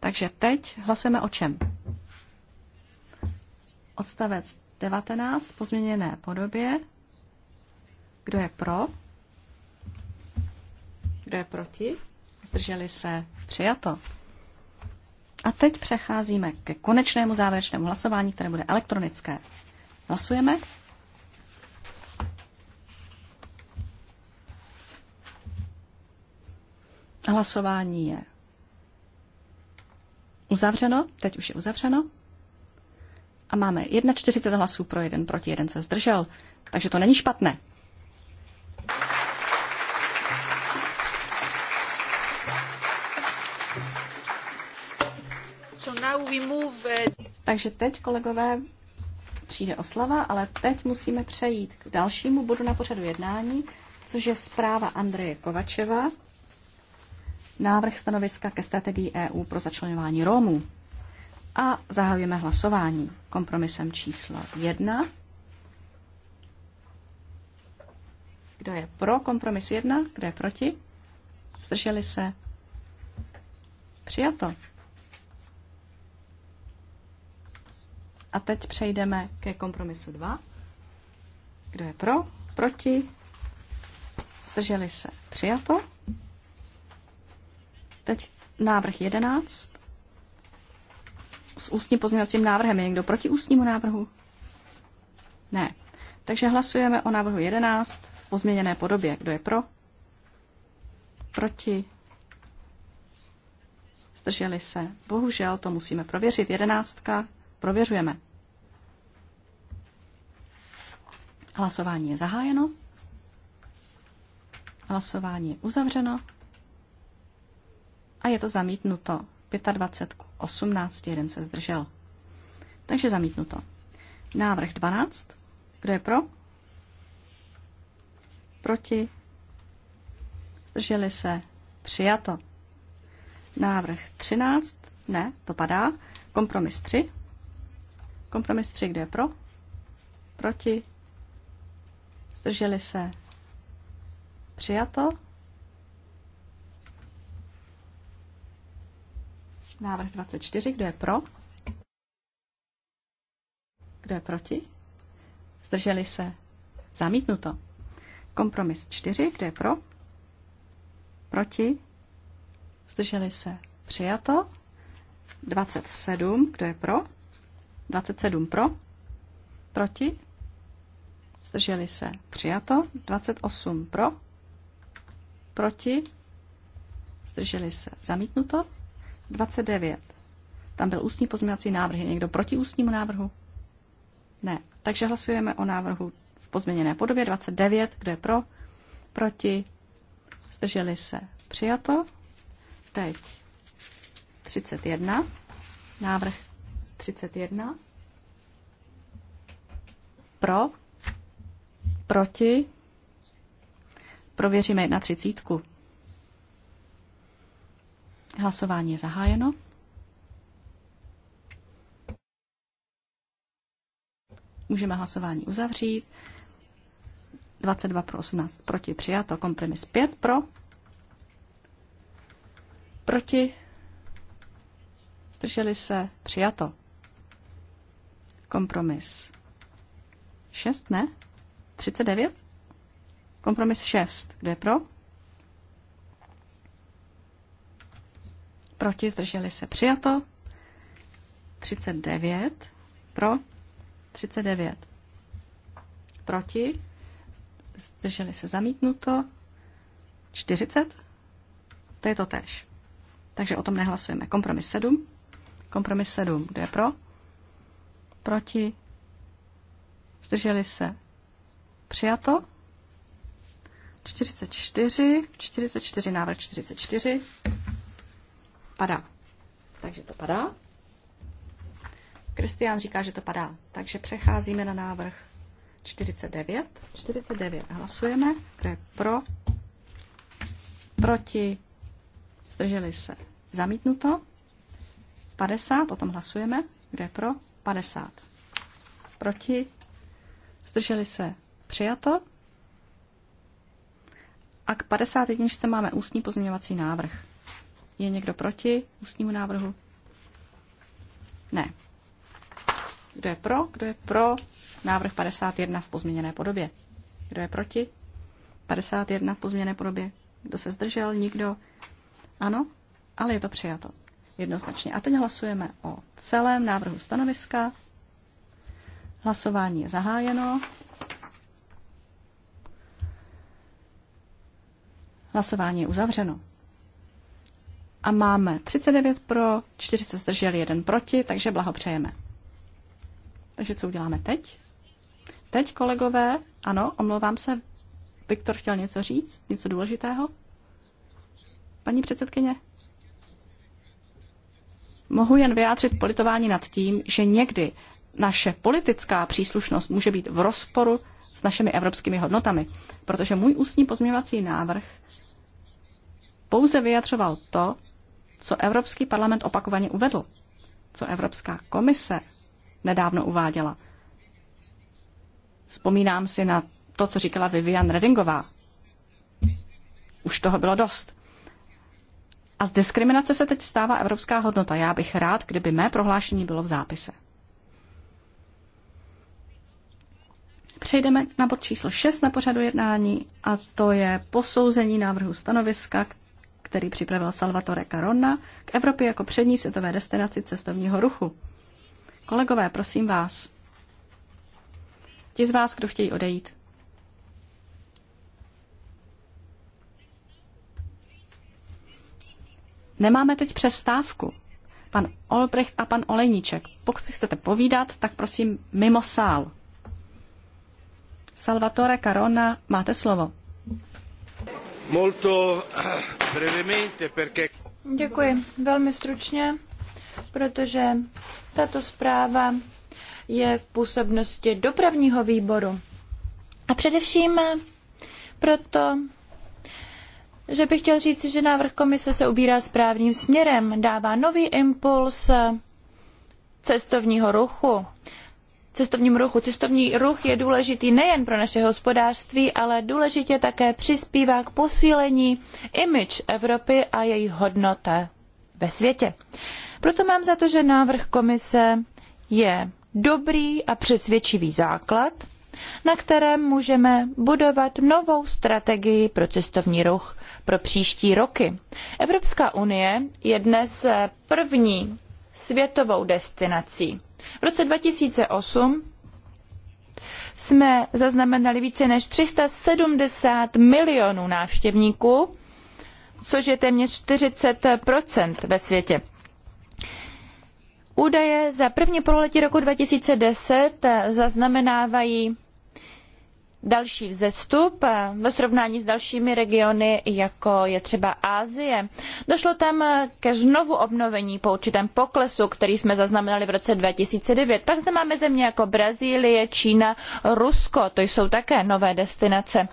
Takže teď hlasujeme o čem? Odstavec 19 pozměněné podobě. Kdo je pro? Kdo je proti? Zdrželi se? Přijato. A teď přecházíme ke konečnému závěrečnému hlasování, které bude elektronické. Hlasujeme. Hlasování je uzavřeno, teď už je uzavřeno. A máme 1,40 hlasů pro jeden proti jeden se zdržel, takže to není špatné. Eh? Takže teď, kolegové, přijde oslava, ale teď musíme přejít k dalšímu bodu na pořadu jednání, což je zpráva Andreje Kovačeva, návrh stanoviska ke strategii EU pro začlenování Romů. A zahajujeme hlasování kompromisem číslo 1. Kdo je pro kompromis 1, kdo je proti? Zdrželi se? Přijato. A teď přejdeme ke kompromisu 2. Kdo je pro? Proti? Zdrželi se? Přijato. Teď návrh 11. S ústním pozměňovacím návrhem. Je někdo proti ústnímu návrhu? Ne. Takže hlasujeme o návrhu 11 v pozměněné podobě. Kdo je pro? Proti? Zdrželi se? Bohužel to musíme prověřit. Jedenáctka. Prověřujeme. Hlasování je zahájeno. Hlasování je uzavřeno. A je to zamítnuto. 25 k 18, jeden se zdržel. Takže zamítnuto. Návrh 12. Kdo je pro? Proti? Zdrželi se? Přijato. Návrh 13. Ne, to padá. Kompromis 3. Kompromis 3, kdo je pro? Proti? Zdrželi se? Přijato? Návrh 24, kdo je pro? Kdo je proti? Zdrželi se? Zamítnuto. Kompromis 4, kdo je pro? Proti? Zdrželi se? Přijato? 27, kdo je pro? 27 pro, proti, zdrželi se, přijato. 28 pro, proti, zdrželi se, zamítnuto. 29. Tam byl ústní pozměňovací návrh. Je někdo proti ústnímu návrhu? Ne. Takže hlasujeme o návrhu v pozměněné podobě 29. Kdo je pro? Proti? Zdrželi se? Přijato. Teď 31. Návrh 31. Pro. Proti. Prověříme na třicítku. Hlasování je zahájeno. Můžeme hlasování uzavřít. 22 pro 18 proti přijato, kompromis 5 pro, proti, zdrželi se, přijato. Kompromis 6, ne? 39? Kompromis 6. Kdo je pro? Proti zdrželi se přijato. 39. Pro? 39. Proti? Zdrželi se zamítnuto. 40. To je to tež. Takže o tom nehlasujeme. Kompromis 7. Kompromis 7. Kdo je pro? Proti? Zdrželi se. Přijato. 44, 44, návrh 44. Padá. Takže to padá. Kristián říká, že to padá. Takže přecházíme na návrh 49. 49 hlasujeme. Kdo je pro? Proti? Zdrželi se. Zamítnuto. 50, o tom hlasujeme. Kdo je pro? 50. Proti? Zdrželi se? Přijato. A k 51. máme ústní pozměňovací návrh. Je někdo proti ústnímu návrhu? Ne. Kdo je pro? Kdo je pro návrh 51 v pozměněné podobě? Kdo je proti? 51 v pozměněné podobě. Kdo se zdržel? Nikdo. Ano, ale je to přijato. Jednoznačně. A teď hlasujeme o celém návrhu stanoviska. Hlasování je zahájeno. Hlasování je uzavřeno. A máme 39 pro, 40 zdrželi, 1 proti, takže blahopřejeme. Takže co uděláme teď? Teď, kolegové, ano, omlouvám se, Viktor chtěl něco říct, něco důležitého? Paní předsedkyně? Mohu jen vyjádřit politování nad tím, že někdy naše politická příslušnost může být v rozporu s našimi evropskými hodnotami, protože můj ústní pozměňovací návrh pouze vyjadřoval to, co Evropský parlament opakovaně uvedl, co Evropská komise nedávno uváděla. Vzpomínám si na to, co říkala Vivian Redingová. Už toho bylo dost. A z diskriminace se teď stává evropská hodnota. Já bych rád, kdyby mé prohlášení bylo v zápise. Přejdeme na bod číslo 6 na pořadu jednání a to je posouzení návrhu stanoviska, který připravil Salvatore Caronna k Evropě jako přední světové destinaci cestovního ruchu. Kolegové, prosím vás. Ti z vás, kdo chtějí odejít, Nemáme teď přestávku. Pan Olbrecht a pan Olejníček, pokud si chcete povídat, tak prosím mimo sál. Salvatore Carona, máte slovo. Molto eh, brevemente perché... Děkuji. Velmi stručně, protože tato zpráva je v působnosti dopravního výboru. A především proto, že bych chtěl říct, že návrh komise se ubírá správným směrem, dává nový impuls cestovního ruchu. Cestovním ruchu. Cestovní ruch je důležitý nejen pro naše hospodářství, ale důležitě také přispívá k posílení image Evropy a její hodnoty ve světě. Proto mám za to, že návrh komise je dobrý a přesvědčivý základ, na kterém můžeme budovat novou strategii pro cestovní ruch pro příští roky. Evropská unie je dnes první světovou destinací. V roce 2008 jsme zaznamenali více než 370 milionů návštěvníků, což je téměř 40 ve světě. Údaje za první pololetí roku 2010 zaznamenávají další vzestup eh, ve srovnání s dalšími regiony, jako je třeba Asie. Došlo tam eh, ke znovu obnovení po určitém poklesu, který jsme zaznamenali v roce 2009. Pak zde máme země jako Brazílie, Čína, Rusko, to jsou také nové destinace.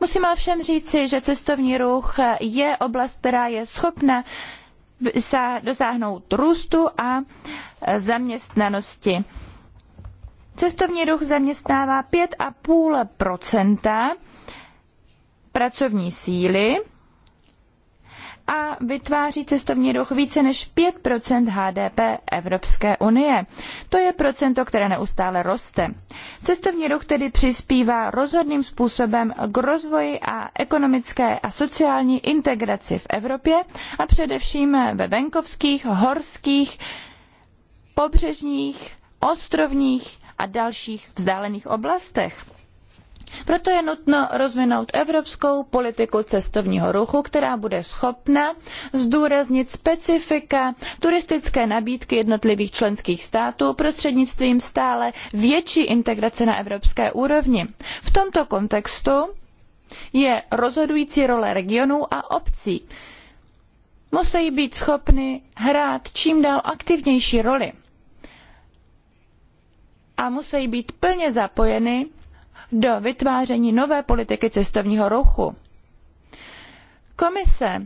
Musím ale všem říci, že cestovní ruch je oblast, která je schopna dosáhnout růstu a eh, zaměstnanosti. Cestovní ruch zaměstnává 5,5 pracovní síly a vytváří cestovní ruch více než 5 HDP Evropské unie. To je procento, které neustále roste. Cestovní ruch tedy přispívá rozhodným způsobem k rozvoji a ekonomické a sociální integraci v Evropě a především ve venkovských, horských, pobřežních, ostrovních a dalších vzdálených oblastech. Proto je nutno rozvinout evropskou politiku cestovního ruchu, která bude schopna zdůraznit specifika turistické nabídky jednotlivých členských států prostřednictvím stále větší integrace na evropské úrovni. V tomto kontextu je rozhodující role regionů a obcí. Musí být schopny hrát čím dál aktivnější roli a musí být plně zapojeny do vytváření nové politiky cestovního ruchu. Komise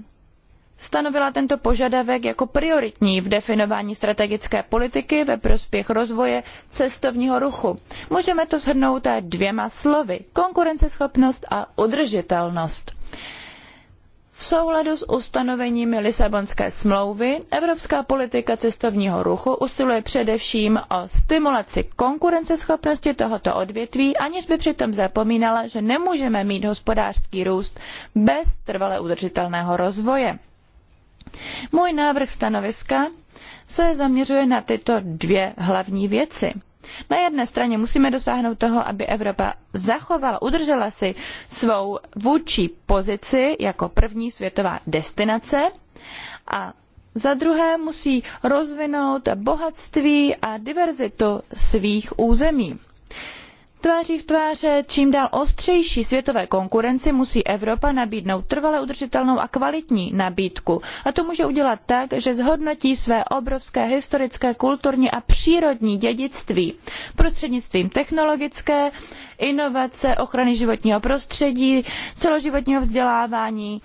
stanovila tento požadavek jako prioritní v definování strategické politiky ve prospěch rozvoje cestovního ruchu. Můžeme to shrnout dvěma slovy konkurenceschopnost a udržitelnost. V souladu s ustanoveními Lisabonské smlouvy evropská politika cestovního ruchu usiluje především o stimulaci konkurenceschopnosti tohoto odvětví, aniž by přitom zapomínala, že nemůžeme mít hospodářský růst bez trvale udržitelného rozvoje. Můj návrh stanoviska se zaměřuje na tyto dvě hlavní věci. Na jedné straně musíme dosáhnout toho, aby Evropa zachovala, udržela si svou vůči pozici jako první světová destinace a za druhé musí rozvinout bohatství a diverzitu svých území. Tváří v tvář čím dál ostřejší světové konkurenci musí Evropa nabídnout trvale udržitelnou a kvalitní nabídku. A to může udělat tak, že zhodnotí své obrovské historické, kulturní a přírodní dědictví prostřednictvím technologické inovace, ochrany životního prostředí, celoživotního vzdělávání,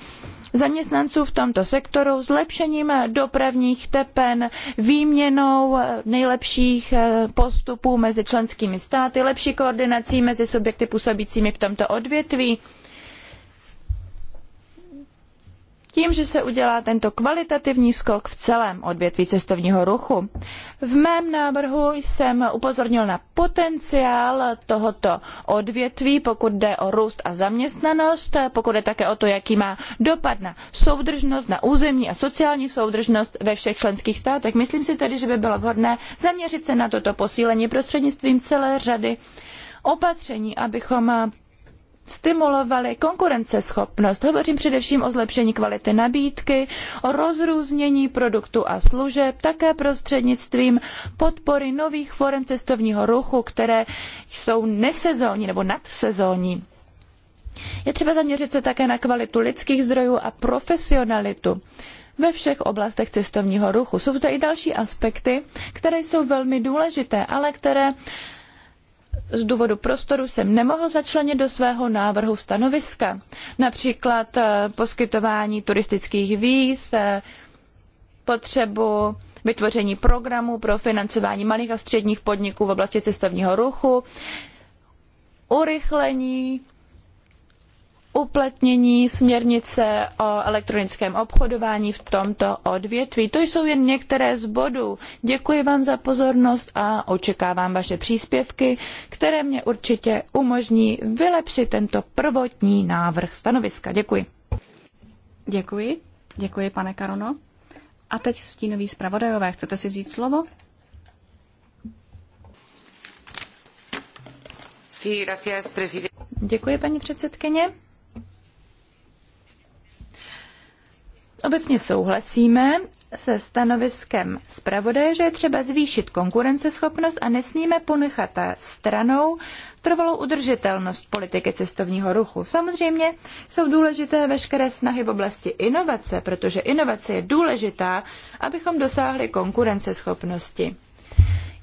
zaměstnanců v tomto sektoru, zlepšením dopravních tepen, výměnou eh, nejlepších eh, postupů mezi členskými státy, lepší koordinací mezi subjekty působícími v tomto odvětví. tím, že se udělá tento kvalitativní skok v celém odvětví cestovního ruchu. V mém návrhu jsem upozornil na potenciál tohoto odvětví, pokud jde o růst a zaměstnanost, pokud jde také o to, jaký má dopad na soudržnost, na územní a sociální soudržnost ve všech členských státech. Myslím si tedy, že by bylo vhodné zaměřit se na toto posílení prostřednictvím celé řady opatření, abychom stimulovaly konkurenceschopnost. Hovořím především o zlepšení kvality nabídky, o rozrůznění produktů a služeb, také prostřednictvím podpory nových forem cestovního ruchu, které jsou nesezónní nebo nadsezónní. Je třeba zaměřit se také na kvalitu lidských zdrojů a profesionalitu ve všech oblastech cestovního ruchu. Jsou to i další aspekty, které jsou velmi důležité, ale které z důvodu prostoru jsem nemohl začlenit do svého návrhu stanoviska. Například eh, poskytování turistických víz, eh, potřebu vytvoření programu pro financování malých a středních podniků v oblasti cestovního ruchu, urychlení uplatnění směrnice o elektronickém obchodování v tomto odvětví. To jsou jen některé z bodů. Děkuji vám za pozornost a očekávám vaše příspěvky, které mě určitě umožní vylepšit tento prvotní návrh stanoviska. Děkuji. Děkuji. Děkuji, pane Karono. A teď stínový zpravodajové. Chcete si vzít slovo? Děkuji, paní předsedkyně. Obecně souhlasíme se stanoviskem zpravodaje, že je třeba zvýšit konkurenceschopnost a nesmíme ponechat stranou trvalou udržitelnost politiky cestovního ruchu. Samozřejmě jsou důležité veškeré snahy v oblasti inovace, protože inovace je důležitá, abychom dosáhli konkurenceschopnosti.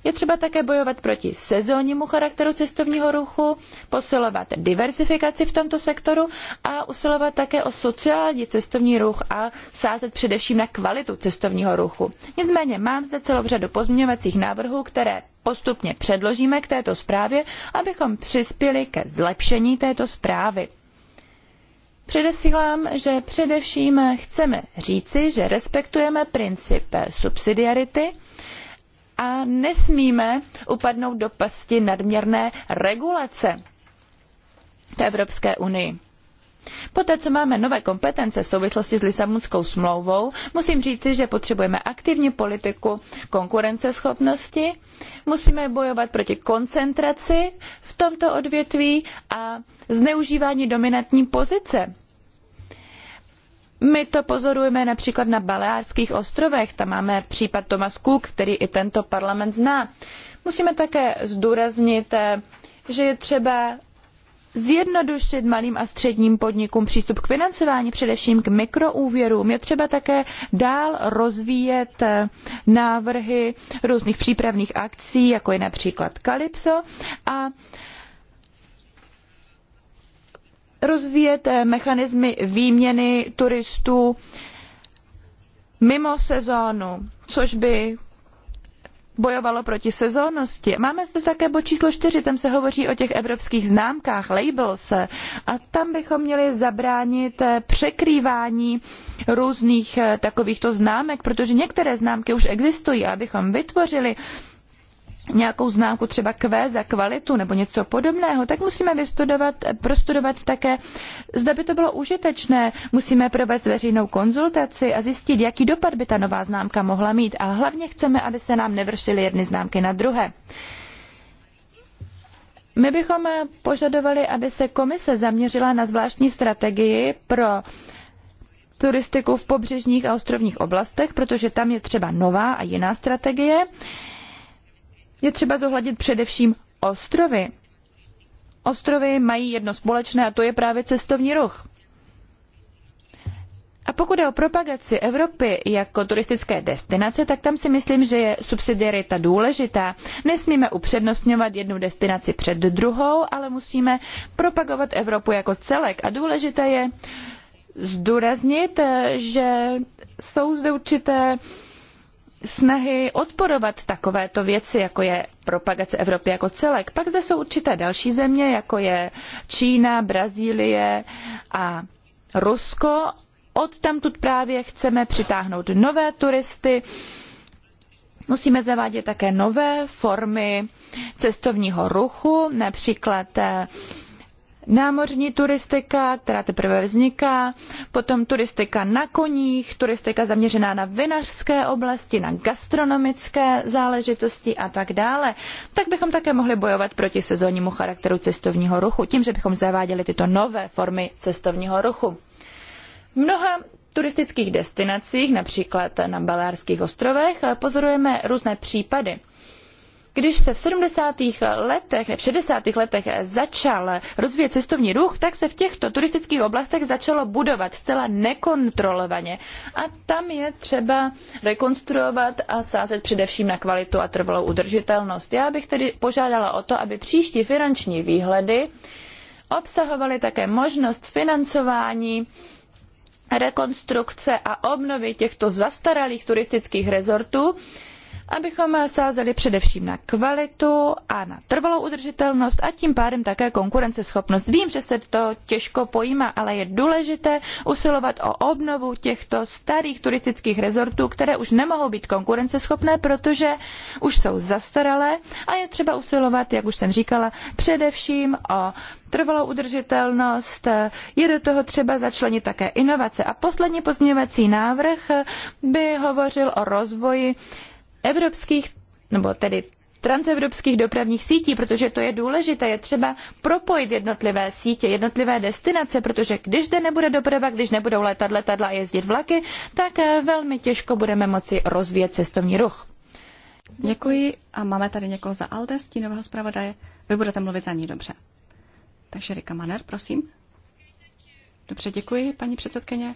Je třeba také bojovat proti sezónnímu charakteru cestovního ruchu, posilovat diversifikaci v tomto sektoru a usilovat také o sociální cestovní ruch a sázet především na kvalitu cestovního ruchu. Nicméně mám zde celou řadu pozměňovacích návrhů, které postupně předložíme k této zprávě, abychom přispěli ke zlepšení této zprávy. Předesílám, že především chceme říci, že respektujeme princip subsidiarity a nesmíme upadnout do pasti nadměrné regulace v Evropské unii. Poté, co máme nové kompetence v souvislosti s Lisabonskou smlouvou, musím říci, že potřebujeme aktivní politiku konkurenceschopnosti, musíme bojovat proti koncentraci v tomto odvětví a zneužívání dominantní pozice my to pozorujeme například na Baleárských ostrovech, tam máme případ Thomas Cook, který i tento parlament zná. Musíme také zdůraznit, eh, že je třeba zjednodušit malým a středním podnikům přístup k financování, především k mikroúvěrům. Je třeba také dál rozvíjet eh, návrhy různých přípravných akcí, jako je například Calypso a rozvíjet eh, mechanismy výměny turistů mimo sezónu, což by bojovalo proti sezónnosti. Máme zde také bod číslo 4, tam se hovoří o těch evropských známkách, labels, a tam bychom měli zabránit eh, překrývání různých eh, takovýchto známek, protože některé známky už existují a abychom vytvořili nějakou známku třeba Q za kvalitu nebo něco podobného, tak musíme vystudovat, prostudovat také, zda by to bylo užitečné. Musíme provést veřejnou konzultaci a zjistit, jaký dopad by ta nová známka mohla mít. A hlavně chceme, aby se nám nevršily jedny známky na druhé. My bychom požadovali, aby se komise zaměřila na zvláštní strategii pro turistiku v pobřežních a ostrovních oblastech, protože tam je třeba nová a jiná strategie je třeba zohladit především ostrovy. Ostrovy mají jedno společné a to je právě cestovní ruch. A pokud je o propagaci Evropy jako turistické destinace, tak tam si myslím, že je subsidiarita důležitá. Nesmíme upřednostňovat jednu destinaci před druhou, ale musíme propagovat Evropu jako celek. A důležité je zdůraznit, že jsou zde určité uh, snahy odporovat takovéto věci, jako je propagace Evropy jako celek. Pak zde jsou určité další země, jako je Čína, Brazílie a Rusko. Odtamtud právě chceme přitáhnout nové turisty. Musíme zavádět také nové formy cestovního ruchu, například eh, námořní turistika, která teprve vzniká, potom turistika na koních, turistika zaměřená na vinařské oblasti, na gastronomické záležitosti a tak dále, tak bychom také mohli bojovat proti sezónnímu charakteru cestovního ruchu, tím, že bychom zaváděli tyto nové formy cestovního ruchu. V mnoha turistických destinacích, například na Balárských ostrovech, pozorujeme různé případy – když se v 70. letech, ne v 60. letech začal rozvíjet cestovní ruch, tak se v těchto turistických oblastech začalo budovat zcela nekontrolovaně. A tam je třeba rekonstruovat a sázet především na kvalitu a trvalou udržitelnost. Já bych tedy požádala o to, aby příští finanční výhledy obsahovaly také možnost financování rekonstrukce a obnovy těchto zastaralých turistických rezortů, abychom eh, sázeli především na kvalitu a na trvalou udržitelnost a tím pádem také konkurenceschopnost. Vím, že se to těžko pojímá, ale je důležité usilovat o obnovu těchto starých turistických rezortů, které už nemohou být konkurenceschopné, protože už jsou zastaralé a je třeba usilovat, jak už jsem říkala, především o trvalou udržitelnost, je do toho třeba začlenit také inovace. A poslední pozměňovací návrh by hovořil o rozvoji evropských, nebo tedy transevropských dopravních sítí, protože to je důležité. Je třeba propojit jednotlivé sítě, jednotlivé destinace, protože když zde nebude doprava, když nebudou létat letadla a jezdit vlaky, tak eh, velmi těžko budeme moci rozvíjet cestovní ruch. Děkuji a máme tady někoho za Alde, stínového zpravodaje. Vy budete mluvit za ní dobře. Takže Rika Maner, prosím. Dobře, děkuji, paní předsedkyně.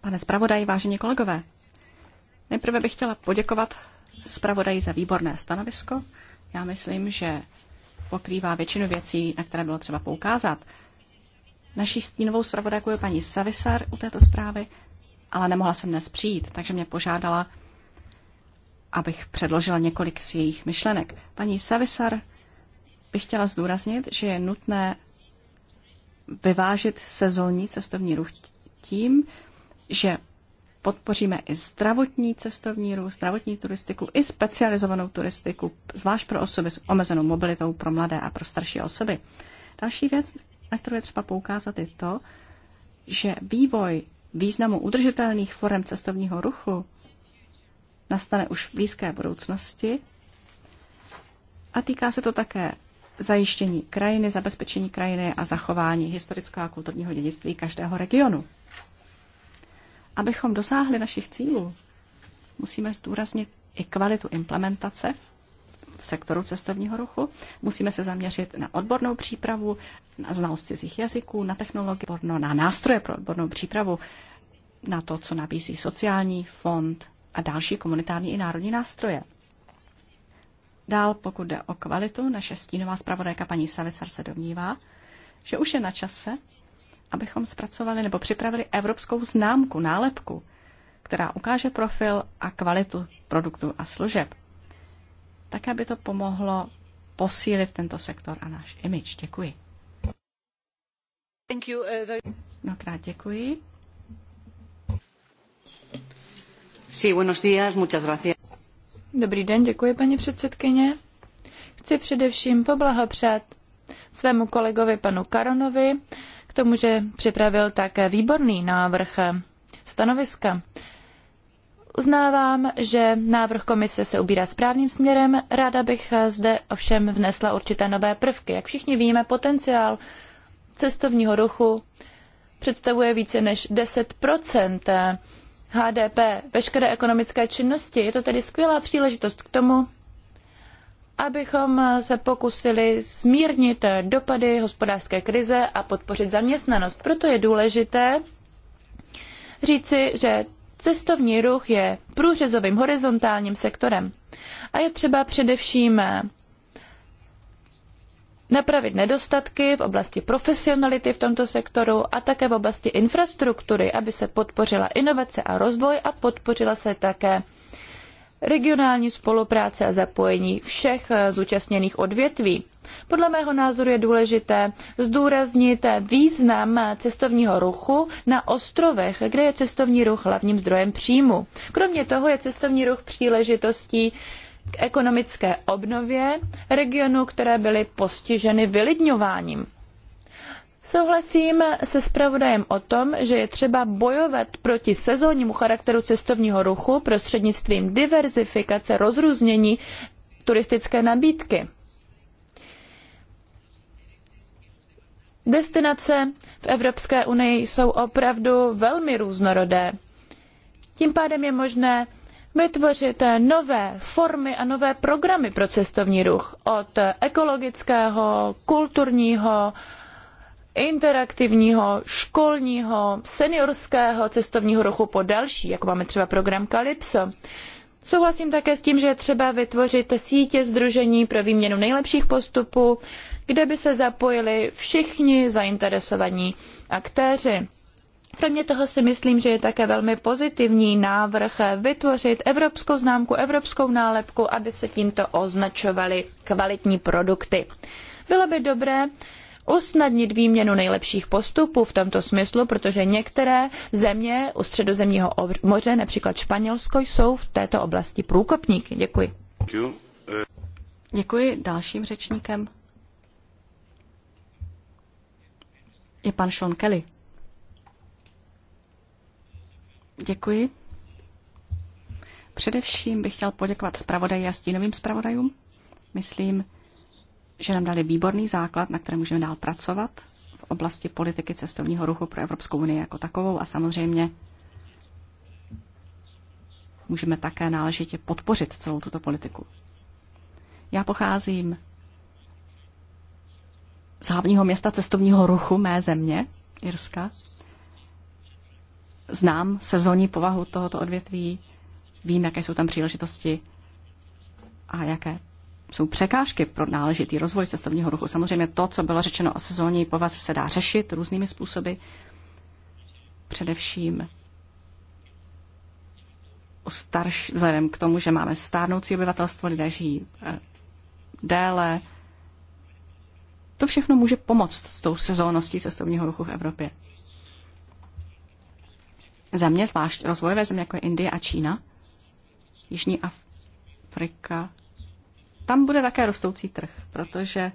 Pane zpravodaji, vážení kolegové, Nejprve bych chtěla poděkovat zpravodaji za výborné stanovisko. Já myslím, že pokrývá většinu věcí, na které bylo třeba poukázat. Naší stínovou zpravodajku je paní Savisar u této zprávy, ale nemohla jsem dnes přijít, takže mě požádala, abych předložila několik z jejich myšlenek. Paní Savisar bych chtěla zdůraznit, že je nutné vyvážit sezónní cestovní ruch tím, že podpoříme i zdravotní cestovní růst, zdravotní turistiku, i specializovanou turistiku, zvlášť pro osoby s omezenou mobilitou, pro mladé a pro starší osoby. Další věc, na kterou je třeba poukázat, je to, že vývoj významu udržitelných forem cestovního ruchu nastane už v blízké budoucnosti a týká se to také zajištění krajiny, zabezpečení krajiny a zachování historického a kulturního dědictví každého regionu. Abychom dosáhli našich cílů, musíme zdůraznit i kvalitu implementace v sektoru cestovního ruchu. Musíme se zaměřit na odbornou přípravu, na znalost cizích jazyků, na technologii, na nástroje pro odbornou přípravu, na to, co nabízí sociální fond a další komunitární i národní nástroje. Dál, pokud jde o kvalitu, naše stínová zpravodajka paní Savisar se domnívá, že už je na čase, abychom zpracovali nebo připravili evropskou známku, nálepku, která ukáže profil a kvalitu produktů a služeb. Tak, aby to pomohlo posílit tento sektor a náš imič. Děkuji. Thank you, uh, very... Mnohokrát děkuji. Sí, buenos días, muchas gracias. Dobrý den, děkuji paní předsedkyně. Chci především poblahopřát svému kolegovi panu Karonovi k tomu, že připravil tak výborný návrh stanoviska. Uznávám, že návrh komise se ubírá správným směrem, ráda bych zde ovšem vnesla určité nové prvky. Jak všichni víme, potenciál cestovního ruchu představuje více než 10 HDP veškeré ekonomické činnosti. Je to tedy skvělá příležitost k tomu, abychom se pokusili zmírnit dopady hospodářské krize a podpořit zaměstnanost. Proto je důležité říci, že cestovní ruch je průřezovým horizontálním sektorem a je třeba především napravit nedostatky v oblasti profesionality v tomto sektoru a také v oblasti infrastruktury, aby se podpořila inovace a rozvoj a podpořila se také regionální spolupráce a zapojení všech eh, zúčastněných odvětví. Podle mého názoru je důležité zdůraznit eh, význam eh, cestovního ruchu na ostrovech, kde je cestovní ruch hlavním zdrojem příjmu. Kromě toho je cestovní ruch příležitostí k ekonomické obnově regionů, které byly postiženy vylidňováním. Souhlasím se zpravodajem o tom, že je třeba bojovat proti sezónnímu charakteru cestovního ruchu prostřednictvím diverzifikace rozrůznění turistické nabídky. Destinace v Evropské unii jsou opravdu velmi různorodé. Tím pádem je možné vytvořit nové formy a nové programy pro cestovní ruch od ekologického, kulturního, interaktivního, školního, seniorského cestovního ruchu po další, jako máme třeba program Calypso. Souhlasím také s tím, že je třeba vytvořit sítě združení pro výměnu nejlepších postupů, kde by se zapojili všichni zainteresovaní aktéři. Kromě toho si myslím, že je také velmi pozitivní návrh vytvořit evropskou známku, evropskou nálepku, aby se tímto označovaly kvalitní produkty. Bylo by dobré, usnadnit výměnu nejlepších postupů v tomto smyslu, protože některé země u středozemního moře, například Španělsko, jsou v této oblasti průkopníky. Děkuji. Děkuji. Dalším řečníkem je pan Sean Kelly. Děkuji. Především bych chtěl poděkovat zpravodaji a stínovým zpravodajům. Myslím, že nám dali výborný základ, na kterém můžeme dál pracovat v oblasti politiky cestovního ruchu pro Evropskou unii jako takovou a samozřejmě můžeme také náležitě podpořit celou tuto politiku. Já pocházím z hlavního města cestovního ruchu mé země, Irska. Znám sezónní povahu tohoto odvětví, vím, jaké jsou tam příležitosti a jaké jsou překážky pro náležitý rozvoj cestovního ruchu. Samozřejmě to, co bylo řečeno o sezónní povaze, se dá řešit různými způsoby. Především o starš, vzhledem k tomu, že máme stárnoucí obyvatelstvo, lidé žijí eh, déle. To všechno může pomoct s tou sezónností cestovního ruchu v Evropě. Země, zvlášť rozvojové země, jako je Indie a Čína, Jižní Afrika, tam bude také rostoucí trh, protože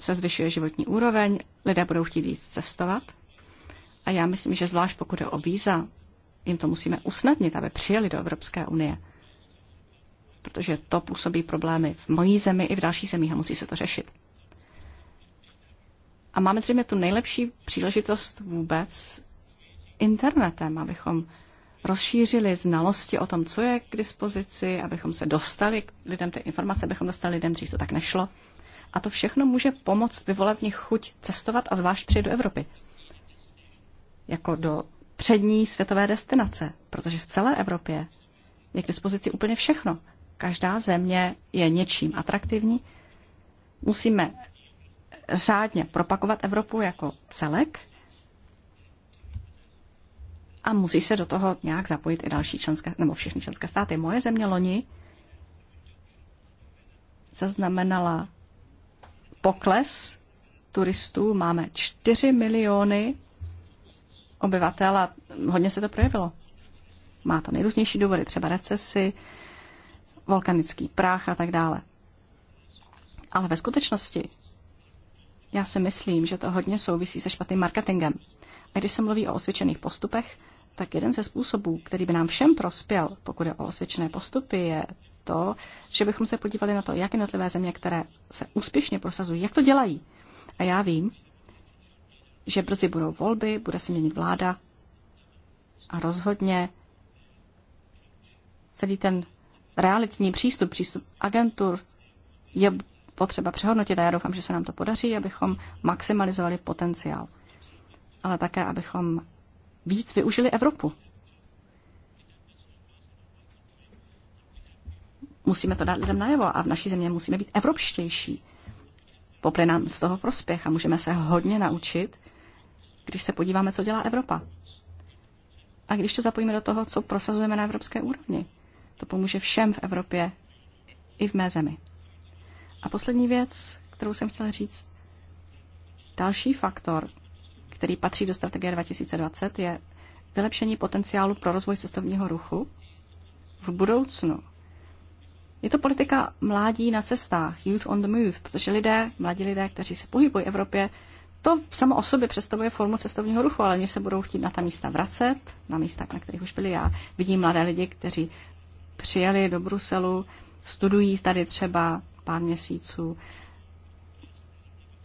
se zvyšuje životní úroveň, lidé budou chtít víc cestovat. A já myslím, že zvlášť pokud je o víza, jim to musíme usnadnit, aby přijeli do Evropské unie. Protože to působí problémy v mojí zemi i v dalších zemích a musí se to řešit. A máme zřejmě tu nejlepší příležitost vůbec internetem, abychom rozšířili znalosti o tom, co je k dispozici, abychom se dostali k lidem té informace, abychom dostali lidem, dřív to tak nešlo. A to všechno může pomoct vyvolat v nich chuť cestovat a zvlášť přijít do Evropy. Jako do přední světové destinace, protože v celé Evropě je k dispozici úplně všechno. Každá země je něčím atraktivní. Musíme řádně propagovat Evropu jako celek a musí se do toho nějak zapojit i další členské, nebo všechny členské státy. Moje země loni zaznamenala pokles turistů. Máme 4 miliony obyvatel a hodně se to projevilo. Má to nejrůznější důvody, třeba recesy, volkanický prach a tak dále. Ale ve skutečnosti já si myslím, že to hodně souvisí se špatným marketingem. A když se mluví o osvědčených postupech, tak jeden ze způsobů, který by nám všem prospěl, pokud je o osvědčené postupy, je to, že bychom se podívali na to, jak jednotlivé země, které se úspěšně prosazují, jak to dělají. A já vím, že brzy budou volby, bude se měnit vláda a rozhodně celý ten realitní přístup, přístup agentur je potřeba přehodnotit a já doufám, že se nám to podaří, abychom maximalizovali potenciál, ale také abychom víc využili Evropu. Musíme to dát lidem najevo a v naší země musíme být evropštější. Poplyne nám z toho prospěch a můžeme se hodně naučit, když se podíváme, co dělá Evropa. A když to zapojíme do toho, co prosazujeme na evropské úrovni, to pomůže všem v Evropě i v mé zemi. A poslední věc, kterou jsem chtěla říct, další faktor, který patří do strategie 2020, je vylepšení potenciálu pro rozvoj cestovního ruchu v budoucnu. Je to politika mládí na cestách, youth on the move, protože lidé, mladí lidé, kteří se pohybují v Evropě, to samo o sobě představuje formu cestovního ruchu, ale oni se budou chtít na ta místa vracet, na místa, na kterých už byli. Já vidím mladé lidi, kteří přijeli do Bruselu, studují tady třeba pár měsíců,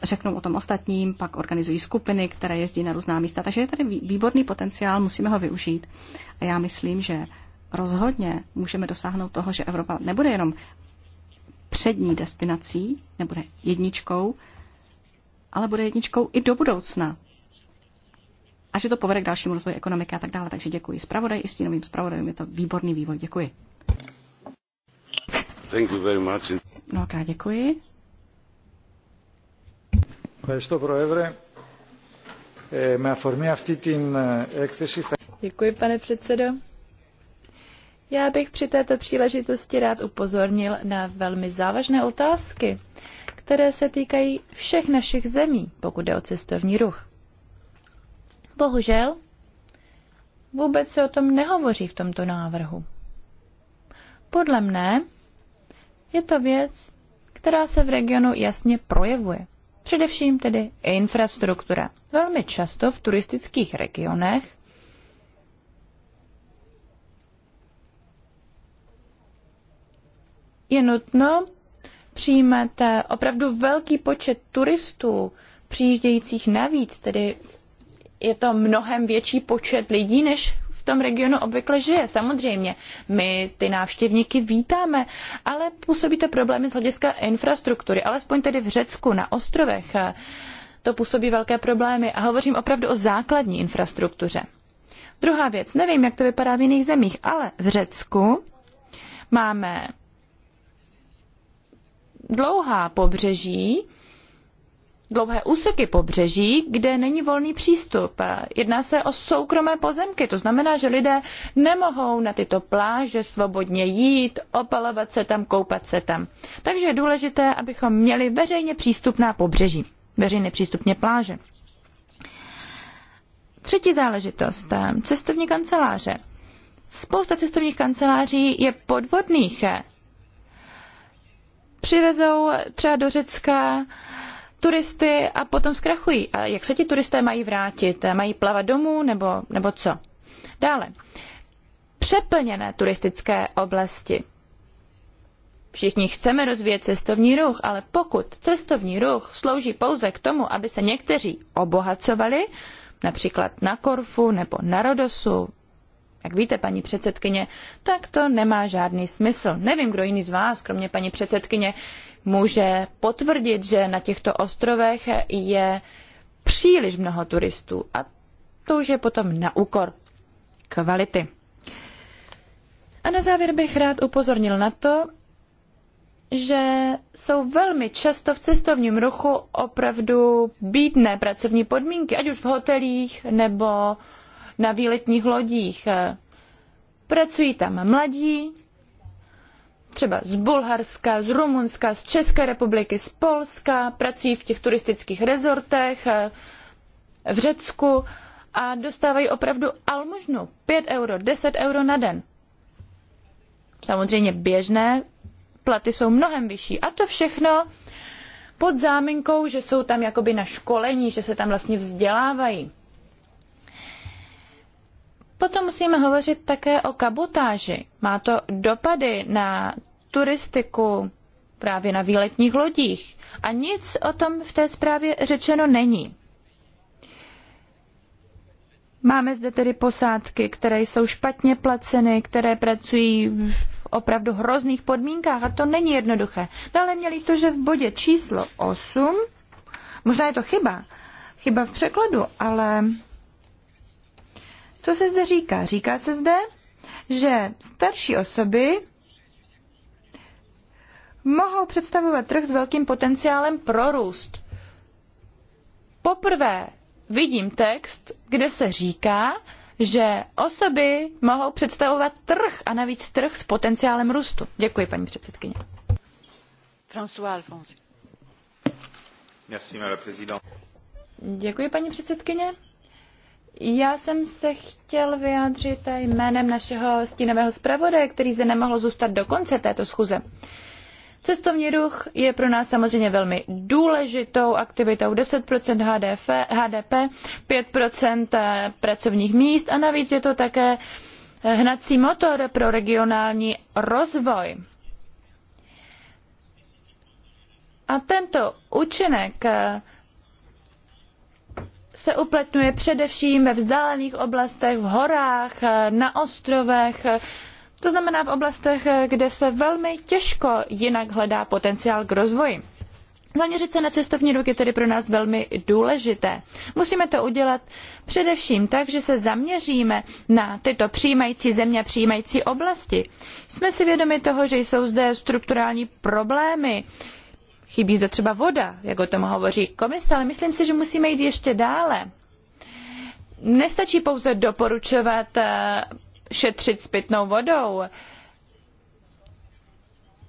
řeknou o tom ostatním, pak organizují skupiny, které jezdí na různá místa. Takže je tady výborný potenciál, musíme ho využít. A já myslím, že rozhodně můžeme dosáhnout toho, že Evropa nebude jenom přední destinací, nebude jedničkou, ale bude jedničkou i do budoucna. A že to povede k dalšímu rozvoji ekonomiky a tak dále. Takže děkuji zpravodaj i stínovým zpravodajům. Je to výborný vývoj. Děkuji. Thank you very much. Mnohokrát děkuji. Děkuji, pane předsedo. Já bych při této příležitosti rád upozornil na velmi závažné otázky, které se týkají všech našich zemí, pokud jde o cestovní ruch. Bohužel, vůbec se o tom nehovoří v tomto návrhu. Podle mne je to věc, která se v regionu jasně projevuje. Především tedy infrastruktura. Velmi často v turistických regionech je nutno přijímat eh, opravdu velký počet turistů přijíždějících navíc, tedy je to mnohem větší počet lidí, než tom regionu obvykle žije. Samozřejmě, my ty návštěvníky vítáme, ale působí to problémy z hlediska infrastruktury, alespoň tedy v Řecku, na ostrovech. To působí velké problémy a hovořím opravdu o základní infrastruktuře. Druhá věc, nevím, jak to vypadá v jiných zemích, ale v Řecku máme dlouhá pobřeží, dlouhé úseky pobřeží, kde není volný přístup. Jedná se o soukromé pozemky, to znamená, že lidé nemohou na tyto pláže svobodně jít, opalovat se tam, koupat se tam. Takže je důležité, abychom měli veřejně přístupná pobřeží, veřejně přístupně pláže. Třetí záležitost, cestovní kanceláře. Spousta cestovních kanceláří je podvodných. Přivezou třeba do Řecka turisty a potom zkrachují. A jak se ti turisté mají vrátit? Mají plavat domů nebo, nebo co? Dále. Přeplněné turistické oblasti. Všichni chceme rozvíjet cestovní ruch, ale pokud cestovní ruch slouží pouze k tomu, aby se někteří obohacovali, například na Korfu nebo na Rodosu, jak víte, paní předsedkyně, tak to nemá žádný smysl. Nevím, kdo jiný z vás, kromě paní předsedkyně, může potvrdit, že na těchto ostrovech je příliš mnoho turistů a to už je potom na úkor kvality. A na závěr bych rád upozornil na to, že jsou velmi často v cestovním ruchu opravdu bídné pracovní podmínky, ať už v hotelích nebo na výletních lodích. Pracují tam mladí, třeba z Bulharska, z Rumunska, z České republiky, z Polska, pracují v těch turistických rezortech, eh, v Řecku a dostávají opravdu almužnu 5 euro, 10 euro na den. Samozřejmě běžné platy jsou mnohem vyšší a to všechno pod záminkou, že jsou tam jakoby na školení, že se tam vlastně vzdělávají. Potom musíme hovořit také o kabotáži. Má to dopady na turistiku právě na výletních lodích. A nic o tom v té zprávě řečeno není. Máme zde tedy posádky, které jsou špatně placeny, které pracují v opravdu hrozných podmínkách a to není jednoduché. Dále no, měli to, že v bodě číslo 8, možná je to chyba, chyba v překladu, ale co se zde říká? Říká se zde, že starší osoby mohou představovat trh s velkým potenciálem pro růst. Poprvé vidím text, kde se říká, že osoby mohou představovat trh a navíc trh s potenciálem růstu. Děkuji, paní předsedkyně. François Alphonse. Merci, Děkuji, paní předsedkyně. Já jsem se chtěl vyjádřit jménem našeho stínového zpravodaje, který zde nemohl zůstat do konce této schůze. Uh, Cestovní ruch je pro nás samozřejmě velmi důležitou aktivitou 10% HDF, HDP, 5% pracovních míst a navíc je to také hnací motor pro regionální rozvoj. A tento účinek eh, se uplatňuje především ve vzdálených oblastech, v horách, eh, na ostrovech, to znamená v oblastech, kde se velmi těžko jinak hledá potenciál k rozvoji. Zaměřit se na cestovní ruch je tedy pro nás velmi důležité. Musíme to udělat především tak, že se zaměříme na tyto přijímající země a přijímající oblasti. Jsme si vědomi toho, že jsou zde strukturální problémy, chybí zde třeba voda, jak o tom hovoří komise, ale myslím si, že musíme jít ještě dále. Nestačí pouze doporučovat eh, šetřit s pitnou vodou.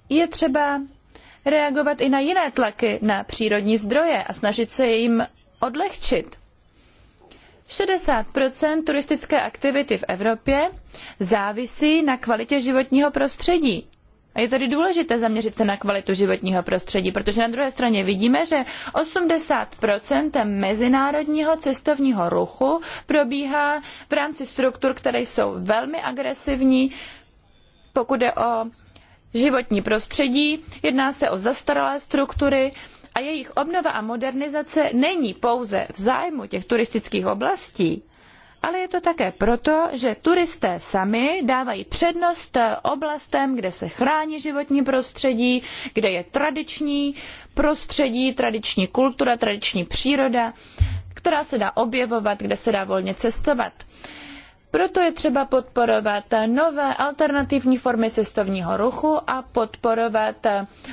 Je třeba reagovat i na jiné tlaky na přírodní zdroje a snažit se jim odlehčit. 60 turistické aktivity v Evropě závisí na kvalitě životního prostředí. A je tedy důležité zaměřit se na kvalitu životního prostředí, protože na druhé straně vidíme, že 80% mezinárodního cestovního ruchu probíhá v rámci struktur, které jsou velmi agresivní, pokud jde o životní prostředí, jedná se o zastaralé struktury a jejich obnova a modernizace není pouze v zájmu těch turistických oblastí, ale je to také proto, že turisté sami dávají přednost oblastem, kde se chrání životní prostředí, kde je tradiční prostředí, tradiční kultura, tradiční příroda, která se dá objevovat, kde se dá volně cestovat. Proto je třeba podporovat nové alternativní formy cestovního ruchu a podporovat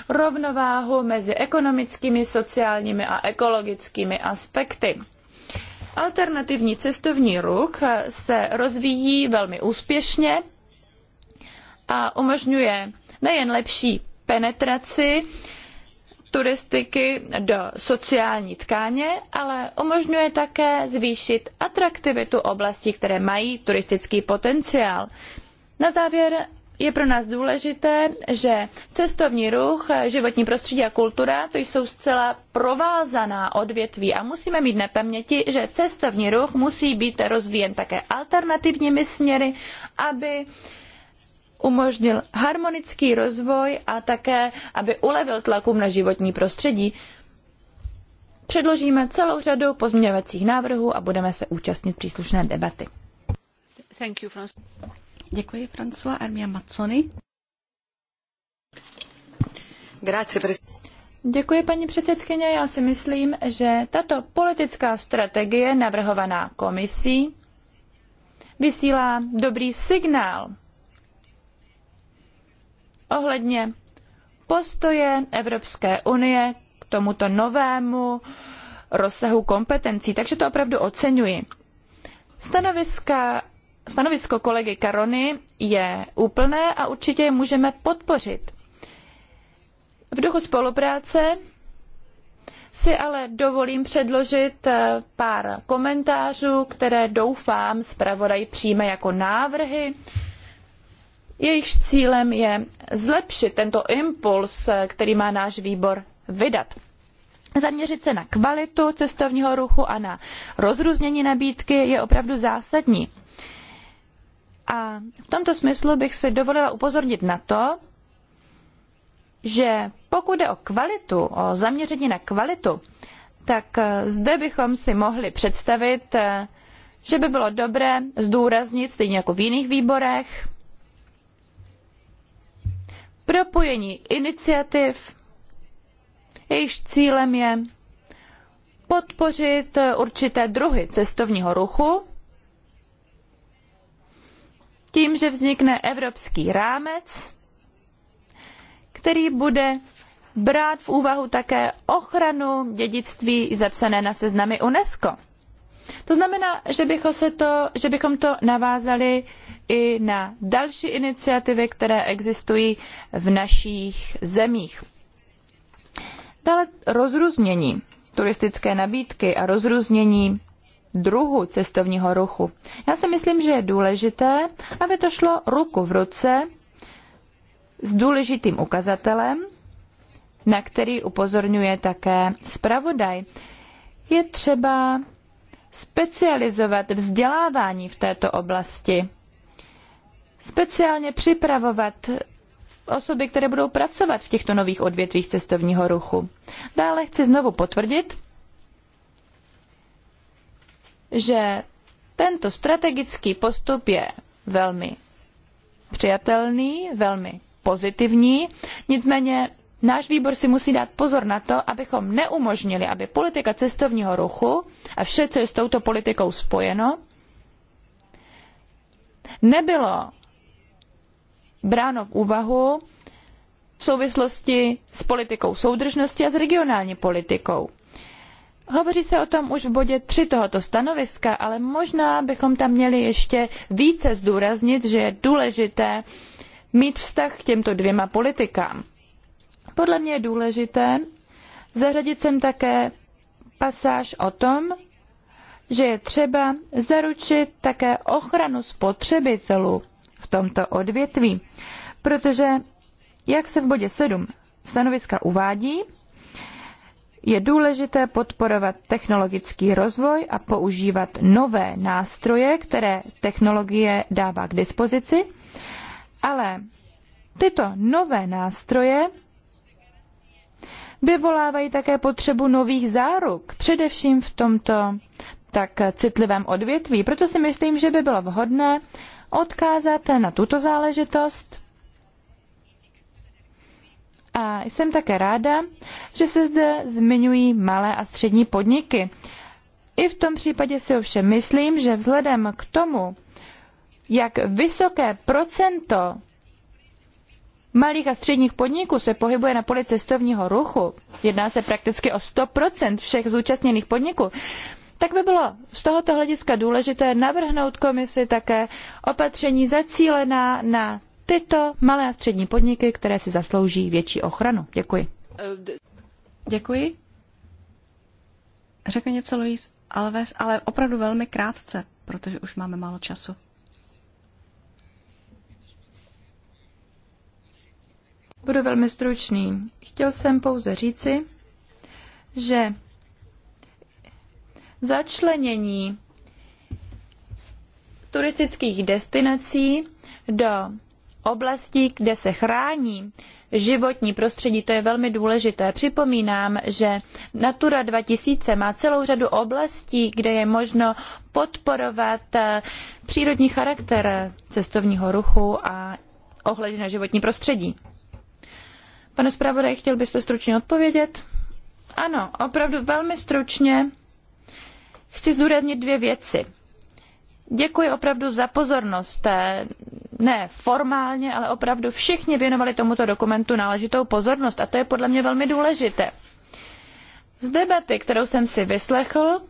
rovnováhu mezi ekonomickými, sociálními a ekologickými aspekty. Alternativní cestovní ruch se rozvíjí velmi úspěšně a umožňuje nejen lepší penetraci turistiky do sociální tkáně, ale umožňuje také zvýšit atraktivitu oblastí, které mají turistický potenciál. Na závěr je pro nás důležité, že cestovní ruch, životní prostředí a kultura to jsou zcela provázaná odvětví a musíme mít na paměti, že cestovní ruch musí být rozvíjen také alternativními směry, aby umožnil harmonický rozvoj a také, aby ulevil tlakům na životní prostředí. Předložíme celou řadu pozměňovacích návrhů a budeme se účastnit příslušné debaty. Děkuji, François Armia Mazzoni. Děkuji, paní předsedkyně. Já si myslím, že tato politická strategie navrhovaná komisí vysílá dobrý signál ohledně postoje Evropské unie k tomuto novému rozsahu kompetencí. Takže to opravdu oceňuji. Stanoviska stanovisko kolegy Karony je úplné a určitě je můžeme podpořit. V duchu spolupráce si ale dovolím předložit eh, pár komentářů, které doufám zpravodaj přijme jako návrhy. Jejichž cílem je zlepšit tento impuls, eh, který má náš výbor vydat. Zaměřit se na kvalitu cestovního ruchu a na rozrůznění nabídky je opravdu zásadní. A v tomto smyslu bych si dovolila upozornit na to, že pokud jde o kvalitu, o zaměření na kvalitu, tak eh, zde bychom si mohli představit, eh, že by bylo dobré zdůraznit, stejně jako v jiných výborech, propojení iniciativ, jejichž cílem je podpořit eh, určité druhy cestovního ruchu, tím, že vznikne evropský rámec, který bude brát v úvahu také ochranu dědictví zapsané na seznamy UNESCO. To znamená, že bychom, se to, že bychom to navázali i na další iniciativy, které existují v našich zemích. Dále rozrůznění turistické nabídky a rozrůznění druhu cestovního ruchu. Já si myslím, že je důležité, aby to šlo ruku v ruce s důležitým ukazatelem, na který upozorňuje také zpravodaj. Je třeba specializovat vzdělávání v této oblasti, speciálně připravovat osoby, které budou pracovat v těchto nových odvětvích cestovního ruchu. Dále chci znovu potvrdit, že tento strategický postup je velmi přijatelný, velmi pozitivní, nicméně náš výbor si musí dát pozor na to, abychom neumožnili, aby politika cestovního ruchu a vše, co je s touto politikou spojeno, nebylo bráno v úvahu v souvislosti s politikou soudržnosti a s regionální politikou. Hovoří se o tom už v bodě 3 tohoto stanoviska, ale možná bychom tam měli ještě více zdůraznit, že je důležité mít vztah k těmto dvěma politikám. Podle mě je důležité zařadit sem také pasáž o tom, že je třeba zaručit také ochranu spotřebitelů v tomto odvětví, protože, jak se v bodě 7 stanoviska uvádí, je důležité podporovat technologický rozvoj a používat nové nástroje, které technologie dává k dispozici, ale tyto nové nástroje vyvolávají také potřebu nových záruk, především v tomto tak citlivém odvětví. Proto si myslím, že by bylo vhodné odkázat na tuto záležitost a jsem také ráda, že se zde zmiňují malé a střední podniky. I v tom případě si ovšem myslím, že vzhledem k tomu, jak vysoké procento malých a středních podniků se pohybuje na poli cestovního ruchu, jedná se prakticky o 100% všech zúčastněných podniků, tak by bylo z tohoto hlediska důležité navrhnout komisi také opatření zacílená na tyto malé a střední podniky, které si zaslouží větší ochranu. Děkuji. Děkuji. Řekne něco Luis Alves, ale opravdu velmi krátce, protože už máme málo času. Budu velmi stručný. Chtěl jsem pouze říci, že začlenění turistických destinací do oblastí, kde se chrání životní prostředí, to je velmi důležité. Připomínám, že Natura 2000 má celou řadu oblastí, kde je možno podporovat eh, přírodní charakter cestovního ruchu a ohledy na životní prostředí. Pane zpravodaj, chtěl byste stručně odpovědět? Ano, opravdu velmi stručně. Chci zdůraznit dvě věci. Děkuji opravdu za pozornost. Eh, ne formálně, ale opravdu všichni věnovali tomuto dokumentu náležitou pozornost a to je podle mě velmi důležité. Z debaty, kterou jsem si vyslechl,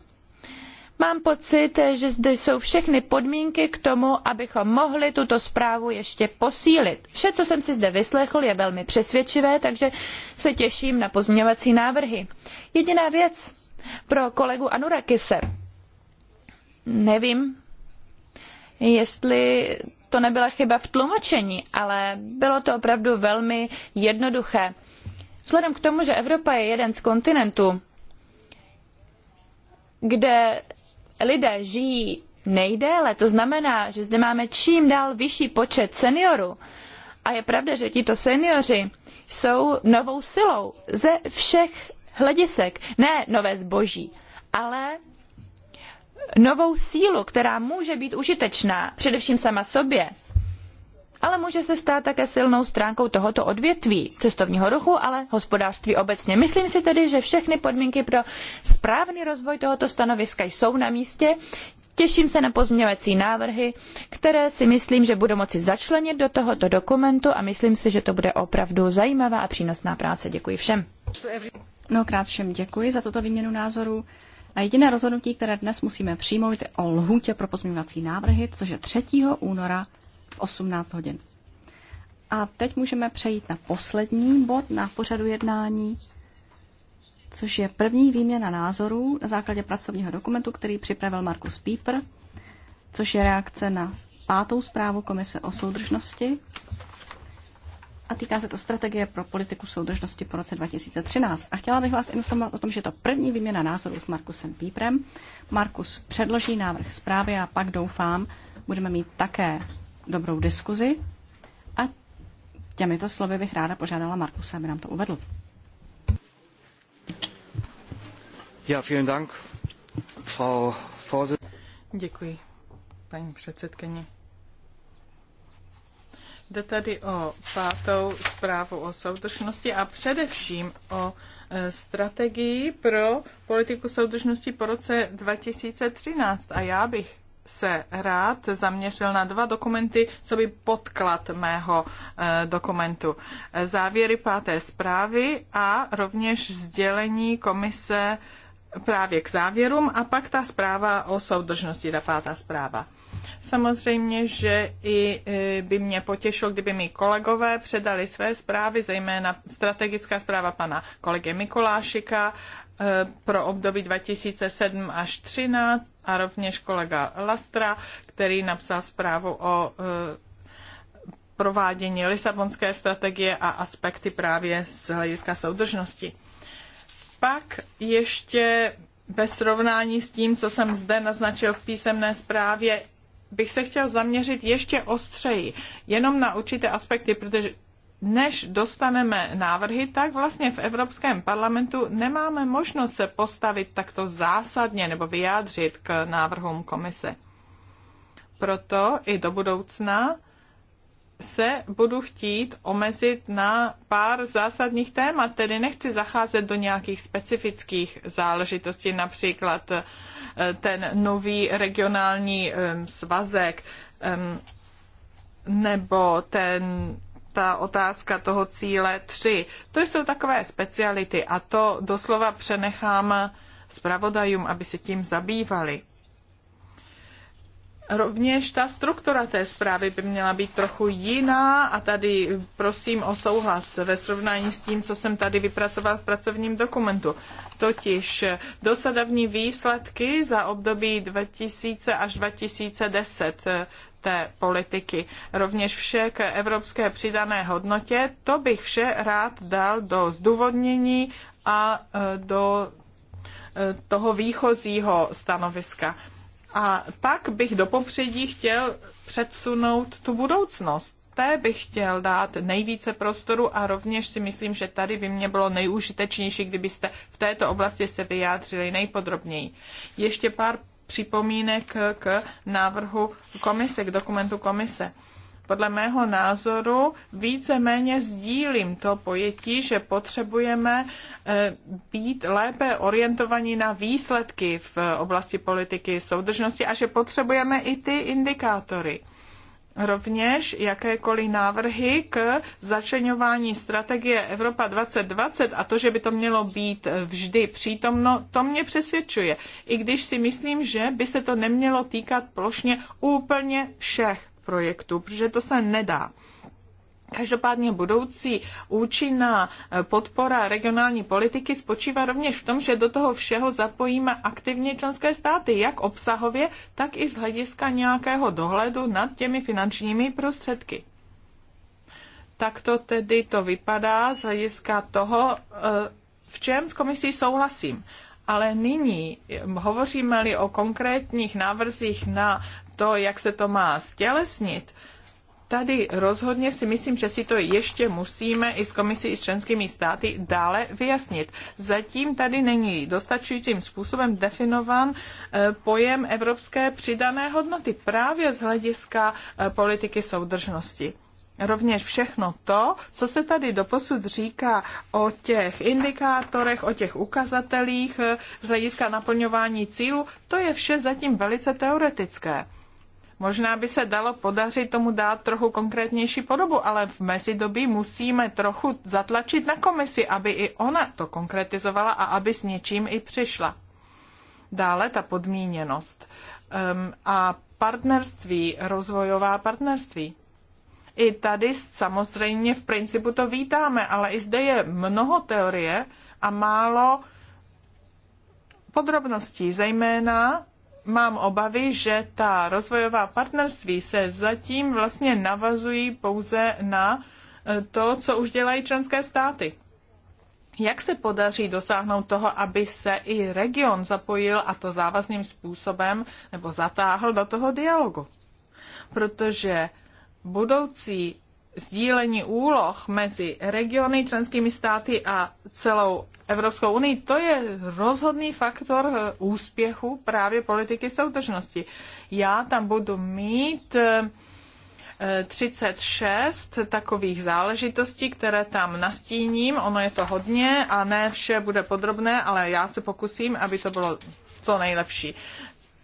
mám pocit, že zde jsou všechny podmínky k tomu, abychom mohli tuto zprávu ještě posílit. Vše, co jsem si zde vyslechl, je velmi přesvědčivé, takže se těším na pozměňovací návrhy. Jediná věc pro kolegu Anurakise. Nevím, jestli to nebyla chyba v tlumočení, ale bylo to opravdu velmi jednoduché. Vzhledem k tomu, že Evropa je jeden z kontinentů, kde lidé žijí nejdéle, to znamená, že zde máme čím dál vyšší počet seniorů. A je pravda, že tito seniori jsou novou silou ze všech hledisek. Ne nové zboží, ale novou sílu, která může být užitečná především sama sobě, ale může se stát také silnou stránkou tohoto odvětví cestovního ruchu, ale hospodářství obecně. Myslím si tedy, že všechny podmínky pro správný rozvoj tohoto stanoviska jsou na místě. Těším se na pozměňovací návrhy, které si myslím, že budu moci začlenit do tohoto dokumentu a myslím si, že to bude opravdu zajímavá a přínosná práce. Děkuji všem. Mnohokrát všem děkuji za tuto výměnu názorů. A jediné rozhodnutí, které dnes musíme přijmout, je o lhůtě pro pozměňovací návrhy, což je 3. února v 18 hodin. A teď můžeme přejít na poslední bod na pořadu jednání, což je první výměna názorů na základě pracovního dokumentu, který připravil Markus Pieper, což je reakce na pátou zprávu Komise o soudržnosti a týká se to strategie pro politiku soudržnosti po roce 2013. A chtěla bych vás informovat o tom, že to první výměna názorů s Markusem Píprem. Markus předloží návrh zprávy a pak doufám, budeme mít také dobrou diskuzi. A těmito slovy bych ráda požádala Markusa, aby nám to uvedl. Ja, vielen Dank, Frau Děkuji, paní předsedkyně. Jde tady o pátou zprávu o soudržnosti a především o e, strategii pro politiku soudržnosti po roce 2013. A já bych se rád zaměřil na dva dokumenty, co by podklad mého e, dokumentu. E, závěry páté zprávy a rovněž sdělení komise právě k závěrům a pak ta zpráva o soudržnosti, ta pátá zpráva. Samozřejmě, že i e, by mě potěšilo, kdyby mi kolegové předali své zprávy, zejména strategická zpráva pana kolegy Mikulášika e, pro období 2007 až 2013 a rovněž kolega Lastra, který napsal zprávu o e, provádění Lisabonské strategie a aspekty právě z hlediska soudržnosti. Pak ještě ve srovnání s tím, co jsem zde naznačil v písemné zprávě, bych se chtěl zaměřit ještě ostřeji, jenom na určité aspekty, protože než dostaneme návrhy, tak vlastně v Evropském parlamentu nemáme možnost se postavit takto zásadně nebo vyjádřit k návrhům komise. Proto i do budoucna se budu chtít omezit na pár zásadních témat, tedy nechci zacházet do nějakých specifických záležitostí, například Eh, ten nový regionální svazek nebo ten ta otázka toho cíle 3. To jsou takové speciality a to doslova přenechám zpravodajům, aby se tím zabývali. Rovněž ta struktura té zprávy by měla být trochu jiná a tady prosím o souhlas ve srovnání s tím, co jsem tady vypracoval v pracovním dokumentu. Totiž dosadavní výsledky za období 2000 až 2010 eh, té politiky. Rovněž vše k evropské přidané hodnotě, to bych vše rád dal do zdůvodnění a eh, do eh, toho výchozího stanoviska a pak bych do popředí chtěl předsunout tu budoucnost. Té bych chtěl dát nejvíce prostoru a rovněž si myslím, že tady by mě bylo nejúžitečnější, kdybyste v této oblasti se vyjádřili nejpodrobněji. Ještě pár připomínek k návrhu komise, k dokumentu komise podle mého názoru více-méně sdílím to pojetí, že potřebujeme eh, být lépe orientovaní na výsledky v oblasti politiky soudržnosti a že potřebujeme i ty indikátory. Rovněž jakékoliv návrhy k začeňování strategie Evropa 2020 a to, že by to mělo být eh, vždy přítomno, to mě přesvědčuje. I když si myslím, že by se to nemělo týkat plošně úplně všech projektu, protože to se nedá. Každopádně budoucí účinná podpora regionální politiky spočívá rovněž v tom, že do toho všeho zapojíme aktivně členské státy, jak obsahově, tak i z hlediska nějakého dohledu nad těmi finančními prostředky. Tak to tedy to vypadá z hlediska toho, eh, v čem s komisí souhlasím. Ale nyní eh, hovoříme-li o konkrétních návrzích na to, jak se to má stělesnit, tady rozhodně si myslím, že si to ještě musíme i s komisí, i s členskými státy dále vyjasnit. Zatím tady není dostačujícím způsobem definován eh, pojem evropské přidané hodnoty právě z hlediska eh, politiky soudržnosti rovněž všechno to, co se tady doposud říká o těch indikátorech, o těch ukazatelích eh, z hlediska naplňování cílu, to je vše zatím velice teoretické. Možná by se dalo podařit tomu dát trochu konkrétnější podobu, ale v mezidobí musíme trochu zatlačit na komisi, aby i ona to konkretizovala a aby s něčím i přišla. Dále ta podmíněnost um, a partnerství, rozvojová partnerství. I tady samozřejmě v principu to vítáme, ale i zde je mnoho teorie a málo podrobností, zejména mám obavy, že ta rozvojová partnerství se zatím vlastně navazují pouze na e, to, co už dělají členské státy. Jak se podaří dosáhnout toho, aby se i region zapojil a to závazným způsobem nebo zatáhl do toho dialogu? Protože budoucí sdílení úloh mezi regiony, členskými státy a celou Evropskou unii, to je rozhodný faktor eh, úspěchu právě politiky soudržnosti. Já tam budu mít 36 eh, takových záležitostí, které tam nastíním. Ono je to hodně a ne vše bude podrobné, ale já se pokusím, aby to bylo co nejlepší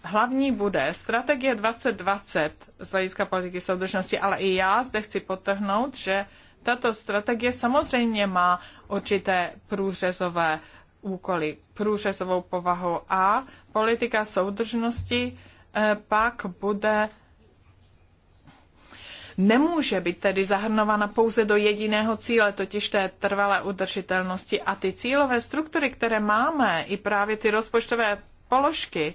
hlavní bude strategie 2020 z hlediska politiky soudržnosti, ale i já zde chci potrhnout, že tato strategie samozřejmě má určité průřezové úkoly, průřezovou povahu a politika soudržnosti eh, pak bude nemůže být tedy zahrnována pouze do jediného cíle, totiž té trvalé udržitelnosti. A ty cílové struktury, které máme, i právě ty rozpočtové položky,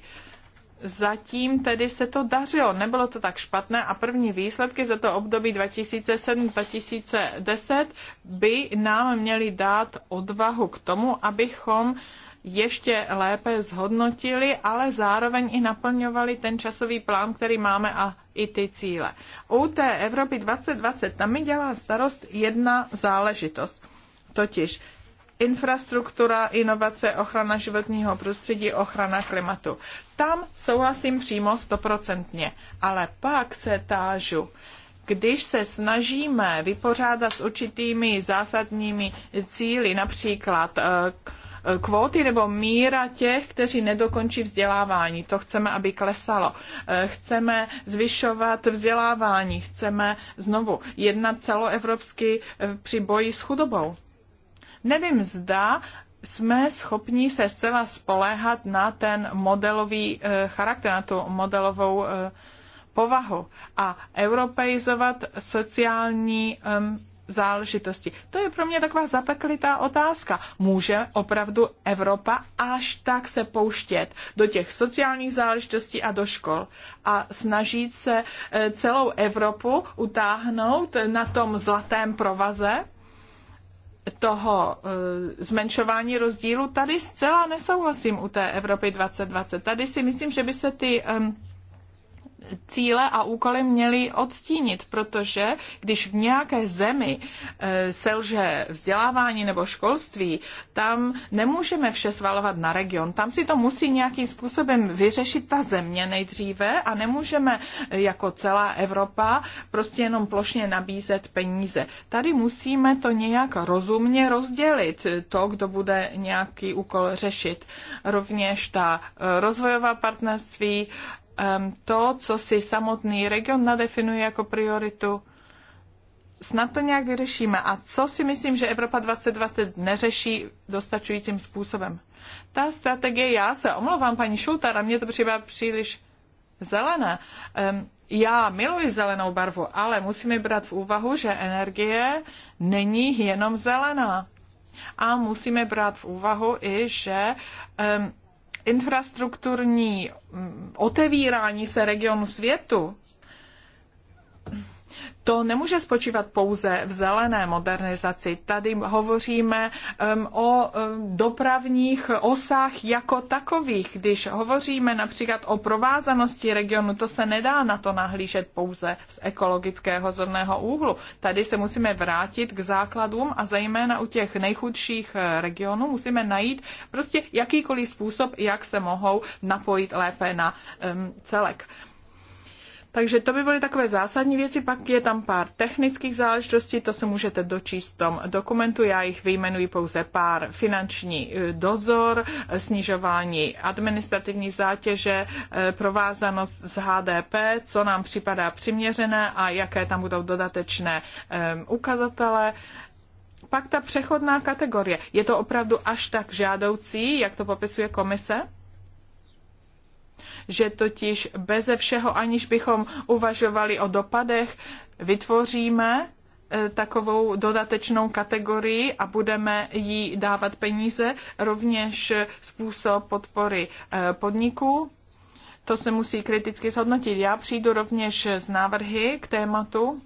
zatím tedy se to dařilo, nebylo to tak špatné a první výsledky za to období 2007-2010 by nám měly dát odvahu k tomu, abychom ještě lépe zhodnotili, ale zároveň i naplňovali ten časový plán, který máme a i ty cíle. U té Evropy 2020 tam mi dělá starost jedna záležitost. Totiž infrastruktura, inovace, ochrana životního prostředí, ochrana klimatu. Tam souhlasím přímo stoprocentně, ale pak se tážu, když se snažíme vypořádat s určitými zásadními cíly, například eh, kvóty nebo míra těch, kteří nedokončí vzdělávání. To chceme, aby klesalo. Eh, chceme zvyšovat vzdělávání, chceme znovu jednat celoevropsky eh, při boji s chudobou. Nevím, zda jsme schopni se zcela spoléhat na ten modelový eh, charakter, na tu modelovou eh, povahu a europeizovat sociální záležitosti. To je pro mě taková zapeklitá otázka. Může opravdu Evropa až tak se pouštět do těch sociálních záležitostí a do škol a snažit se eh, celou Evropu utáhnout na tom zlatém provaze? toho eh, zmenšování rozdílu, tady zcela nesouhlasím u té Evropy 2020. Tady si myslím, že by se ty um, cíle a úkoly měli odstínit, protože když v nějaké zemi e, selže vzdělávání nebo školství, tam nemůžeme vše svalovat na region. Tam si to musí nějakým způsobem vyřešit ta země nejdříve a nemůžeme e, jako celá Evropa prostě jenom plošně nabízet peníze. Tady musíme to nějak rozumně rozdělit, to, kdo bude nějaký úkol řešit. Rovněž ta e, rozvojová partnerství, to, co si samotný region nadefinuje jako prioritu, snad to nějak vyřešíme. A co si myslím, že Evropa 2020 neřeší dostačujícím způsobem? Ta strategie, já se omlouvám, paní Šultar, a mě to připadá příliš zelené. já miluji zelenou barvu, ale musíme brát v úvahu, že energie není jenom zelená. A musíme brát v úvahu i, že um, infrastrukturní mm, otevírání se regionu světu, to nemůže spočívat pouze v zelené modernizaci. Tady hovoříme um, o um, dopravních osách jako takových. Když hovoříme například o provázanosti regionu, to se nedá na to nahlížet pouze z ekologického zorného úhlu. Tady se musíme vrátit k základům a zejména u těch nejchudších eh, regionů musíme najít prostě jakýkoliv způsob, jak se mohou napojit lépe na um, celek. Takže to by byly takové zásadní věci, pak je tam pár technických záležitostí, to se můžete dočíst v tom dokumentu, já jich vyjmenuji pouze pár. Finanční eh, dozor, eh, snižování administrativní zátěže, eh, provázanost s HDP, co nám připadá přiměřené a jaké tam budou dodatečné ehm, ukazatele pak ta přechodná kategorie. Je to opravdu až tak žádoucí, jak to popisuje komise? že totiž beze všeho, aniž bychom uvažovali o dopadech, vytvoříme e, takovou dodatečnou kategorii a budeme jí dávat peníze, rovněž způsob podpory e, podniků. To se musí kriticky zhodnotit. Já přijdu rovněž z návrhy k tématu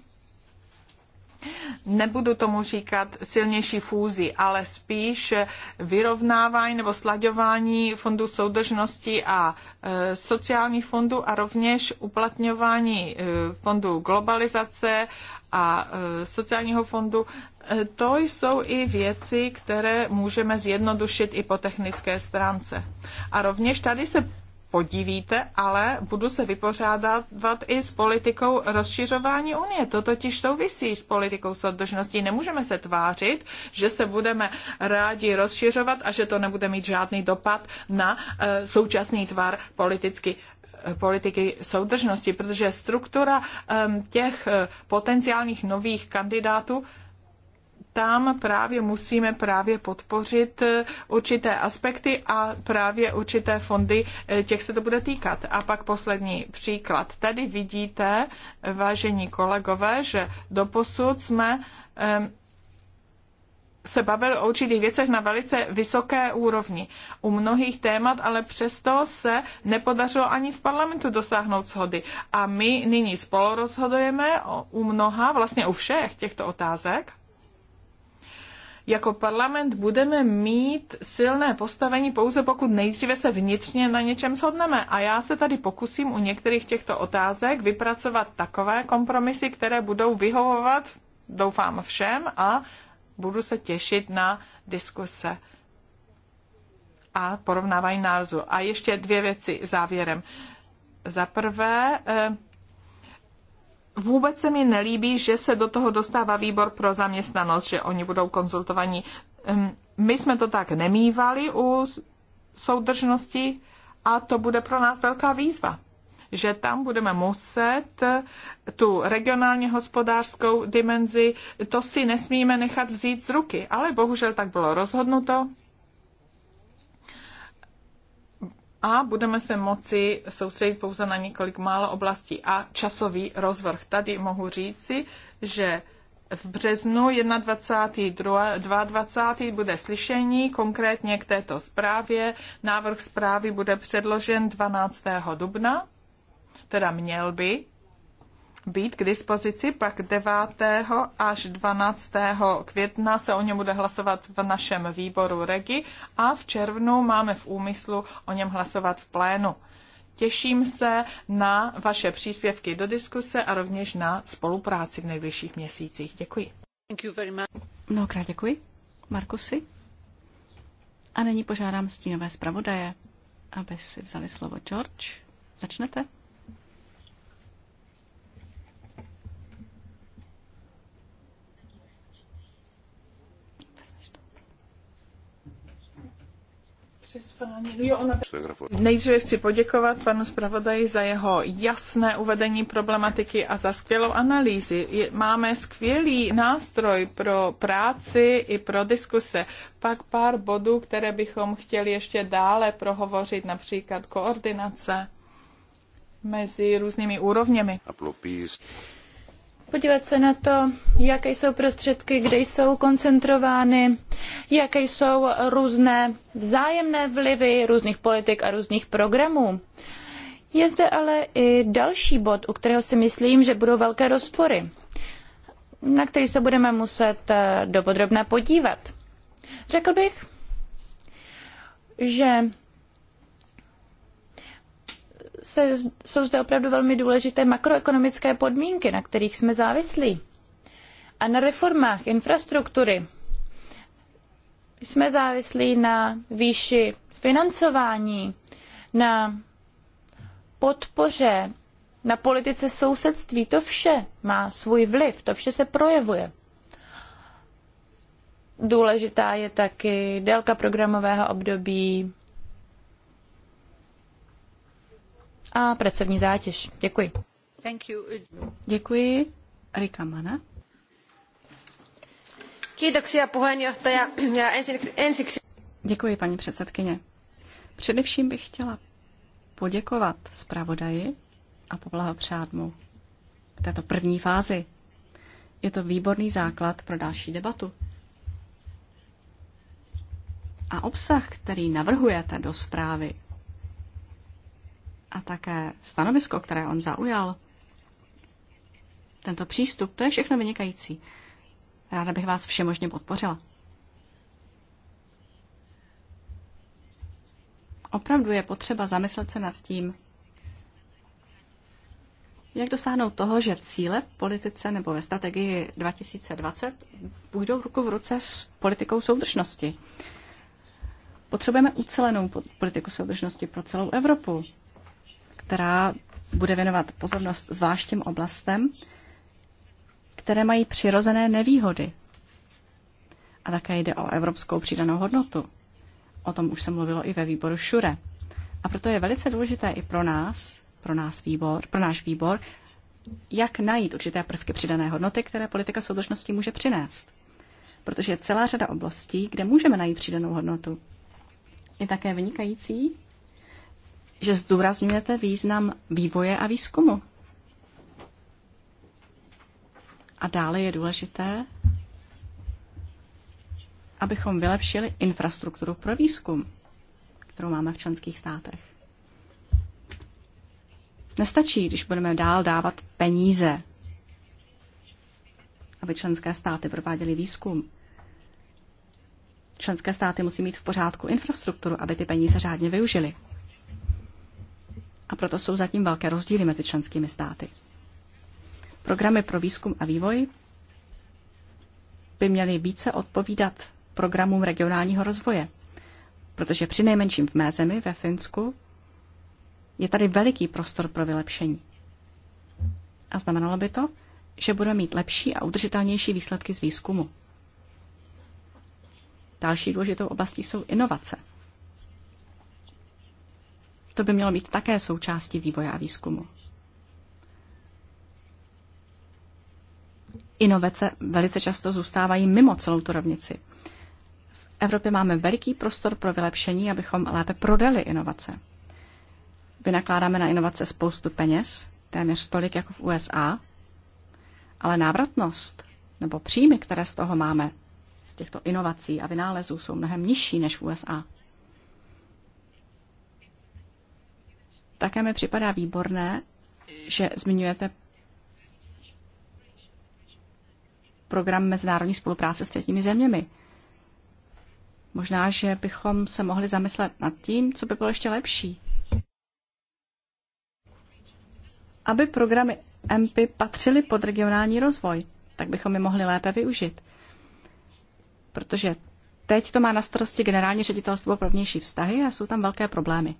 nebudu tomu říkat silnější fúzi, ale spíš vyrovnávání nebo slaďování fondů soudržnosti a e, sociálních fondů a rovněž uplatňování e, fondů globalizace a e, sociálního fondu. To jsou i věci, které můžeme zjednodušit i po technické stránce. A rovněž tady se podivíte, ale budu se vypořádávat i s politikou rozšiřování Unie. To totiž souvisí s politikou soudržnosti. Nemůžeme se tvářit, že se budeme rádi rozšiřovat a že to nebude mít žádný dopad na eh, současný tvar politicky eh, politiky soudržnosti, protože struktura eh, těch potenciálních nových kandidátů tam právě musíme právě podpořit eh, určité aspekty a právě určité fondy, eh, těch se to bude týkat. A pak poslední příklad. Tady vidíte, eh, vážení kolegové, že doposud jsme ehm, se bavili o určitých věcech na velice vysoké úrovni. U mnohých témat, ale přesto se nepodařilo ani v parlamentu dosáhnout shody. A my nyní spolu rozhodujeme u mnoha, vlastně u všech těchto otázek, jako parlament budeme mít silné postavení pouze pokud nejdříve se vnitřně na něčem shodneme. A já se tady pokusím u některých těchto otázek vypracovat takové kompromisy, které budou vyhovovat, doufám, všem a budu se těšit na diskuse a porovnávání názorů. A ještě dvě věci závěrem. Za prvé, eh, vůbec se mi nelíbí, že se do toho dostává výbor pro zaměstnanost, že oni budou konzultovaní. My jsme to tak nemývali u soudržnosti a to bude pro nás velká výzva že tam budeme muset tu regionálně hospodářskou dimenzi, to si nesmíme nechat vzít z ruky. Ale bohužel tak bylo rozhodnuto a budeme se moci soustředit pouze na několik málo oblastí a časový rozvrh. Tady mohu říci, že v březnu 21. 22. bude slyšení konkrétně k této zprávě. Návrh zprávy bude předložen 12. dubna, teda měl by být k dispozici, pak 9. až 12. května se o něm bude hlasovat v našem výboru REGI a v červnu máme v úmyslu o něm hlasovat v plénu. Těším se na vaše příspěvky do diskuse a rovněž na spolupráci v nejbližších měsících. Děkuji. Thank you very much. Mnohokrát děkuji. Markusy? A nyní požádám stínové zpravodaje, aby si vzali slovo George. Začnete? Nejdříve chci poděkovat panu zpravodaji za jeho jasné uvedení problematiky a za skvělou analýzi. Máme skvělý nástroj pro práci i pro diskuse. Pak pár bodů, které bychom chtěli ještě dále prohovořit, například koordinace mezi různými úrovněmi podívat se na to, jaké jsou prostředky, kde jsou koncentrovány, jaké jsou různé vzájemné vlivy různých politik a různých programů. Je zde ale i další bod, u kterého si myslím, že budou velké rozpory, na který se budeme muset eh, dopodrobně podívat. Řekl bych, že se, jsou zde opravdu velmi důležité makroekonomické podmínky, na kterých jsme závislí. A na reformách infrastruktury jsme závislí na výši financování, na podpoře, na politice sousedství. To vše má svůj vliv, to vše se projevuje. Důležitá je taky délka programového období, a pracovní zátěž. Děkuji. Děkuji. Rika Mana. Děkuji, paní předsedkyně. Především bych chtěla poděkovat zpravodaji a poblahopřát mu k této první fázi. Je to výborný základ pro další debatu. A obsah, který navrhujete do zprávy, a také stanovisko, které on zaujal, tento přístup, to je všechno vynikající. Ráda bych vás všemožně podpořila. Opravdu je potřeba zamyslet se nad tím, jak dosáhnout toho, že cíle v politice nebo ve strategii 2020 půjdou ruku v ruce s politikou soudržnosti? Potřebujeme ucelenou politiku soudržnosti pro celou Evropu která bude věnovat pozornost zvlášť oblastem, které mají přirozené nevýhody. A také jde o evropskou přidanou hodnotu. O tom už se mluvilo i ve výboru Šure. A proto je velice důležité i pro nás, pro, nás výbor, pro náš výbor, jak najít určité prvky přidané hodnoty, které politika soudržnosti může přinést. Protože je celá řada oblastí, kde můžeme najít přidanou hodnotu. Je také vynikající, že zdůrazňujete význam vývoje a výzkumu. A dále je důležité, abychom vylepšili infrastrukturu pro výzkum, kterou máme v členských státech. Nestačí, když budeme dál dávat peníze, aby členské státy prováděly výzkum. Členské státy musí mít v pořádku infrastrukturu, aby ty peníze řádně využily a proto jsou zatím velké rozdíly mezi členskými státy. Programy pro výzkum a vývoj by měly více odpovídat programům regionálního rozvoje, protože při nejmenším v mé zemi, ve Finsku, je tady veliký prostor pro vylepšení. A znamenalo by to, že budeme mít lepší a udržitelnější výsledky z výzkumu. Další důležitou oblastí jsou inovace – to by mělo být také součástí vývoje a výzkumu. Inovace velice často zůstávají mimo celou tu rovnici. V Evropě máme veliký prostor pro vylepšení, abychom lépe prodali inovace. Vynakládáme na inovace spoustu peněz, téměř tolik jako v USA, ale návratnost nebo příjmy, které z toho máme, z těchto inovací a vynálezů, jsou mnohem nižší než v USA. Také mi připadá výborné, že zmiňujete program mezinárodní spolupráce s třetími zeměmi. Možná, že bychom se mohli zamyslet nad tím, co by bylo ještě lepší. Aby programy MP patřily pod regionální rozvoj, tak bychom je mohli lépe využít. Protože teď to má na starosti generální ředitelstvo pro vnější vztahy a jsou tam velké problémy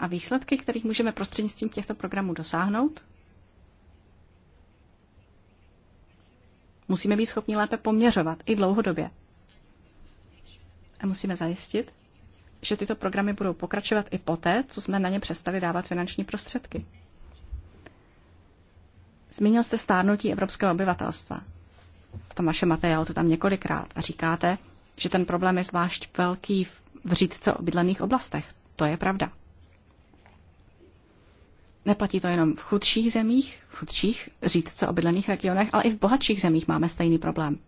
a výsledky, kterých můžeme prostřednictvím těchto programů dosáhnout, musíme být schopni lépe poměřovat i dlouhodobě. A musíme zajistit, že tyto programy budou pokračovat i poté, co jsme na ně přestali dávat finanční prostředky. Zmínil jste stárnutí evropského obyvatelstva. V tom vašem materiálu to tam několikrát a říkáte, že ten problém je zvlášť velký v řídce obydlených oblastech. To je pravda. Neplatí to jenom v chudších zemích, v chudších řídce obydlených regionech, ale i v bohatších zemích máme stejný problém.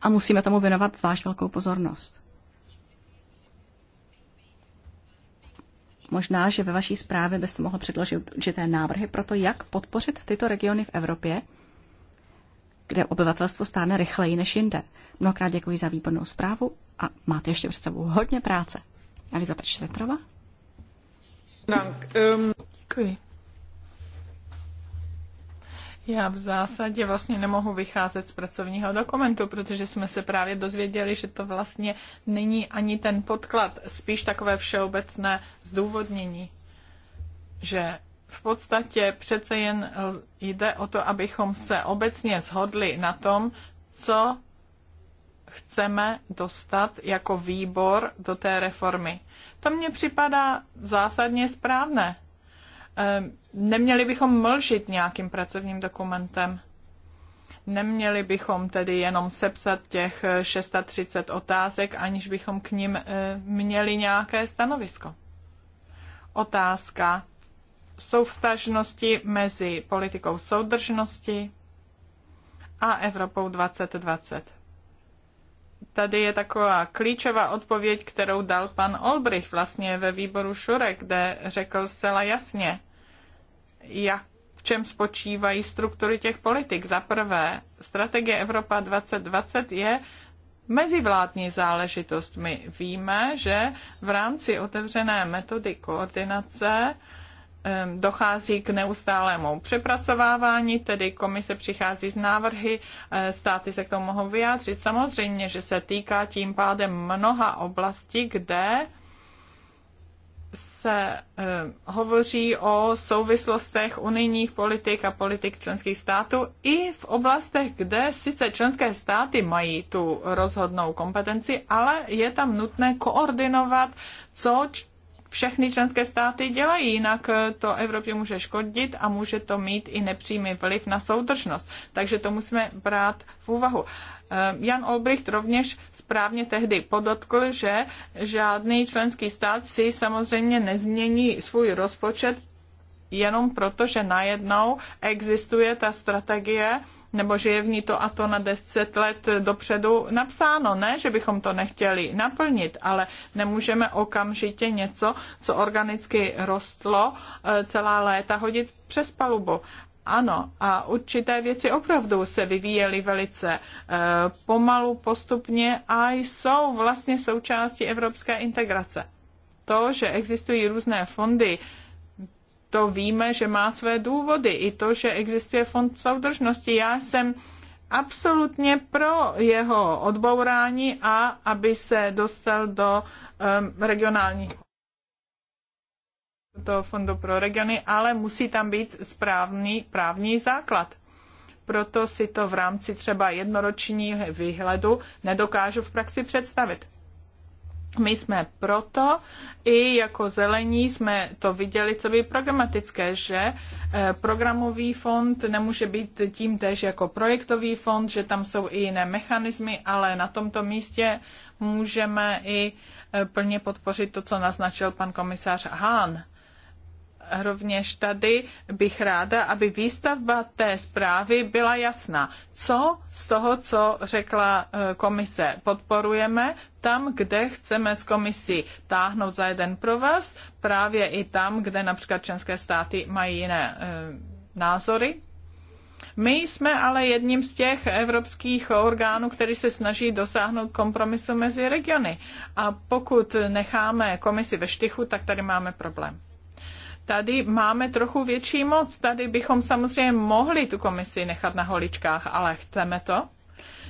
A musíme tomu věnovat zvlášť velkou pozornost. Možná, že ve vaší zprávě byste mohl předložit určité návrhy pro to, jak podpořit tyto regiony v Evropě, kde obyvatelstvo stáne rychleji než jinde. Mnohokrát děkuji za výbornou zprávu a máte ještě před sebou hodně práce. Elizabeth Šretrova. Ehm, Děkuji. Já v zásadě vlastně nemohu vycházet z pracovního dokumentu, protože jsme se právě dozvěděli, že to vlastně není ani ten podklad, spíš takové všeobecné zdůvodnění, že v podstatě přece jen jde o to, abychom se obecně shodli na tom, co chceme dostat jako výbor do té reformy. To mně připadá zásadně správné. Eh, neměli bychom mlžit nějakým pracovním dokumentem. Neměli bychom tedy jenom sepsat těch 630 otázek, aniž bychom k ním eh, měli nějaké stanovisko. Otázka vztažnosti mezi politikou soudržnosti a Evropou 2020 tady je taková klíčová odpověď, kterou dal pan Olbrich vlastně ve výboru Šurek, kde řekl zcela jasně, jak, v čem spočívají struktury těch politik. Za prvé, strategie Evropa 2020 je mezivládní záležitost. My víme, že v rámci otevřené metody koordinace dochází k neustálému přepracovávání, tedy komise přichází z návrhy, e, státy se k tomu mohou vyjádřit. Samozřejmě, že se týká tím pádem mnoha oblastí, kde se e, hovoří o souvislostech unijních politik a politik členských států i v oblastech, kde sice členské státy mají tu rozhodnou kompetenci, ale je tam nutné koordinovat, co všechny členské státy dělají, jinak eh, to Evropě může škodit a může to mít i nepřímý vliv na soudržnost. Takže to musíme brát v úvahu. Eh, Jan Olbricht rovněž správně tehdy podotkl, že žádný členský stát si samozřejmě nezmění svůj rozpočet jenom proto, že najednou existuje ta strategie nebo že je v ní to a to na deset let dopředu napsáno. Ne, že bychom to nechtěli naplnit, ale nemůžeme okamžitě něco, co organicky rostlo eh, celá léta, hodit přes palubu. Ano, a určité věci opravdu se vyvíjely velice e, pomalu, postupně a jsou vlastně součástí evropské integrace. To, že existují různé fondy, e, to víme, že má své důvody. I to, že existuje fond soudržnosti. Já jsem absolutně pro jeho odbourání a aby se dostal do um, regionálních toho fondu pro regiony, ale musí tam být správný právní základ. Proto si to v rámci třeba jednoročního výhledu nedokážu v praxi představit. My jsme proto i jako zelení jsme to viděli, co by programatické, že eh, programový fond nemůže být tím tež jako projektový fond, že tam jsou i jiné mechanismy, ale na tomto místě můžeme i eh, plně podpořit to, co naznačil pan komisař Hahn rovněž tady bych ráda, aby výstavba té zprávy byla jasná. Co z toho, co řekla eh, komise, podporujeme tam, kde chceme s komisí táhnout za jeden provaz, právě i tam, kde například členské státy mají jiné eh, názory, my jsme ale jedním z těch evropských orgánů, který se snaží dosáhnout kompromisu mezi regiony. A pokud necháme komisi ve štychu, tak tady máme problém tady máme trochu větší moc. Tady bychom samozřejmě mohli tu komisi nechat na holičkách, ale chceme to.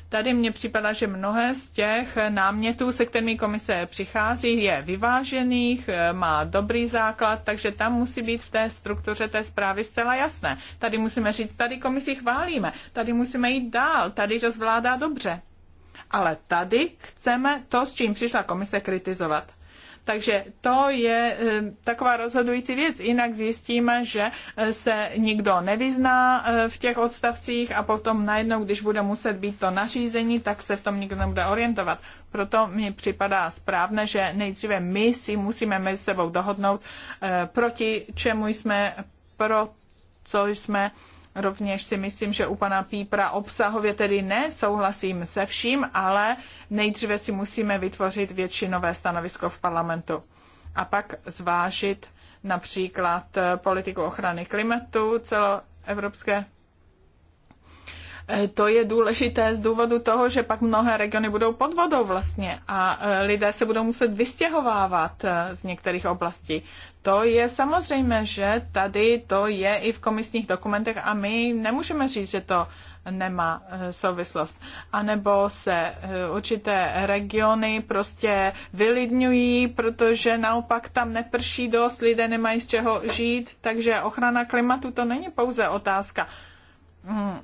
Tady mně připadá, že mnohé z těch námětů, se kterými komise přichází, je vyvážených, má dobrý základ, takže tam musí být v té struktuře té zprávy zcela jasné. Tady musíme říct, tady komisi chválíme, tady musíme jít dál, tady to zvládá dobře. Ale tady chceme to, s čím přišla komise kritizovat. Takže to je eh, taková rozhodující věc. Jinak zjistíme, že eh, se nikdo nevyzná eh, v těch odstavcích a potom najednou, když bude muset být to nařízení, tak se v tom nikdo nebude orientovat. Proto mi připadá správné, že nejdříve my si musíme mezi sebou dohodnout, proti čemu jsme, pro co jsme Rovněž si myslím, že u pana Pípra obsahově tedy ne, souhlasím se vším, ale nejdříve si musíme vytvořit většinové stanovisko v parlamentu a pak zvážit například eh, politiku ochrany klimatu celoevropské. Eh, to je důležité z důvodu toho, že pak mnohé regiony budou pod vodou vlastně a eh, lidé se budou muset vystěhovávat z některých oblastí to je samozřejmé, že tady to je i v komisních dokumentech a my nemůžeme říct, že to nemá eh, souvislost. A nebo se eh, určité regiony prostě vylidňují, protože naopak tam neprší dost, lidé nemají z čeho žít, takže ochrana klimatu to není pouze otázka hmm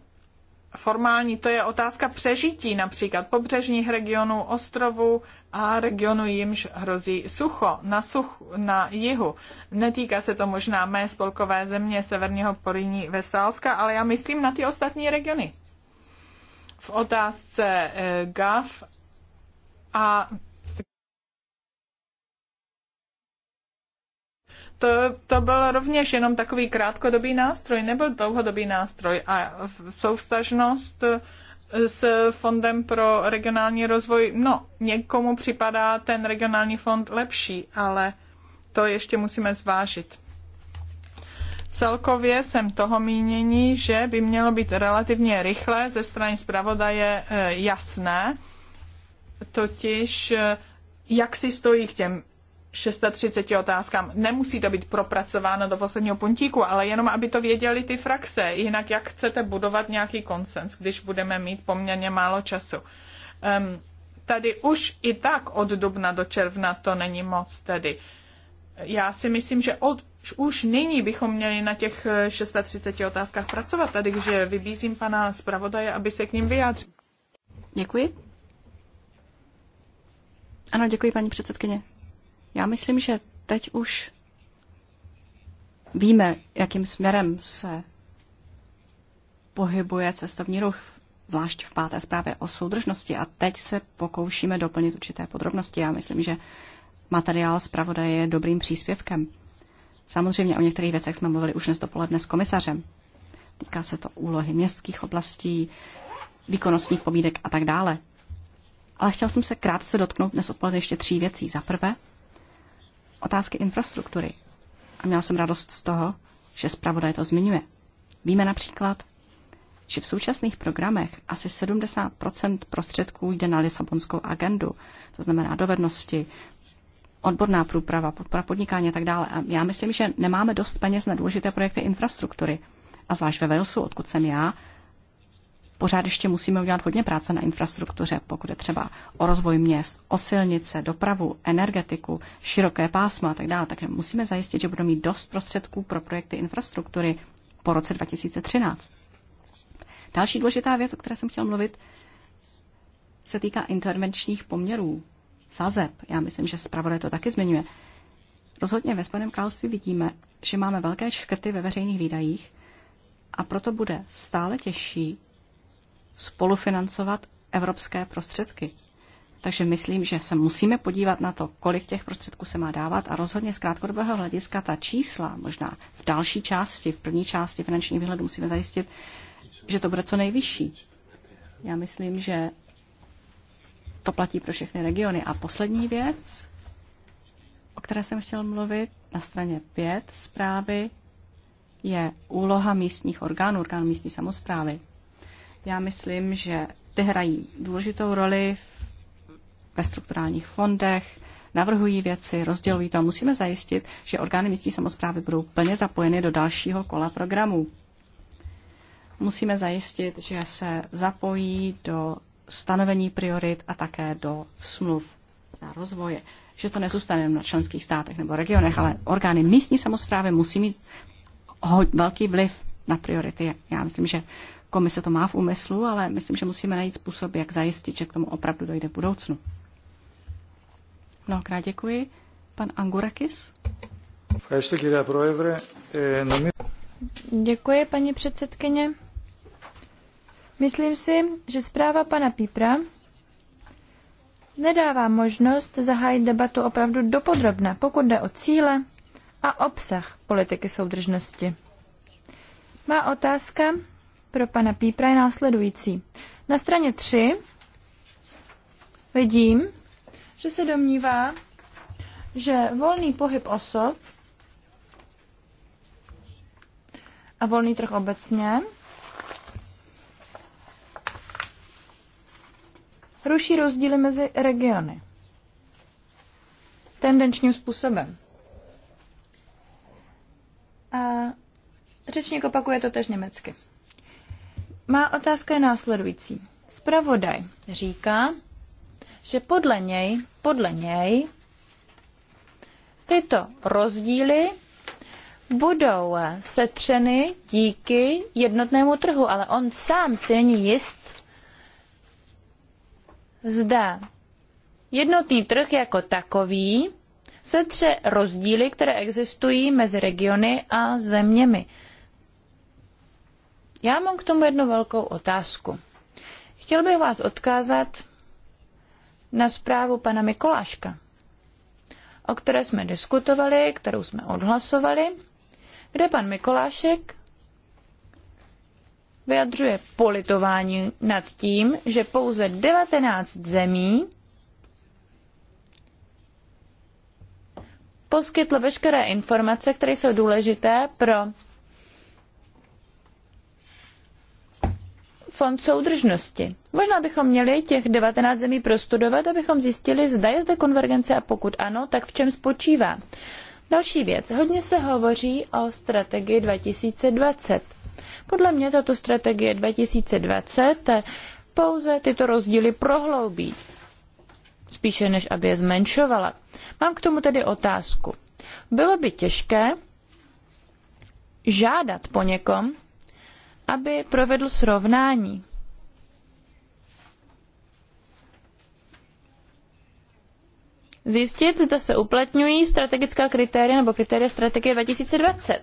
formální, to je otázka přežití například pobřežních regionů, ostrovů a regionu, jimž hrozí sucho na, such, na jihu. Netýká se to možná mé spolkové země Severního Poriní Vesálska, ale já myslím na ty ostatní regiony. V otázce eh, GAF a to, to byl rovněž jenom takový krátkodobý nástroj, nebyl dlouhodobý nástroj a souvstažnost eh, s Fondem pro regionální rozvoj, no, někomu připadá ten regionální fond lepší, ale to ještě musíme zvážit. Celkově jsem toho mínění, že by mělo být relativně rychle ze strany zpravodaje eh, jasné, totiž eh, jak si stojí k těm 630 otázkám. Nemusí to být propracováno do posledního puntíku, ale jenom, aby to věděli ty frakce. Jinak jak chcete budovat nějaký konsens, když budeme mít poměrně málo času. Um, tady už i tak od dubna do června to není moc tedy. Já si myslím, že od, už nyní bychom měli na těch 630 eh, otázkách pracovat tady, takže vybízím pana zpravodaje, aby se k ním vyjádřil. Děkuji. Ano, děkuji, paní předsedkyně. Já myslím, že teď už víme, jakým směrem se pohybuje cestovní ruch, zvlášť v páté zprávě o soudržnosti. A teď se pokoušíme doplnit určité podrobnosti. Já myslím, že materiál zpravodaje je dobrým příspěvkem. Samozřejmě o některých věcech jsme mluvili už dnes dopoledne s komisařem. Týká se to úlohy městských oblastí, výkonnostních pobídek a tak dále. Ale chtěl jsem se krátce dotknout dnes odpoledne ještě tří věcí. Za prvé, otázky infrastruktury. A měla jsem radost z toho, že zpravodaj to zmiňuje. Víme například, že v současných programech asi 70 prostředků jde na Lisabonskou agendu, to znamená dovednosti, odborná průprava, podpora podnikání a tak dále. A já myslím, že nemáme dost peněz na důležité projekty infrastruktury. A zvlášť ve Walesu, odkud jsem já, pořád ještě musíme udělat hodně práce na infrastruktuře, pokud je třeba o rozvoj měst, o silnice, dopravu, energetiku, široké pásma a tak dále. Takže musíme zajistit, že budeme mít dost prostředků pro projekty infrastruktury po roce 2013. Další důležitá věc, o které jsem chtěl mluvit, se týká intervenčních poměrů, sazeb. Já myslím, že zpravodaj to taky zmiňuje. Rozhodně ve Spojeném království vidíme, že máme velké škrty ve veřejných výdajích a proto bude stále těžší spolufinancovat evropské prostředky. Takže myslím, že se musíme podívat na to, kolik těch prostředků se má dávat a rozhodně z krátkodobého hlediska ta čísla, možná v další části, v první části finanční výhledu musíme zajistit, že to bude co nejvyšší. Já myslím, že to platí pro všechny regiony. A poslední věc, o které jsem chtěl mluvit, na straně 5 zprávy je úloha místních orgánů, orgánů místní samozprávy. Já myslím, že ty hrají důležitou roli ve strukturálních fondech, navrhují věci, rozdělují to a musíme zajistit, že orgány místní samozprávy budou plně zapojeny do dalšího kola programu. Musíme zajistit, že se zapojí do stanovení priorit a také do smluv na rozvoje. Že to nezůstane jen na členských státech nebo regionech, ale orgány místní samozprávy musí mít velký vliv na priority. Já myslím, že Komise to má v úmyslu, ale myslím, že musíme najít způsob, jak zajistit, že k tomu opravdu dojde v budoucnu. Mnohokrát děkuji. Pan Angurakis? Děkuji, paní předsedkyně. Myslím si, že zpráva pana Pípra nedává možnost zahájit debatu opravdu dopodrobna, pokud jde o cíle a obsah politiky soudržnosti. Má otázka pro pana Pípra je následující. Na straně 3 vidím, že se domnívá, že volný pohyb osob a volný trh obecně ruší rozdíly mezi regiony tendenčním způsobem. A řečník opakuje to tež německy. Má otázka je následující. Spravodaj říká, že podle něj, podle něj tyto rozdíly budou setřeny díky jednotnému trhu, ale on sám si není jist, zda jednotný trh jako takový setře rozdíly, které existují mezi regiony a zeměmi. Já mám k tomu jednu velkou otázku. Chtěl bych vás odkázat na zprávu pana Mikoláška, o které jsme diskutovali, kterou jsme odhlasovali, kde pan Mikolášek vyjadřuje politování nad tím, že pouze 19 zemí poskytlo veškeré informace, které jsou důležité pro fond soudržnosti. Možná bychom měli těch 19 zemí prostudovat, abychom zjistili, zda je zde konvergence a pokud ano, tak v čem spočívá. Další věc. Hodně se hovoří o strategii 2020. Podle mě tato strategie 2020 pouze tyto rozdíly prohloubí, spíše než aby je zmenšovala. Mám k tomu tedy otázku. Bylo by těžké žádat po někom, aby provedl srovnání. Zjistit, zda se uplatňují strategická kritéria nebo kritéria strategie 2020.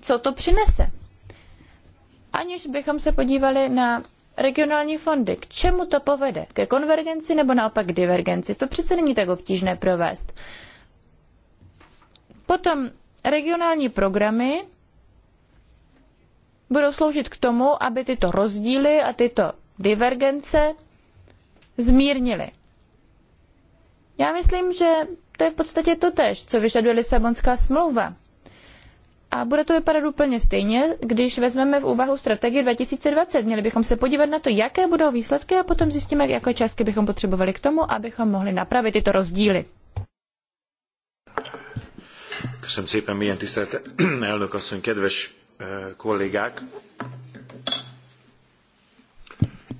Co to přinese? Aniž bychom se podívali na regionální fondy, k čemu to povede? Ke konvergenci nebo naopak k divergenci? To přece není tak obtížné provést. Potom regionální programy budou sloužit k tomu, aby tyto rozdíly a tyto divergence zmírnily. Já myslím, že to je v podstatě to tež, co vyžaduje Lisabonská smlouva. A bude to vypadat úplně stejně, když vezmeme v úvahu strategii 2020. Měli bychom se podívat na to, jaké budou výsledky a potom zjistíme, jaké částky bychom potřebovali k tomu, abychom mohli napravit tyto rozdíly. Köszönöm szépen, milyen tisztelt elnök asszony, kedves Eh, kollégák!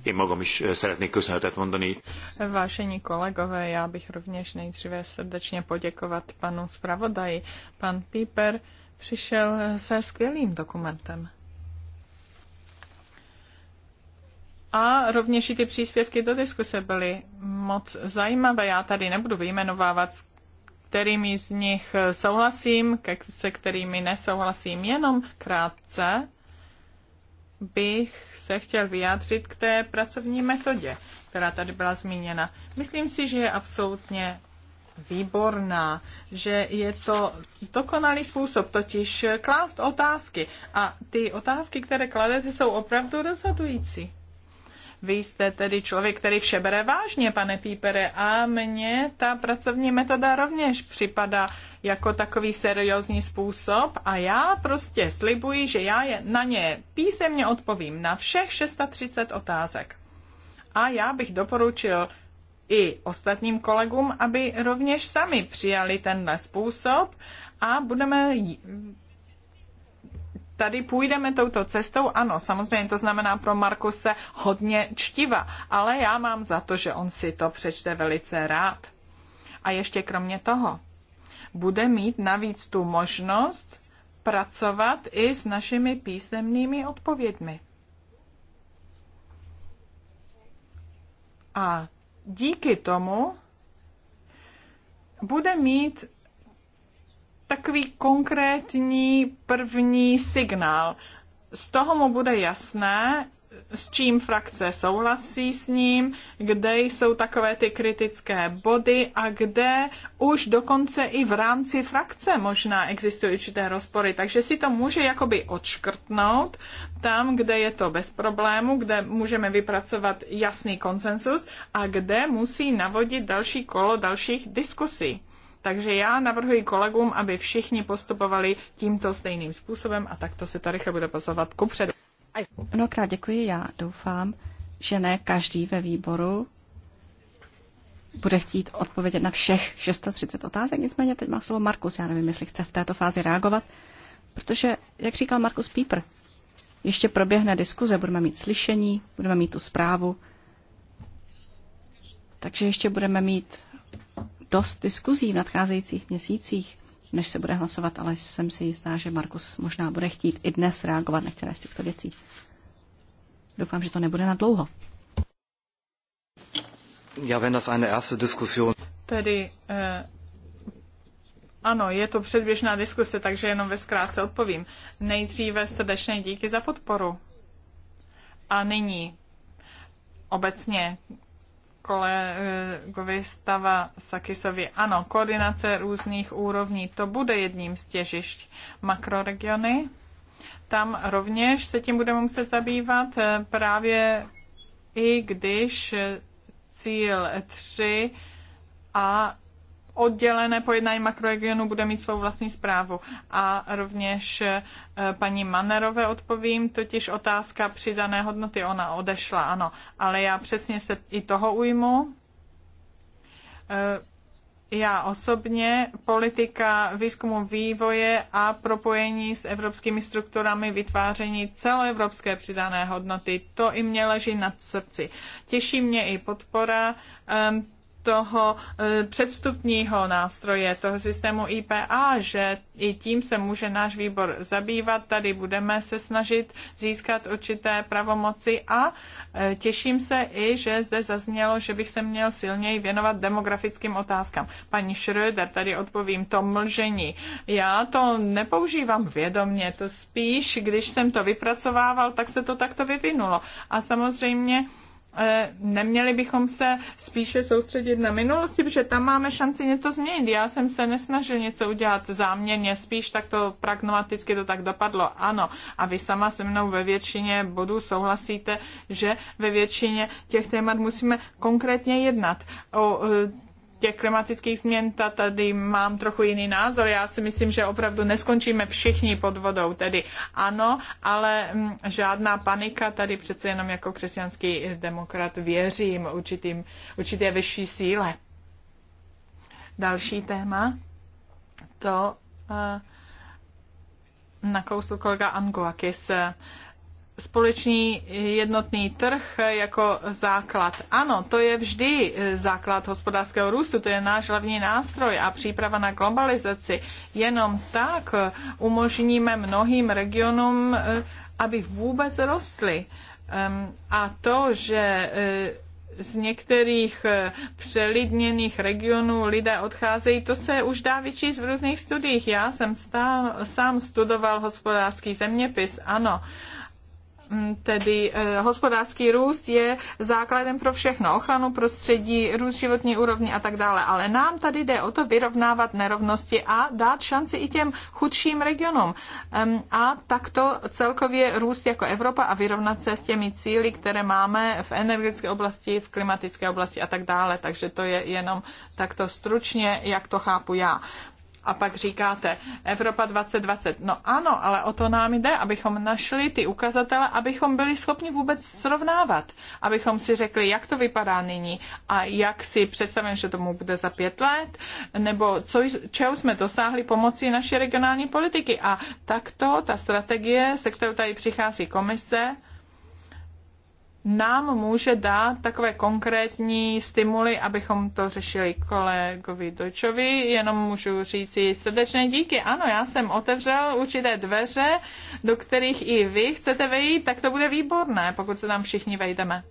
Én magam is eh, szeretnék köszönetet mondani. Vážení kolegové, já bych rovněž nejdříve srdečně poděkovat panu zpravodaji. Pan Píper přišel eh, se skvělým dokumentem. A rovněž i ty příspěvky do diskuse byly moc zajímavé. Já tady nebudu vyjmenovávat kterými z nich eh, souhlasím, se kterými nesouhlasím. Jenom krátce bych se chtěl vyjádřit k té pracovní metodě, která tady byla zmíněna. Myslím si, že je absolutně výborná, že je to dokonalý způsob, totiž klást otázky. A ty otázky, které kladete, jsou opravdu rozhodující. Vy jste tedy člověk, který vše bere vážně, pane Pípere, a mně ta pracovní metoda rovněž připadá jako takový seriózní způsob a já prostě slibuji, že já je, na ně písemně odpovím na všech 630 otázek. A já bych doporučil i ostatním kolegům, aby rovněž sami přijali tenhle způsob a budeme tady půjdeme touto cestou, ano, samozřejmě to znamená pro Markuse hodně čtiva, ale já mám za to, že on si to přečte velice rád. A ještě kromě toho, bude mít navíc tu možnost pracovat i s našimi písemnými odpověďmi. A díky tomu bude mít takový konkrétní první signál. Z toho mu bude jasné, s čím frakce souhlasí s ním, kde jsou takové ty kritické body a kde už dokonce i v rámci frakce možná existují určité rozpory. Takže si to může jakoby odškrtnout tam, kde je to bez problému, kde můžeme vypracovat jasný konsensus a kde musí navodit další kolo dalších diskusí. Takže já navrhuji kolegům, aby všichni postupovali tímto stejným způsobem a takto se ta rychle bude pasovat předu. Mnohokrát děkuji, já doufám, že ne každý ve výboru bude chtít odpovědět na všech 630 otázek, nicméně teď má slovo Markus, já nevím, jestli chce v této fázi reagovat, protože, jak říkal Markus Pípr, ještě proběhne diskuze, budeme mít slyšení, budeme mít tu zprávu, takže ještě budeme mít dost diskuzí v nadcházejících měsících, než se bude hlasovat, ale jsem si jistá, že Markus možná bude chtít i dnes reagovat na některé z těchto věcí. Doufám, že to nebude na dlouho. Ja, wenn das eine erste diskusion... Tedy eh, ano, je to předběžná diskuse, takže jenom ve zkrátce odpovím. Nejdříve srdečně díky za podporu. A nyní obecně kolegovi Stava Sakisovi. Ano, koordinace různých úrovní, to bude jedním z těžišť makroregiony. Tam rovněž se tím budeme muset zabývat eh, právě i když eh, cíl 3 a oddělené pojednání makroregionu bude mít svou vlastní zprávu. A rovněž eh, paní Manerové odpovím, totiž otázka přidané hodnoty, ona odešla, ano, ale já přesně se i toho ujmu. Eh, já osobně politika výzkumu vývoje a propojení s evropskými strukturami vytváření celoevropské přidané hodnoty, to i mě leží nad srdci. Těší mě i podpora um, toho e, předstupního nástroje, toho systému IPA, že i tím se může náš výbor zabývat. Tady budeme se snažit získat určité pravomoci a e, těším se i, že zde zaznělo, že bych se měl silněji věnovat demografickým otázkám. Paní Schröder, tady odpovím to mlžení. Já to nepoužívám vědomně, to spíš, když jsem to vypracovával, tak se to takto vyvinulo. A samozřejmě E, neměli bychom se spíše soustředit na minulosti, protože tam máme šanci něco změnit. Já jsem se nesnažil něco udělat záměrně, spíš tak to pragmaticky to tak dopadlo. Ano, a vy sama se mnou ve většině bodů souhlasíte, že ve většině těch témat musíme konkrétně jednat. O e, těch klimatických změn, ta tady mám trochu jiný názor. Já si myslím, že opravdu neskončíme všichni pod vodou. Tedy ano, ale mm, žádná panika tady přece jenom jako křesťanský demokrat věřím určitým, určité vyšší síle. Další téma, to uh, eh, nakousl kolega Angoakis. Uh, společný jednotný trh jako základ. Ano, to je vždy eh, základ hospodářského růstu, to je náš hlavní nástroj a příprava na globalizaci. Jenom tak eh, umožníme mnohým regionům, eh, aby vůbec rostly. A to, že z některých přelidněných regionů lidé odcházejí, to se už dá vyčíst v různých studiích. Já jsem stál, sám studoval hospodářský zeměpis, ano. Mm, tedy eh, hospodářský růst je základem pro všechno, ochranu prostředí, růst životní úrovni a tak dále. Ale nám tady jde o to vyrovnávat nerovnosti a dát šanci i těm chudším regionům. A takto celkově růst jako Evropa a vyrovnat se s těmi cíly, které máme v energetické oblasti, v klimatické oblasti a tak dále. Takže to je jenom takto stručně, jak to chápu já a pak říkáte Evropa 2020. No ano, ale o to nám jde, abychom našli ty ukazatele, abychom byli schopni vůbec srovnávat, abychom si řekli, jak to vypadá nyní a jak si představím, že tomu bude za pět let, nebo co, čeho jsme dosáhli pomocí naší regionální politiky. A takto ta strategie, se kterou tady přichází komise, nám může dát takové konkrétní stimuly, abychom to řešili kolegovi Dojčovi. Jenom můžu říct si srdečné díky. Ano, já jsem otevřel určité dveře, do kterých i vy chcete vejít, tak to bude výborné, pokud se tam všichni vejdeme.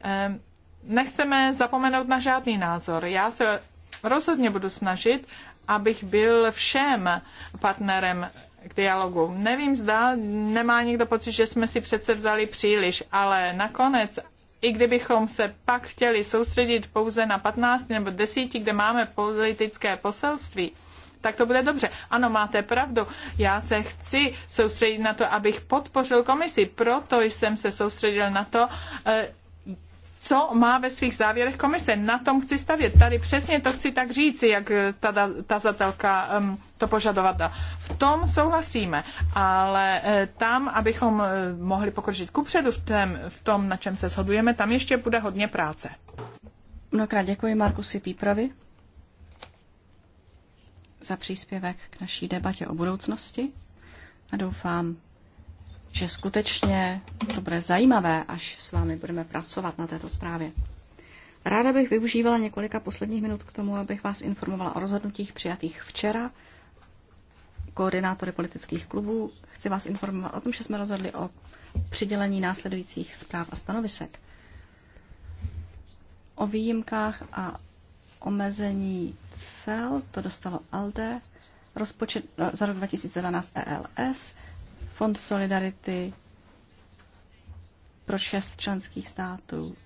Ehm, nechceme zapomenout na žádný názor. Já se rozhodně budu snažit, abych byl všem partnerem k dialogu. Nevím, zda nemá někdo pocit, že jsme si přece vzali příliš, ale nakonec, i kdybychom se pak chtěli soustředit pouze na 15 nebo 10, kde máme politické poselství, tak to bude dobře. Ano, máte pravdu. Já se chci soustředit na to, abych podpořil komisi. Proto jsem se soustředil na to, eh, co má ve svých závěrech komise. Na tom chci stavět. Tady přesně to chci tak říci, jak eh, ta tazatelka um, to požadovat. V tom souhlasíme, ale eh, tam, abychom eh, mohli pokročit kupředu v, tém, v tom, na čem se shodujeme, tam ještě bude hodně práce. Mnohokrát děkuji Markusi Pípravi za příspěvek k naší debatě o budoucnosti a doufám, že skutečně to bude zajímavé, až s vámi budeme pracovat na této zprávě. Ráda bych využívala několika posledních minut k tomu, abych vás informovala o rozhodnutích přijatých včera koordinátory politických klubů. Chci vás informovat o tom, že jsme rozhodli o přidělení následujících zpráv a stanovisek. O výjimkách a omezení cel, to dostalo ALDE, rozpočet eh, za rok 2012 ELS, Fond Solidarity pro šest členských států.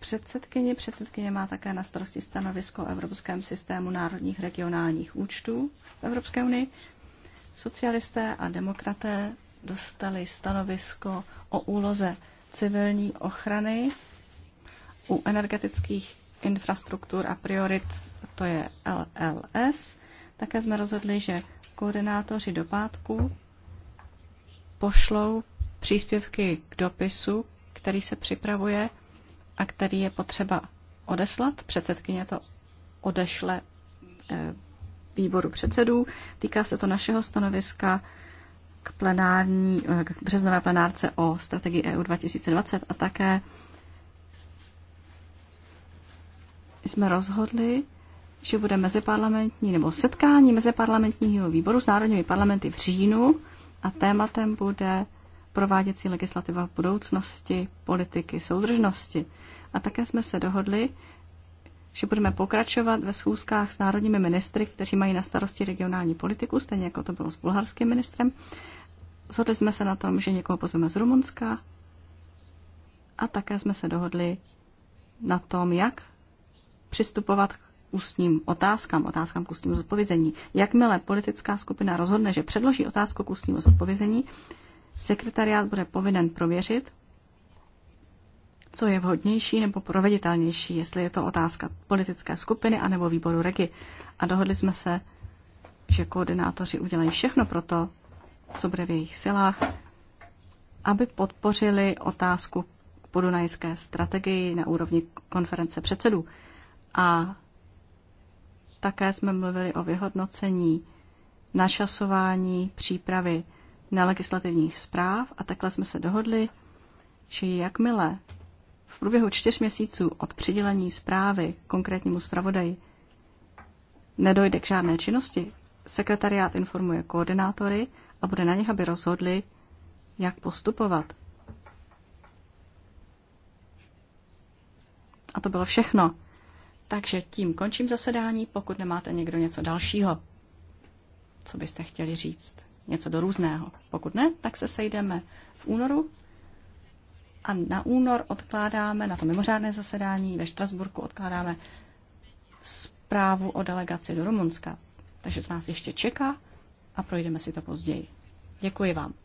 Předsedkyně předsedkyně má také na starosti stanovisko o Evropském systému národních regionálních účtů v Evropské unii. Socialisté a demokraté dostali stanovisko o úloze civilní ochrany u energetických infrastruktur a priorit, to je LLS. Také jsme rozhodli, že koordinátoři do pátku pošlou příspěvky k dopisu, který se připravuje a který je potřeba odeslat. Předsedkyně to odešle eh, výboru předsedů. Týká se to našeho stanoviska k, plenární, eh, k březnové plenárce o strategii EU 2020 a také jsme rozhodli, že bude meziparlamentní nebo setkání meziparlamentního výboru s národními parlamenty v říjnu a tématem bude prováděcí legislativa v budoucnosti politiky soudržnosti. A také jsme se dohodli, že budeme pokračovat ve schůzkách s národními ministry, kteří mají na starosti regionální politiku, stejně jako to bylo s bulharským ministrem. Zhodli jsme se na tom, že někoho pozveme z Rumunska a také jsme se dohodli na tom, jak přistupovat ústním otázkám, otázkám k ústnímu zodpovězení. Jakmile politická skupina rozhodne, že předloží otázku k ústnímu zodpovězení, sekretariát bude povinen prověřit, co je vhodnější nebo proveditelnější, jestli je to otázka politické skupiny anebo výboru regi. A dohodli jsme se, že koordinátoři udělají všechno pro to, co bude v jejich silách, aby podpořili otázku k podunajské strategii na úrovni konference předsedů. A také jsme mluvili o vyhodnocení načasování přípravy nelegislativních zpráv a takhle jsme se dohodli, že jakmile v průběhu čtyř měsíců od přidělení zprávy konkrétnímu zpravodaji nedojde k žádné činnosti, sekretariát informuje koordinátory a bude na nich, aby rozhodli, jak postupovat. A to bylo všechno. Takže tím končím zasedání, pokud nemáte někdo něco dalšího, co byste chtěli říct. Něco do různého. Pokud ne, tak se sejdeme v únoru a na únor odkládáme, na to mimořádné zasedání ve Štrasburku odkládáme zprávu o delegaci do Rumunska. Takže to nás ještě čeká a projdeme si to později. Děkuji vám.